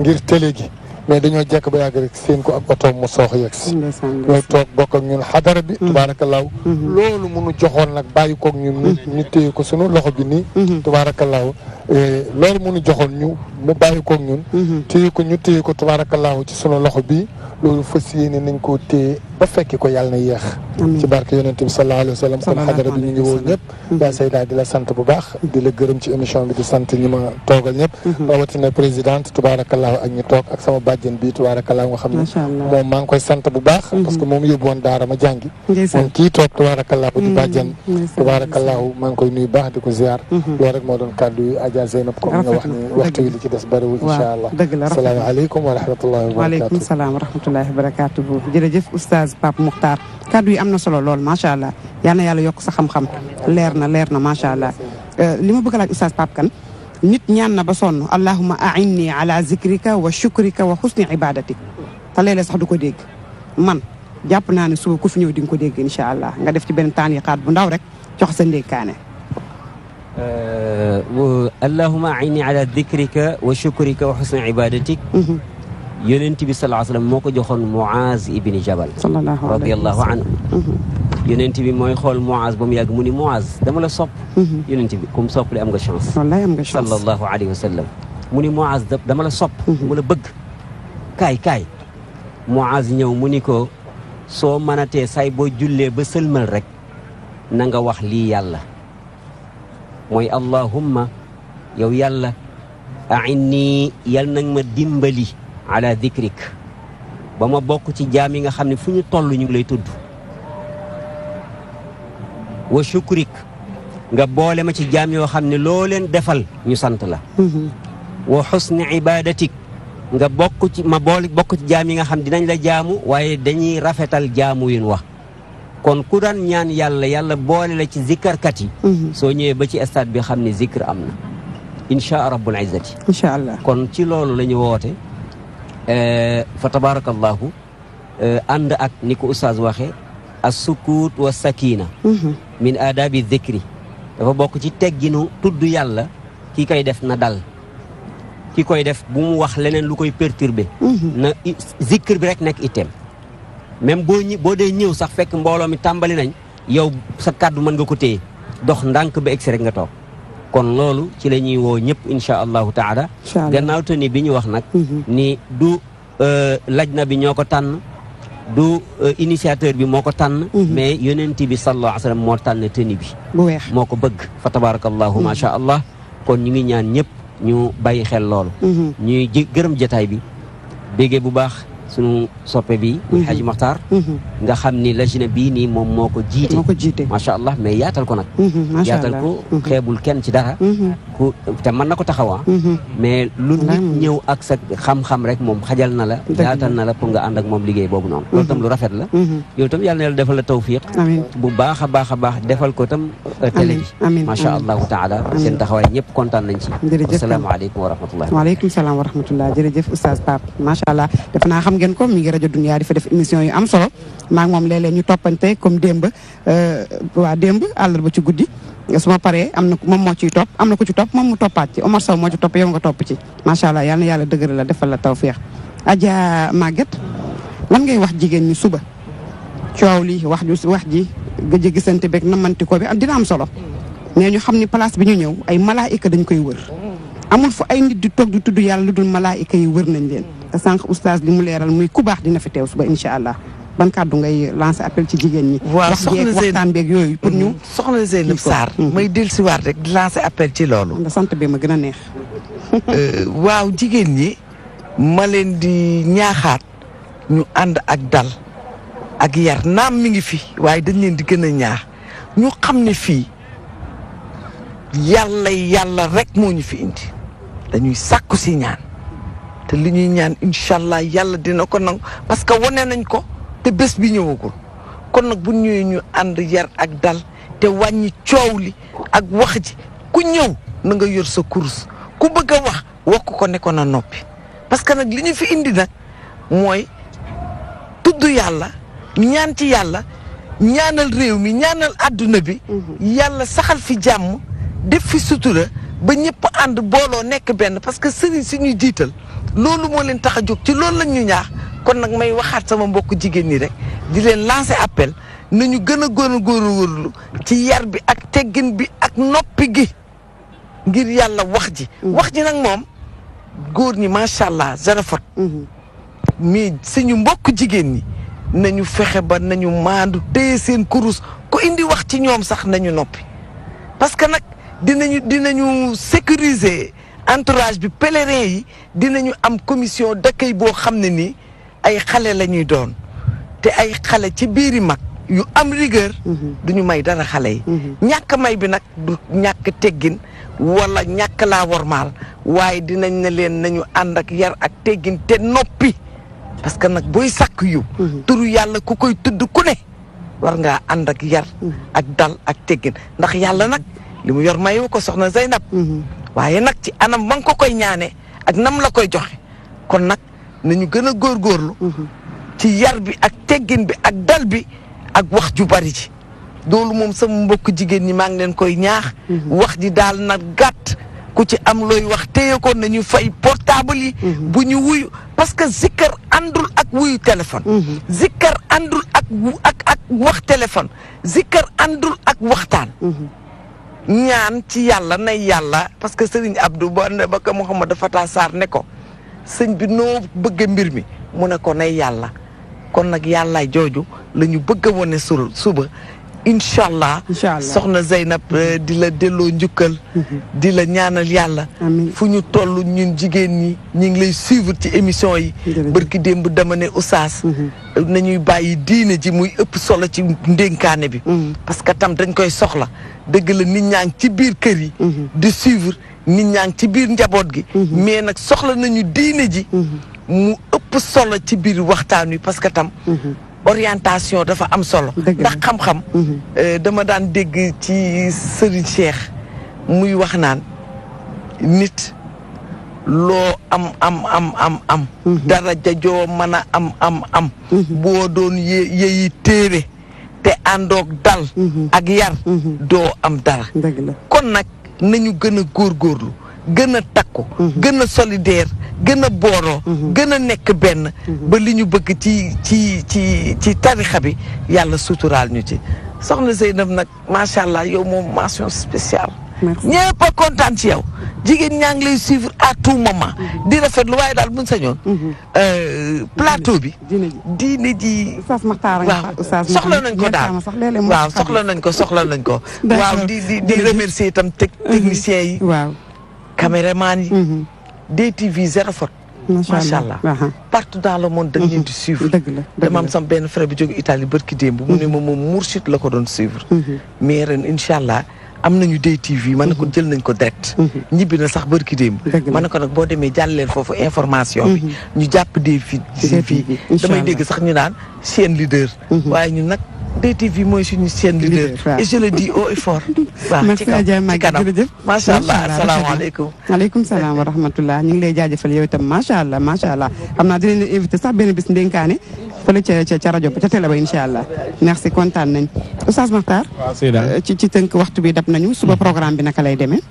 ngir télé gi. mais dañoo jekk ba yàgg rek seen ko ak oto mu soox yegg si ñoo toog bokk ak ñun xadara bi mm-hmm. tubaarakallaaw mm-hmm. loolu munu joxoon nag bàyyi koog ñun mm-hmm. ñu téye ko sunu loxo bi nii tubaarakallaaw Eh, loolu mënu joxoon ñu mu bàyyi koog ñun. Mhm. téye ko ñu téye ko tabaarakallaahu ci sunu loxo bi loolu fas yéene nañ koo téye ba fekki ko yal na yéex. ci barke yonent bi sallallahu alayhi wa sallam kon xadara bi ñu mhm. la sant bu baax. di la gërëm ci émission bi di sant ñi ma toogal ñëpp. Mhm. rawatina présidente tabaarakallaahu ak ñu toog ak sama bàjjen bi tabaarakallaahu nga xam ne. moom maa ngi koy sant bu baax. parce que moom yóbbu woon daara ma jàngi. moom kii toog tabaarakallaahu di bàjjen. tabaarakallaahu maa ngi koy nuyu baax di ko ziar. loolu rek moo doon Adja Zeynab comme nga wax ni waxtu yi li ci des bëriwul incha allah dëgg la salaamaaleykum wa rahmatullahi wa barakatuh waaleykum salaam wa rahmatullahi wa barakatuh jërëjëf oustaz Pape Mokhtar kaddu yi am na solo lool macha allah yal na yàlla yokk sa xam-xam leer na leer na macha allah euh, li ma bëgg a laaj oustaz Pape kan nit ñaan na ba sonn allahuma ainni ala zikrika wa shukrika wa husni ibadatik te léeg-léeg sax du ko dégg man jàpp naa ne suba ku fi ñëw di nga ko dégg incha allah nga def ci benn taan yi xaat bu ndaw rek jox sa ndékaane Uh, allahuma aini ala dikrika wa shukrika wa xusna ibadatik mhm. yonent bi salaa sallam moo ko joxoon Muaz ibn Jabal radiallahu anhu mhm. yonent bi mooy xool Muaz ba mu yàgg mu ni Muaz dama la sopp mhm. yonent bi ku mu sopp li am nga chance wallaay am nga chance sallallahu alayhi wa sallam mu ni Muaz dama la sopp mu la bëgg kaay kaay Muaz ñëw mu ni ko soo mënatee say boo jullee ba sëlmal rek na nga wax lii yàlla mooy allahumma yow yàlla ainni yal nag ma dimbali ala dikrik ba ma bokk ci jaam yi nga xam ne fu ñu toll ñu lay tudd wa shukrik nga boole ma ci jaam yoo xam ne loo leen defal ñu sant la mm-hmm. wa xusni ibadatik nga bokk ci ma boole bokk ci jaam yi nga xam dinañ la jaamu waaye dañuy rafetal jaamu yin wax kon ku daan ñaan yàlla yàlla boole la ci zikkarkat yi. Mhm. soo ñëwee ba ci stade bi xam ne zikkar am na. incha rabbul izzati. incha allah kon ci loolu la ñu woote. Eh, fa tabarakallahu eh, ànd ak ni ko oustaz waxee. wa sakina. Mhm. min aadaabi zikri. dafa bokk ci tegginu tudd yàlla. ki koy def na dal. ki koy def bu mu wax leneen lu koy perturber. Mhm. na zikr bi rek nekk item. même boo ñi boo dee ñëw sax fekk mbooloo mi tàmbali nañ yow sa kàddu mën nga ko téye dox ndànk bi egsi rek nga toog kon loolu ci la ñuy woo ñëpp incha allahu taala gannaaw te ni bi ñu wax nag mhm. ni du euh, lajna bi ñoo ko tànn du euh, initiateur bi moo ko tànn mhm. mais yonent bi sallallahu alayhi moo tànn tëni bi moo ko bëgg fa tabarakallahu mhm. ma sha allah kon ñu ngi ñaan ñëpp ñu bàyyi xel loolu ñuy gërëm jataay bi bégee bu baax sunu soppe bi muy mhm. Haji Maxtaar mhm. nga xam ni lajina bii nii moom moo ko jiite moo ko jiite macha allah mais yaatal ko nag mhm, yaatal ko xeebul kenn ci dara kooku te mën na ko taxawaa ah. mm-hmm. mais lu nit ñëw ak sa xam-xam rek moom xajal na la yaatal na la pour nga ànd ak moom liggéey boobu noonu loolu tam lu mm-hmm. rafet la mm-hmm. yow tam yàlla na yàlla defal la tawfiq bu baax a baax a baax defal ko tam uh, télé bi macha allahu taala kontaan nañ ci asalaamaaleykum wa rahmatullah waaleykum salaam wa rahmatullah allah def naa xam ngeen ko mi ngi rajo Dunia fa def émission yu am solo maa moom léeg-léeg ñu toppante comme démb uh, waa démb àllarba ci guddi su ma paree am na moom moo ciy topp am na ku ci topp moom mu toppaat ci Omar Sow moo ci topp yow nga topp ci macha allah yal na yàlla dëgëral la defal la tawféex. Adja Maguette lan ngay wax jigéen ñi suba coow li wax ju wax ji gëj a gisante beeg namanti ko bi am dina am solo mais ñu xam ni place bi ñu ñëw ay malaayika dañ koy wër. amul fu ay nit di toog di tudd yàlla lu dul malaayika yi wër nañ leen te sànq oustaz li mu leeral muy ku baax dina fi teew suba incha allah. ban kàddu ngay lancer appel ci jigéen ñi. waaw soxna Zeynep yooyu pour ñu. Mm-hmm. soxna Zeynep Sarr. Mm-hmm. may dellusiwaat rek di lancer ci loolu. nga sant bi ma gën a neex. Euh, waaw jigéen ñi. ma leen di ñaaxaat. ñu ànd ak dal. ak yar naam mi ngi fi waaye dañ leen di gën a ñaax ñu xam ne fii yàlla yàlla rek moo ñu fi indi dañuy sàkku si ñaan te li ñuy ñaan incha yàlla dina ko nangu parce que wane nañ ko. te bés bi ñëwagul kon nag bu ñëwee ñu ànd yar ak dal te wàññi coow li ak wax ji ku ñëw na nga yor sa kurus ku bëgg a wax wax ko nekkoon ko na noppi parce que nag li ñu fi indi nag mooy tudd yàlla ñaan ci yàlla ñaanal réew mi ñaanal àdduna bi. Mm-hmm. yàlla saxal fi jàmm def fi sutura. ba ñëpp ànd booloo nekk benn parce que sëriñ si ñu jiital loolu moo leen tax a jóg ci loolu lañ ñu ñaax kon nag may waxaat sama mbokku jigéen ñi rek di leen lancé appel nañu gën a gën a góorgóorlu ci yar bi ak teggin bi ak noppi gi ngir yàlla wax ji. Mm-hmm. wax ji nag moom góor ñi macha allah zéro faute. Mm-hmm. mais suñu mbokk jigéen ñi nañu fexe ba nañu maandu téye seen kurus ku indi wax ci ñoom sax nañu noppi parce que nag. dinañu dinañu sécuriser entourage bi pèlerin yi dinañu am commission d'accueil boo xam ne nii ay xale lañuy doon te ay xale ci biir yi mag yu am rigueur. Mhm. duñu may dara xale yi. Mhm. ñàkk may bi nag du ñàkk teggin wala ñàkk laa wormaal waaye dinañ ne leen nañu ànd ak yar ak teggin te noppi parce que nag booy sàkk yu. Mhm. turu yàlla ku koy tudd ku ne war ngaa ànd ak yar. ak dal ak teggin ndax yàlla nag. li mu yor mayu ko soxna Zeynab mhm. waaye nag ci anam ba nga ko koy ñaane ak nam la koy joxe kon nag nañu gën a góorgóorlu mhm. ci yar bi ak teggin bi ak dal bi ak wax ju bari ji loolu moom sam mbokk jigéen ñi maa ngi leen koy ñaax mhm. wax ji daal na gàtt ku ci am looy wax téye ko nañu fay portable yi bu ñu wuyu parce que zikkar àndul ak wuyu téléphone zikkar àndul ak ak ak wax téléphone zikkar àndul ak waxtaan ñaan ci yàlla na yàlla parce que sëriñ Abdou ba ne ba ko Mouhamadou Fata Sarr ne ko sëñ bi noo bëgg mbir mi mu ne ko nay yàlla kon nag yàlla jooju la ñu bëgg a suba incha allah soxna Zeynab euh, di la delloo njukkal mhm. di la ñaanal yàlla fu ñu toll ñun jigéen ñi ñu ngi lay suivre ci émission yi bërki démb dama ne Oustaz mhm. nañuy bàyyi diine ji muy ëpp sola ci ndénkaane bi mhm. parce que tam dañ koy soxla dëgg la nit ñaa ci biir kër yi di suivre nit ñaa ngi ci biir njaboot gi mais nag soxla nañu diine ji mu ëpp solo ci biir waxtaan wi parce que tam orientation dafa am solo. ndax xam-xam. Mhm. Euh, dama daan dégg ci Serigne Cheikh muy wax naan nit loo am am am am am. Mhm. dara jajoo mën a am am am. Mhm. boo doon yé yéyi téere te àndoog dal. ak yar. doo am dara. kon nag nañu gën a góorlu gën a takku mhm. gën a solidaire gën a booroo mhm. gën a nekk benn mhm. ba li ñu bëgg ci ci ci ci tarixa bi yàlla suturaal ñu ci soxna Zeynab nag macha allah yow moom mention spéciale ñëpp a kontaan ci yow jigéen ñaa ngi lay suivre à tout moment di rafetlu waaye daal buñ sañoon euh, plateau bi diine ji waaw soxla nañ ko daal waaw soxla nañ ko soxla nañ ko waaw di di di remercier itam technicien yi caméraman yi. Mhm. DTV zéro faute. macha allah partout dans le monde dañ leen di mhm. suivre. dëgg la dama am sama benn frère bu jóge Italie barki démb. mu ne ma mhm. moom Mourchid la ko doon suivre. mais ren incha allah am nañu DTV. ma ne ko jël nañ ko direct. ñibbi na sax barki démb. ma ne ko nag boo demee jàll leen foofu information bi. ñu jàpp DTV. incha allah damay dégg sax ñu naan chaîne leader. waaye ñun nag. DTV mooy suñu seen leader et je le dis haut et fort. waaw ci kanam ci kanam macha allah ñu ngi lay jaajëfal yow itam macha allah macha allah xam naa invité sax benn bis ndénkaane fële ca ca rajo ba ca télé incha allah merci kontaan nañ Oustaz Makhtar. ci ci tënk waxtu bi dab nañu suba programme bi naka lay demee.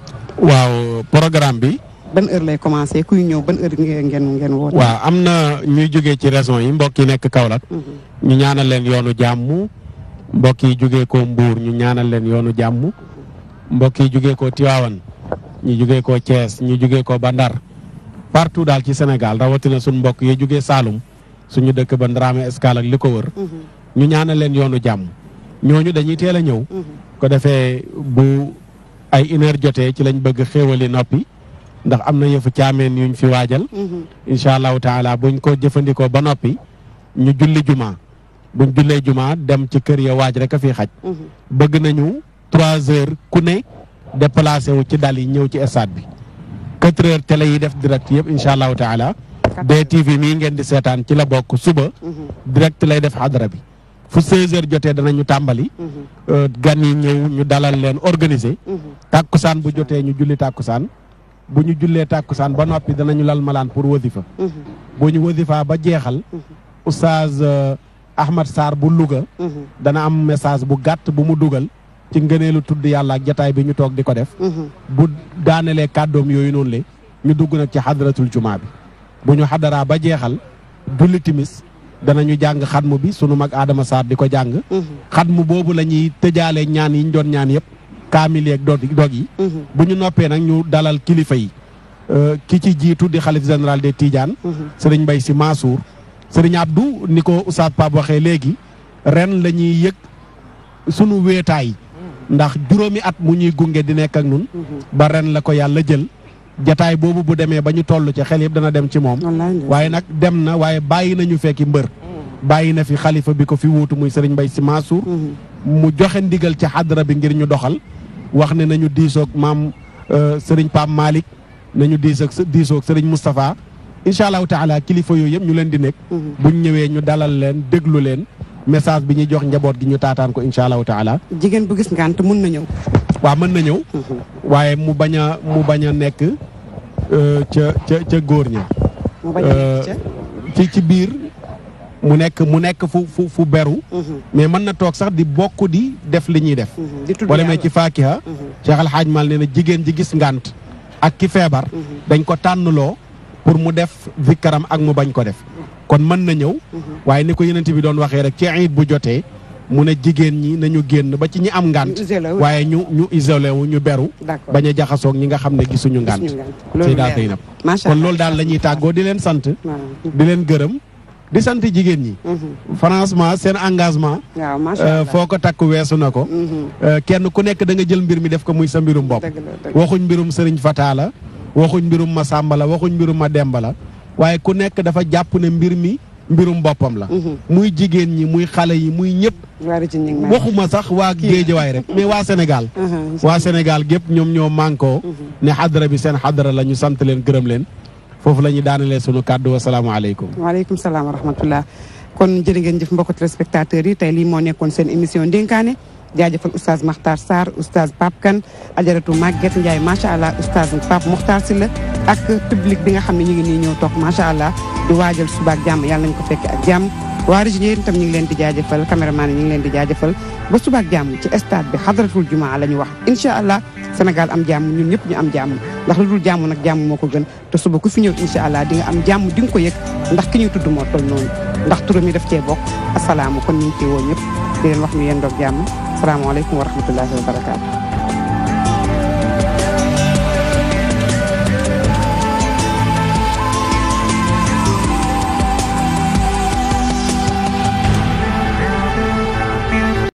waaw programme bi. ban heure lay commencé kuy ñëw ban heure ngeen ngeen woote. waaw am na ñuy jógee ci régions yi mbokk yi nekk Kaolack. Mhm. ñu ñaana leen yoonu jàmm. mbokk yi jugee ko Mbour ñu ñaanal leen yoonu jàmm mbokk yi jugee ko Tivaouane ñu jugee ko Thiès ñu jógee ko ba Ndar partout daal ci Sénégal rawatina suñ mbokk yi jógee Saalum suñu dëkk ba Ndramé Escale ak li ko wër ñu ñaanal leen yoonu jàmm ñooñu dañuy teel a ñëw ko defee bu ay une jotee ci lañ bëgg xéewali noppi ndax am na yëfu caameen yuñ fi waajal mhm. incha allahu taala buñ ko jëfandikoo ba noppi ñu julli jumaa buñ jullee juma dem ci kër ya waaj rek a fi xaj. Mhm. bëgg nañu trois heures ku ne déplacé wu ci dal yi ñëw ci stade bi quatre heures tele yi def direct yëpp incha allahu taala. DTV mii ngeen di seetaan ci la bokk suba. Mhm. direct lay def xadara bi. fu 16 heures jotee dana ñu tàmbali. Mhm. Euh, gan yi ñëw ñu dalal leen organiser. tàkkusaan bu jotee ñu julli tàkkusaan bu ñu jullee tàkkusaan ba noppi danañu lal malaan pour wasifa. bu ñu wasifaa ba jeexal. oustaz euh, Ahmad Sarr bu Louga mhm. dana am message bu gàtt bu mu dugal ci ngëneelu tudd yàlla ak jataay bi ñu toog di ko def mhm. bu daanelee kàddoom yooyu noonu le ñu dugg nag ci xadaratul jumaa bi bu ñu xadaraa ba jeexal julli timis danañu jàng xatmu bi suñu mag aadama Sarr di ko jàng mhm. xatmu boobu la ñuy tëjaalee ñaan yi ñu doon ñaan yëpp kaamil yeeg dog yi bu ñu noppee nag ñu dalal kilifa yi euh, ki ci jiitu di xalif général des Tidiane sëriñ Mbay Si Mansour sëriñ Abdou ni ko Oustaz Pape waxee léegi ren la ñuy yëg sunu weetaay ndax juróomi at mu ñuy gunge di nekk ak nun ba ren la ko yàlla jël jataay boobu bu demee ba ñu toll ci xel yëpp dana dem ci moom waaye nag dem na waaye bàyyi nañu fekki mbër bàyyi na fi xalifa bi ko fi wuutu muy sëriñ Mbay Si Mansour mu joxe ndigal ci xadra bi ngir ñu doxal wax ne nañu diisoog maam euh, sëriñ Pape Malick nañu diisoog diisoog sëriñ Moustapha incha allahu taala kilifa yooyu yëpp ñu leen di bu mhm. buñ ñëwee ñu dalal leen déglu leen message bi ñuy jox njaboot gi ñu taataan ko incha allahu taala. jigéen bu gis ngànt mën na ñëw. waaw mën na ñëw. Mhm. waaye mu bañ a mu bañ a nekk euh, ca ca ca góor ña. mu euh, ci biir. mu nekk mu nekk fu fu beru mhm. mais mën na toog sax di bokk di def li ñuy def boo demee ci faakiha Cheikh Alhaaj Mal nee na jigéen ji gis ngànt ak ki feebar dañ ko tànnloo pour mu def vicaram ak mu bañ ko def kon mën na ñëw mhm. waaye ni ko yenente bi doon waxee rek ci iid bu jotee mu ne jigéen ñi ñu génn ba ci ñi am ngànt waaye ñu ñu isolé wu ñu beru bañ a jaxasoog ñi nga xam ne gisuñu ngànt si daal tey nag kon loolu daal la ñuy tàggoo di leen sant di leen gërëm di sant jigéen ñi mhm. franchement seen engagement euh, foo ko takk weesu na ko mhm. euh, kenn ku nekk da nga jël mbir mi def ko muy sa mbirum bopp waxuñ mbirum sëriñ Fata la waxuñ mbirum ma sàmba la waxuñ mbirum ma demba la waaye ku nekk dafa jàpp ne mbir mi mbirum boppam la mhm. muy jigéen ñi muy xale yi muy ñëpp waxuma sax waa waay rek mais waa Sénégal uh-huh, waa Sénégal gépp ñoom ñoo mànkoo mhm. ne xadara bi seen xadara la ñu sant leen gërëm leen foofu la ñu daanalee sunu kàddu wasalaamaaleykum waaleykum salaam wa rahmatullah kon jërë ngeen jëf mbokk téléspectateurs yi tey lii moo nekkoon seen émission ndénkaane jaajëfal oustaz Makhtar Sarr oustaz Pape Kane ajaratu Maguette Ndiaye macha allah oustaz Pape Mokhtar Sylla ak public bi nga xam ne ñu ngi nii ñëw toog macha allah di waajal suba ak jàmm yàlla nañu ko fekk ak jàmm. waa région yéen tam ñu ngi leen di jaajëfal caméraman yi ñu ngi leen di jaajëfal ba subaak jàmm ci stade bi xadratul jumaa la ñu wax incha allah Sénégal am jàmm ñun ñëpp ñu am jàmm ndax lu dul jàmm nag jàmm moo ko gën te suba ku fi ñëw incha allah di am jàmm di ko yëg ndax ki ñuy tudd moo noonu ndax turam yi daf cee bokk asalaamu kon ñu ngi ciy woo ñëpp wax ñu yéen doog jàmm asalaamaaleykum wa rahmatullahi wa barakaatu